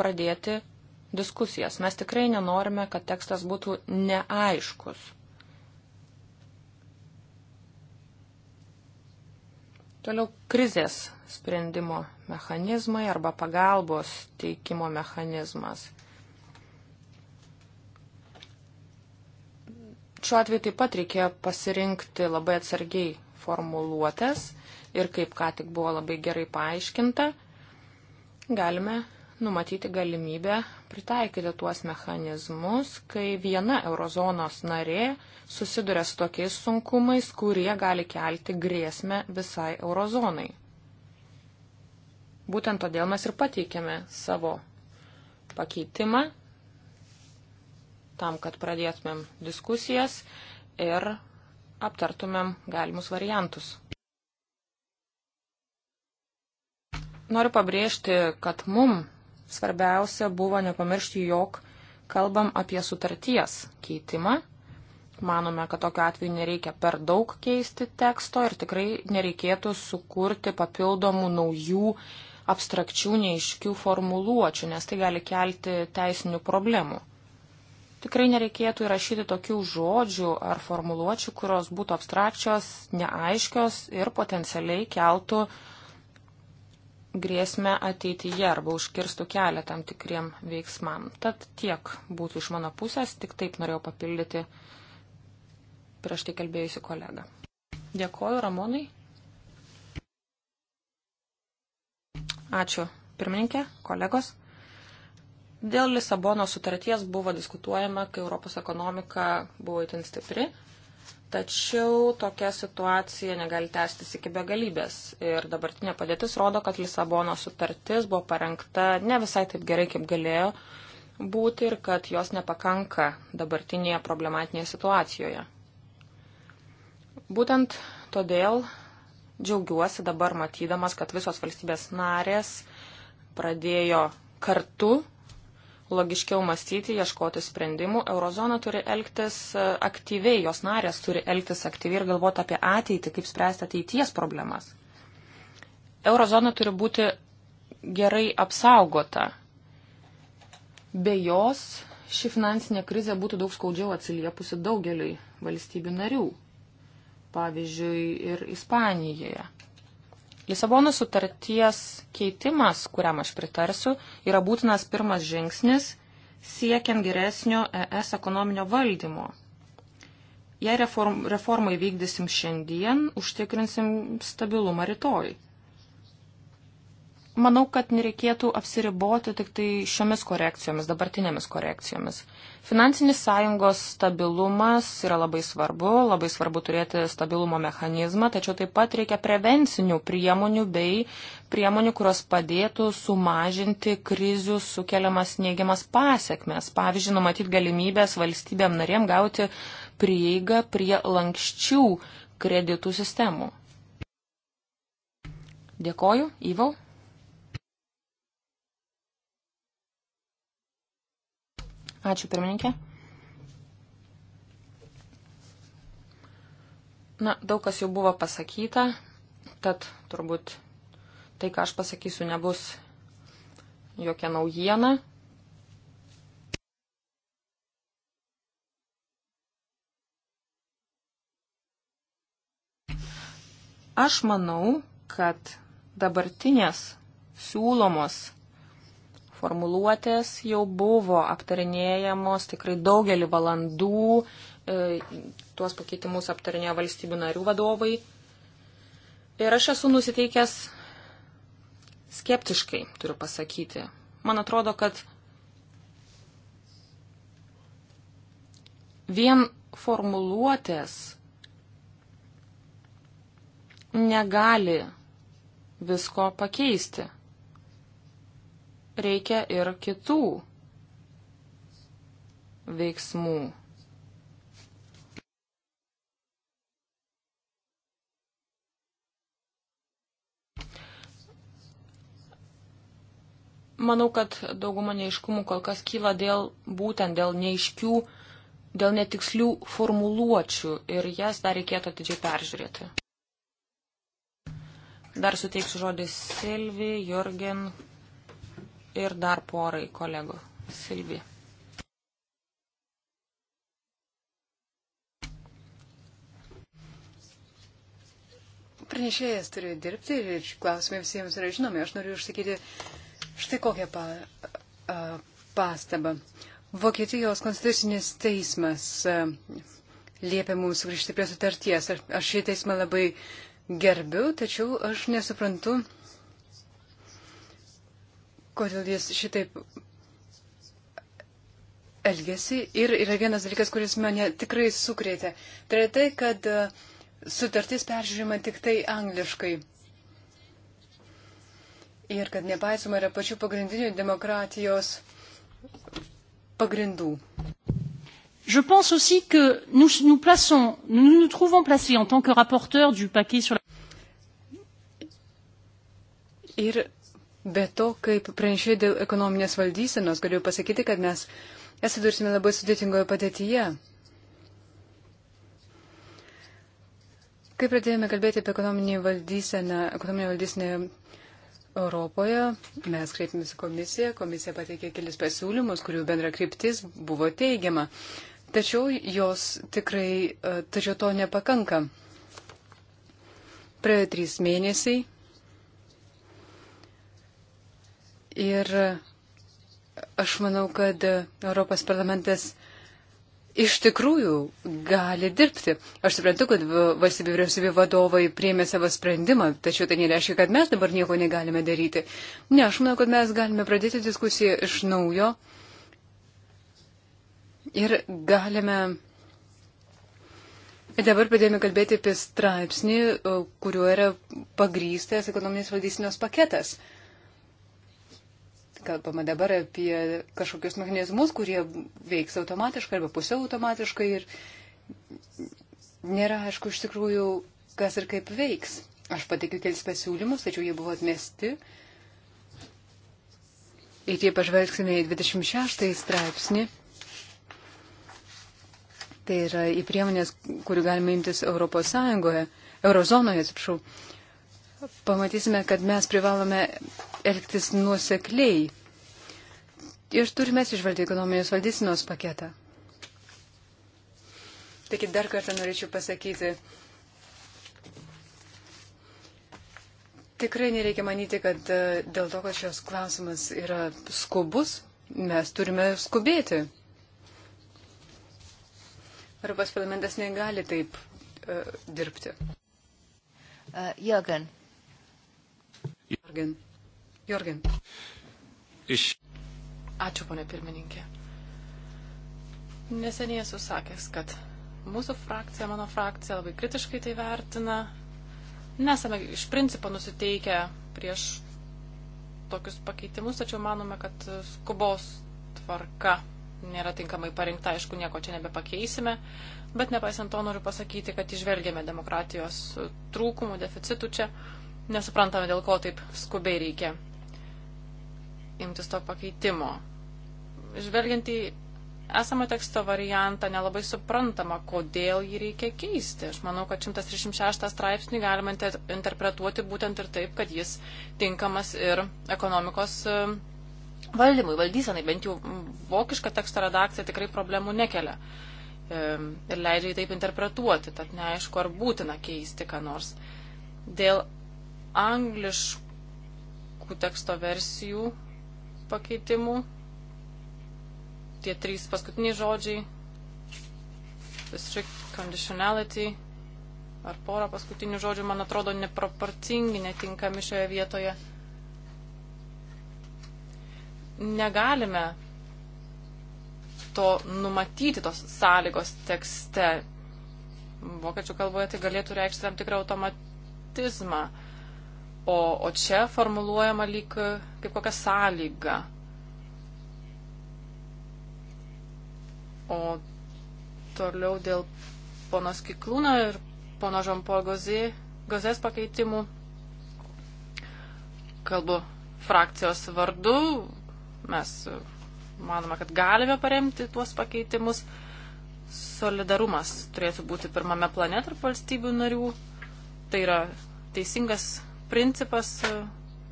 pradėti diskusijas. Mes tikrai nenorime, kad tekstas būtų neaiškus. Toliau krizės sprendimo mechanizmai arba pagalbos teikimo mechanizmas – šiuo atveju taip pat reikėjo pasirinkti labai atsargiai formuluotės ir kaip ką tik buvo labai gerai paaiškinta, galime numatyti galimybę pritaikyti tuos mechanizmus, kai viena eurozonos narė susiduria su tokiais sunkumais, kurie gali kelti grėsmę visai eurozonai. Būtent todėl mes ir pateikėme savo pakeitimą tam, kad pradėtumėm diskusijas ir aptartumėm galimus variantus. Noriu pabrėžti, kad mum svarbiausia buvo nepamiršti, jog kalbam apie sutarties keitimą. Manome, kad tokiu atveju nereikia per daug keisti teksto ir tikrai nereikėtų sukurti papildomų naujų abstrakčių, neiškių formuluočių, nes tai gali kelti teisinių problemų tikrai nereikėtų įrašyti tokių žodžių ar formuluočių, kurios būtų abstrakčios, neaiškios ir potencialiai keltų grėsmę ateityje arba užkirstų kelią tam tikriem veiksmam. Tad tiek būtų iš mano pusės, tik taip norėjau papildyti prieš tai kalbėjusi kolega. Dėkoju, Ramonai. Ačiū, pirmininkė, kolegos. Dėl Lisabono sutarties buvo diskutuojama, kai Europos ekonomika buvo itin stipri, tačiau tokia situacija negali tęstis iki begalybės. Ir dabartinė padėtis rodo, kad Lisabono sutartis buvo parengta ne visai taip gerai, kaip galėjo būti ir kad jos nepakanka dabartinėje problematinėje situacijoje. Būtent todėl džiaugiuosi dabar matydamas, kad visos valstybės narės pradėjo kartu logiškiau mąstyti, ieškoti sprendimų. Eurozona turi elgtis e, aktyviai, jos narės turi elgtis aktyviai ir galvoti apie ateitį, kaip spręsti ateities problemas. Eurozona turi būti gerai apsaugota. Be jos ši finansinė krizė būtų daug skaudžiau atsiliepusi daugeliui valstybių narių, pavyzdžiui, ir Ispanijoje. Lisabono sutarties keitimas, kuriam aš pritarsiu, yra būtinas pirmas žingsnis siekiant geresnio ES ekonominio valdymo. Jei reform, reformą įvykdysim šiandien, užtikrinsim stabilumą rytoj. Manau, kad nereikėtų apsiriboti tik tai šiomis korekcijomis, dabartinėmis korekcijomis. Finansinis sąjungos stabilumas yra labai svarbu, labai svarbu turėti stabilumo mechanizmą, tačiau taip pat reikia prevencinių priemonių bei priemonių, kurios padėtų sumažinti krizių sukeliamas neigiamas pasiekmes. Pavyzdžiui, numatyti galimybės valstybėm narėm gauti prieigą prie lankščių kreditų sistemų. Dėkoju, Ivau. Ačiū, pirmininkė. Na, daug kas jau buvo pasakyta, tad turbūt tai, ką aš pasakysiu, nebus jokia naujiena. Aš manau, kad dabartinės siūlomos formuluotės jau buvo aptarinėjamos tikrai daugelį valandų, e, tuos pakeitimus aptarinėjo valstybių narių vadovai. Ir aš esu nusiteikęs skeptiškai, turiu pasakyti. Man atrodo, kad vien formuluotės negali visko pakeisti reikia ir kitų veiksmų. Manau, kad dauguma neiškumų kol kas kyla dėl būtent dėl neiškių, dėl netikslių formuluočių ir jas dar reikėtų atidžiai peržiūrėti. Dar suteiksiu žodį Silvi, Jorgen, ir dar porai kolegų. Silvi. Pranešėjas turi dirbti ir klausimai visiems yra žinomi. Aš noriu išsakyti štai kokią pa, a, pastabą. Vokietijos konstitucinis teismas a, liepia mums grįžti prie sutarties. Aš šį teismą labai gerbiu, tačiau aš nesuprantu, kodėl jis šitaip elgesi. Ir yra vienas dalykas, kuris mane tikrai sukrėtė. Tai yra tai, kad e, sutartis peržiūrima tik tai angliškai. Ir kad nepaisoma yra pačių pagrindinių demokratijos pagrindų. Je pense aussi que nous nous plaçons, nous nous trouvons placés en tant que rapporteurs du paquet sur la. Ir Be to, kaip pranešė dėl ekonominės valdysenos, galiu pasakyti, kad mes atsidursime labai sudėtingoje padėtyje. Kai pradėjome kalbėti apie ekonominį valdyseną, ekonominį valdysenę Europoje, mes kreipėmės į komisiją, komisija pateikė kelis pasiūlymus, kurių bendra kryptis buvo teigiama. Tačiau jos tikrai, e, tačiau to nepakanka. Praėjo trys mėnesiai Ir aš manau, kad Europos parlamentas iš tikrųjų gali dirbti. Aš suprantu, kad valstybių vyriausybių vadovai priėmė savo sprendimą, tačiau tai nereiškia, kad mes dabar nieko negalime daryti. Ne, aš manau, kad mes galime pradėti diskusiją iš naujo ir galime. Dabar pradėjome kalbėti apie straipsnį, kuriuo yra pagrystas ekonominės valdysinos paketas. Uh, kalbama dabar apie kažkokius mechanizmus, kurie veiks automatiškai arba pusiau automatiškai ir nėra aišku iš tikrųjų, kas ir kaip veiks. Aš pateikiu kelis pasiūlymus, tačiau jie buvo atmesti. Ir jei pažvelgsime į 26 straipsnį, tai yra į priemonės, kurių galima imtis Europos Sąjungoje, Eurozonoje, atsiprašau, pamatysime, kad mes privalome elgtis nuosekliai ir turime atsižvelgti ekonominės valdysinos paketą. Taigi dar kartą norėčiau pasakyti, tikrai nereikia manyti, kad e, dėl to, kad šios klausimas yra skubus, mes turime skubėti. Europos parlamentas negali taip uh, dirbti. Uh, Jürgen. Jorgen. Jorgen. Iš. Ačiū, ponė pirmininkė. Neseniai esu sakęs, kad mūsų frakcija, mano frakcija labai kritiškai tai vertina. Nesame iš principo nusiteikę prieš tokius pakeitimus, tačiau manome, kad skubos tvarka nėra tinkamai parinkta, aišku, nieko čia nebepakeisime, bet nepaisant to noriu pasakyti, kad išvelgėme demokratijos trūkumų, deficitų čia nesuprantame, dėl ko taip skubiai reikia imtis to pakeitimo. Žvelgiant į esamą teksto variantą, nelabai suprantama, kodėl jį reikia keisti. Aš manau, kad 136 straipsnį galima inter interpretuoti būtent ir taip, kad jis tinkamas ir ekonomikos e, valdymui, valdysenai. Bent jau vokiška teksto redakcija tikrai problemų nekelia e, ir leidžia jį taip interpretuoti, tad neaišku, ar būtina keisti ką nors. Dėl angliškų teksto versijų pakeitimų. Tie trys paskutiniai žodžiai - strict conditionality ar porą paskutinių žodžių, man atrodo, neproporcingi, netinkami šioje vietoje. Negalime to numatyti, tos sąlygos tekste. Vokiečių kalboje tai galėtų reikšti tam tikrą automatizmą. O, o čia formuluojama lyg e, kaip kokia sąlyga. O toliau dėl ponos Kiklūno ir pono Žampo Gozės pakeitimų. Kalbu frakcijos vardu. Mes e, manome, kad galime paremti tuos pakeitimus. Solidarumas turėtų būti pirmame plane tarp valstybių narių. Tai yra teisingas principas,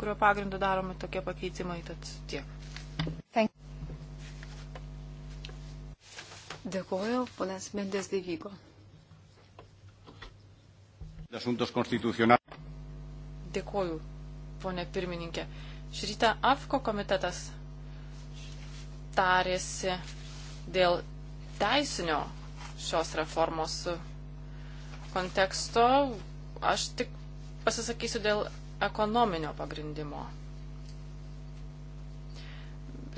kurio pagrindu daromi tokie pakeitimai, tad tiek. Thank. Dėkuoju, ponas Mendes Devygo. Dėkuoju, ponė pirmininkė. Šį rytą AFKO komitetas tarėsi dėl teisinio šios reformos konteksto. Aš tik Pasisakysiu dėl ekonominio pagrindimo.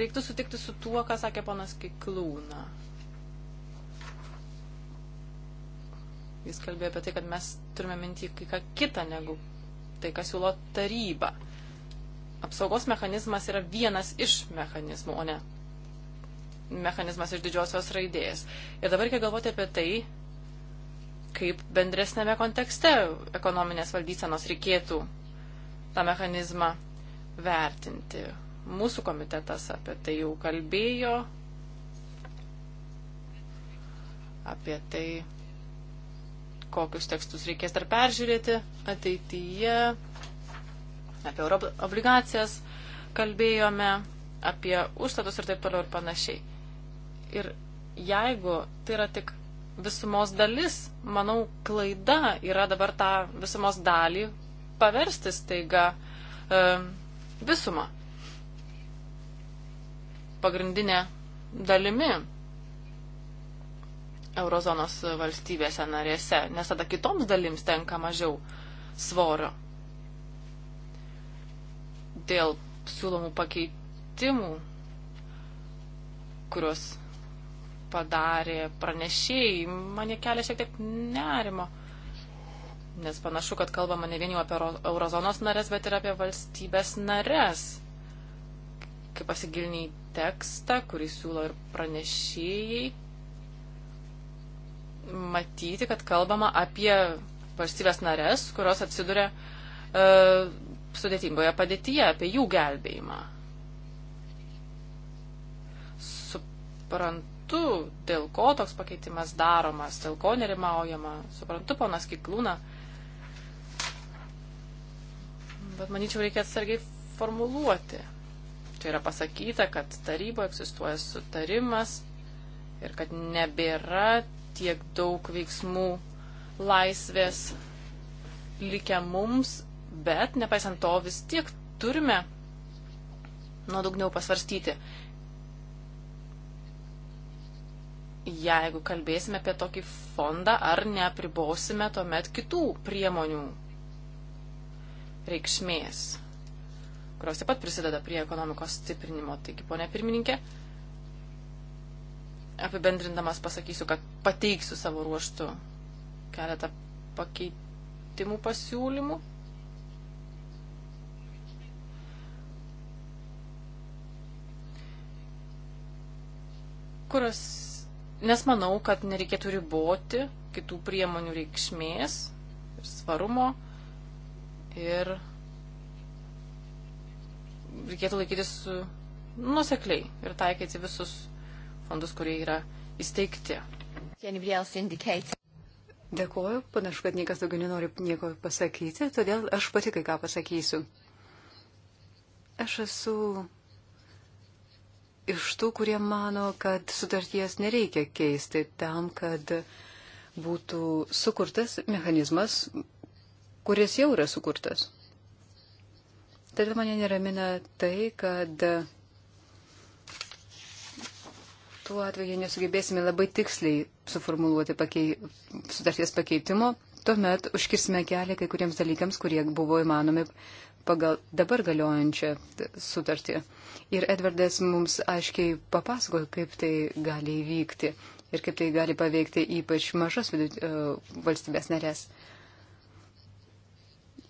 Reiktų sutikti su tuo, ką sakė ponas Kiklūna. Jis kalbėjo apie tai, kad mes turime minti kai ką kitą negu tai, kas siūlo taryba. Apsaugos mechanizmas yra vienas iš mechanizmų, o ne mechanizmas iš didžiosios raidės. Ir dabar reikia galvoti apie tai, kaip bendresnėme kontekste ekonominės valdysenos reikėtų tą mechanizmą vertinti. Mūsų komitetas apie tai jau kalbėjo, apie tai, kokius tekstus reikės dar peržiūrėti ateityje, apie euro obligacijas kalbėjome, apie užstatus ir taip toliau ir panašiai. Ir jeigu tai yra tik visumos dalis. Manau, klaida yra dabar tą visumos dalį paversti staiga e, visumą. Pagrindinė dalimi eurozonos valstybėse narėse, nes tada kitoms dalims tenka mažiau svorio. Dėl siūlomų pakeitimų, kuriuos padarė pranešėjai, man jie kelia šiek tiek nerimo. Nes panašu, kad kalbama ne vien jau apie eurozonos narės, bet ir apie valstybės narės. Kai pasigiliniai tekstą, kurį siūlo ir pranešėjai, matyti, kad kalbama apie valstybės narės, kurios atsiduria uh, sudėtingoje padėtyje, apie jų gelbėjimą. Suprantu suprantu, dėl ko toks pakeitimas daromas, dėl ko nerimaujama. Suprantu, ponas Kiklūna. Bet manyčiau, reikia atsargiai formuluoti. Čia tai yra pasakyta, kad taryboje egzistuoja sutarimas ir kad nebėra tiek daug veiksmų laisvės likę mums, bet nepaisant to vis tiek turime nuodugniau pasvarstyti jeigu kalbėsime apie tokį fondą, ar neapribosime tuomet kitų priemonių reikšmės, kurios taip pat prisideda prie ekonomikos stiprinimo. Taigi, ponė pirmininkė, apibendrindamas pasakysiu, kad pateiksiu savo ruoštų keletą pakeitimų pasiūlymų. kurios nes manau, kad nereikėtų riboti kitų priemonių reikšmės ir svarumo ir reikėtų laikytis nusekliai ir taikyti visus fondus, kurie yra įsteigti. Dėkuoju, panašu, kad niekas daugiau nenori nieko pasakyti, todėl aš pati kai ką pasakysiu. Aš esu iš tų, kurie mano, kad sutarties nereikia keisti tam, kad būtų sukurtas mechanizmas, kuris jau yra sukurtas. Tad mane neramina tai, kad tuo atveju nesugebėsime labai tiksliai suformuluoti pakei, sutarties pakeitimo, tuomet užkirsime kelią kai kuriems dalykams, kurie buvo įmanomi pagal dabar galiojančią sutartį. Ir Edvardas mums aiškiai papasakojo, kaip tai gali įvykti ir kaip tai gali paveikti ypač mažas vidut, e, valstybės narės.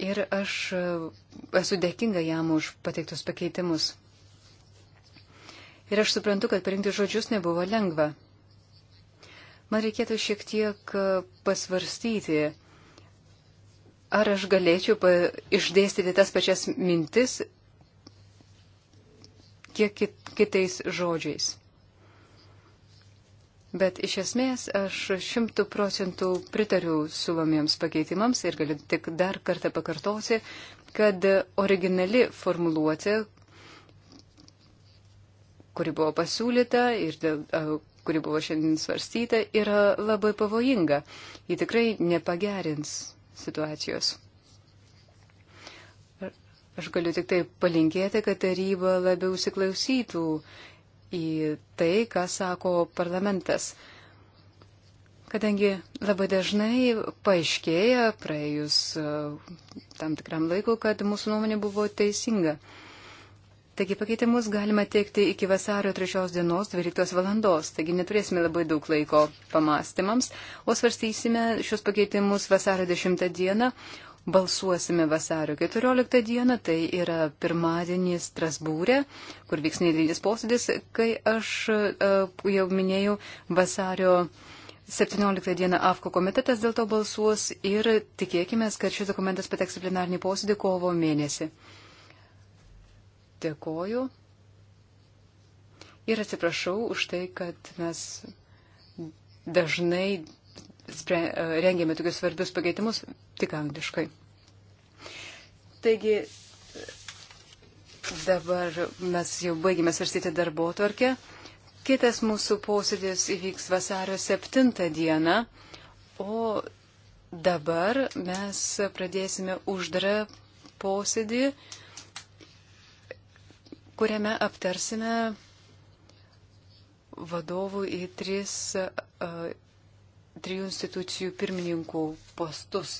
Ir aš e, esu dėkinga jam už pateiktus pakeitimus. Ir aš suprantu, kad parinkti žodžius nebuvo lengva. Man reikėtų šiek tiek e, pasvarstyti, Ar aš galėčiau išdėstyti tas pačias mintis kiek kit kitais žodžiais? Bet iš esmės aš šimtų procentų pritariu siūlomiems pakeitimams ir galiu tik dar kartą pakartoti, kad originali formuluotė, kuri buvo pasiūlyta ir kuri buvo šiandien svarstyta, yra labai pavojinga. Ji tikrai nepagerins situacijos. Aš galiu tik tai palinkėti, kad taryba labiau įsiklausytų į tai, ką sako parlamentas. Kadangi labai dažnai paaiškėja praėjus uh, tam tikram laiku, kad mūsų nuomonė buvo teisinga. Uh, Taigi pakeitimus galima teikti iki vasario 3 dienos 12 valandos, taigi neturėsime labai daug laiko pamastymams, o svarstysime šios pakeitimus vasario 10 dieną, balsuosime vasario 14 dieną, tai yra pirmadienį Strasbūrė, kur vyks nedidelis posėdis, kai aš uh, jau minėjau vasario 17 dieną AFKO komitetas dėl to balsuos ir tikėkime, kad šis dokumentas pateks į plenarnį posėdį kovo mėnesį. Dėkoju ir atsiprašau už tai, kad mes dažnai rengėme tokius svarbius pakeitimus tik angliškai. Taigi dabar mes jau baigėme svarstyti darbo tvarkę. Kitas mūsų posėdis įvyks vasario 7 dieną, o dabar mes pradėsime uždarą posėdį kuriame aptarsime vadovų į tris, uh, trijų institucijų pirmininkų postus.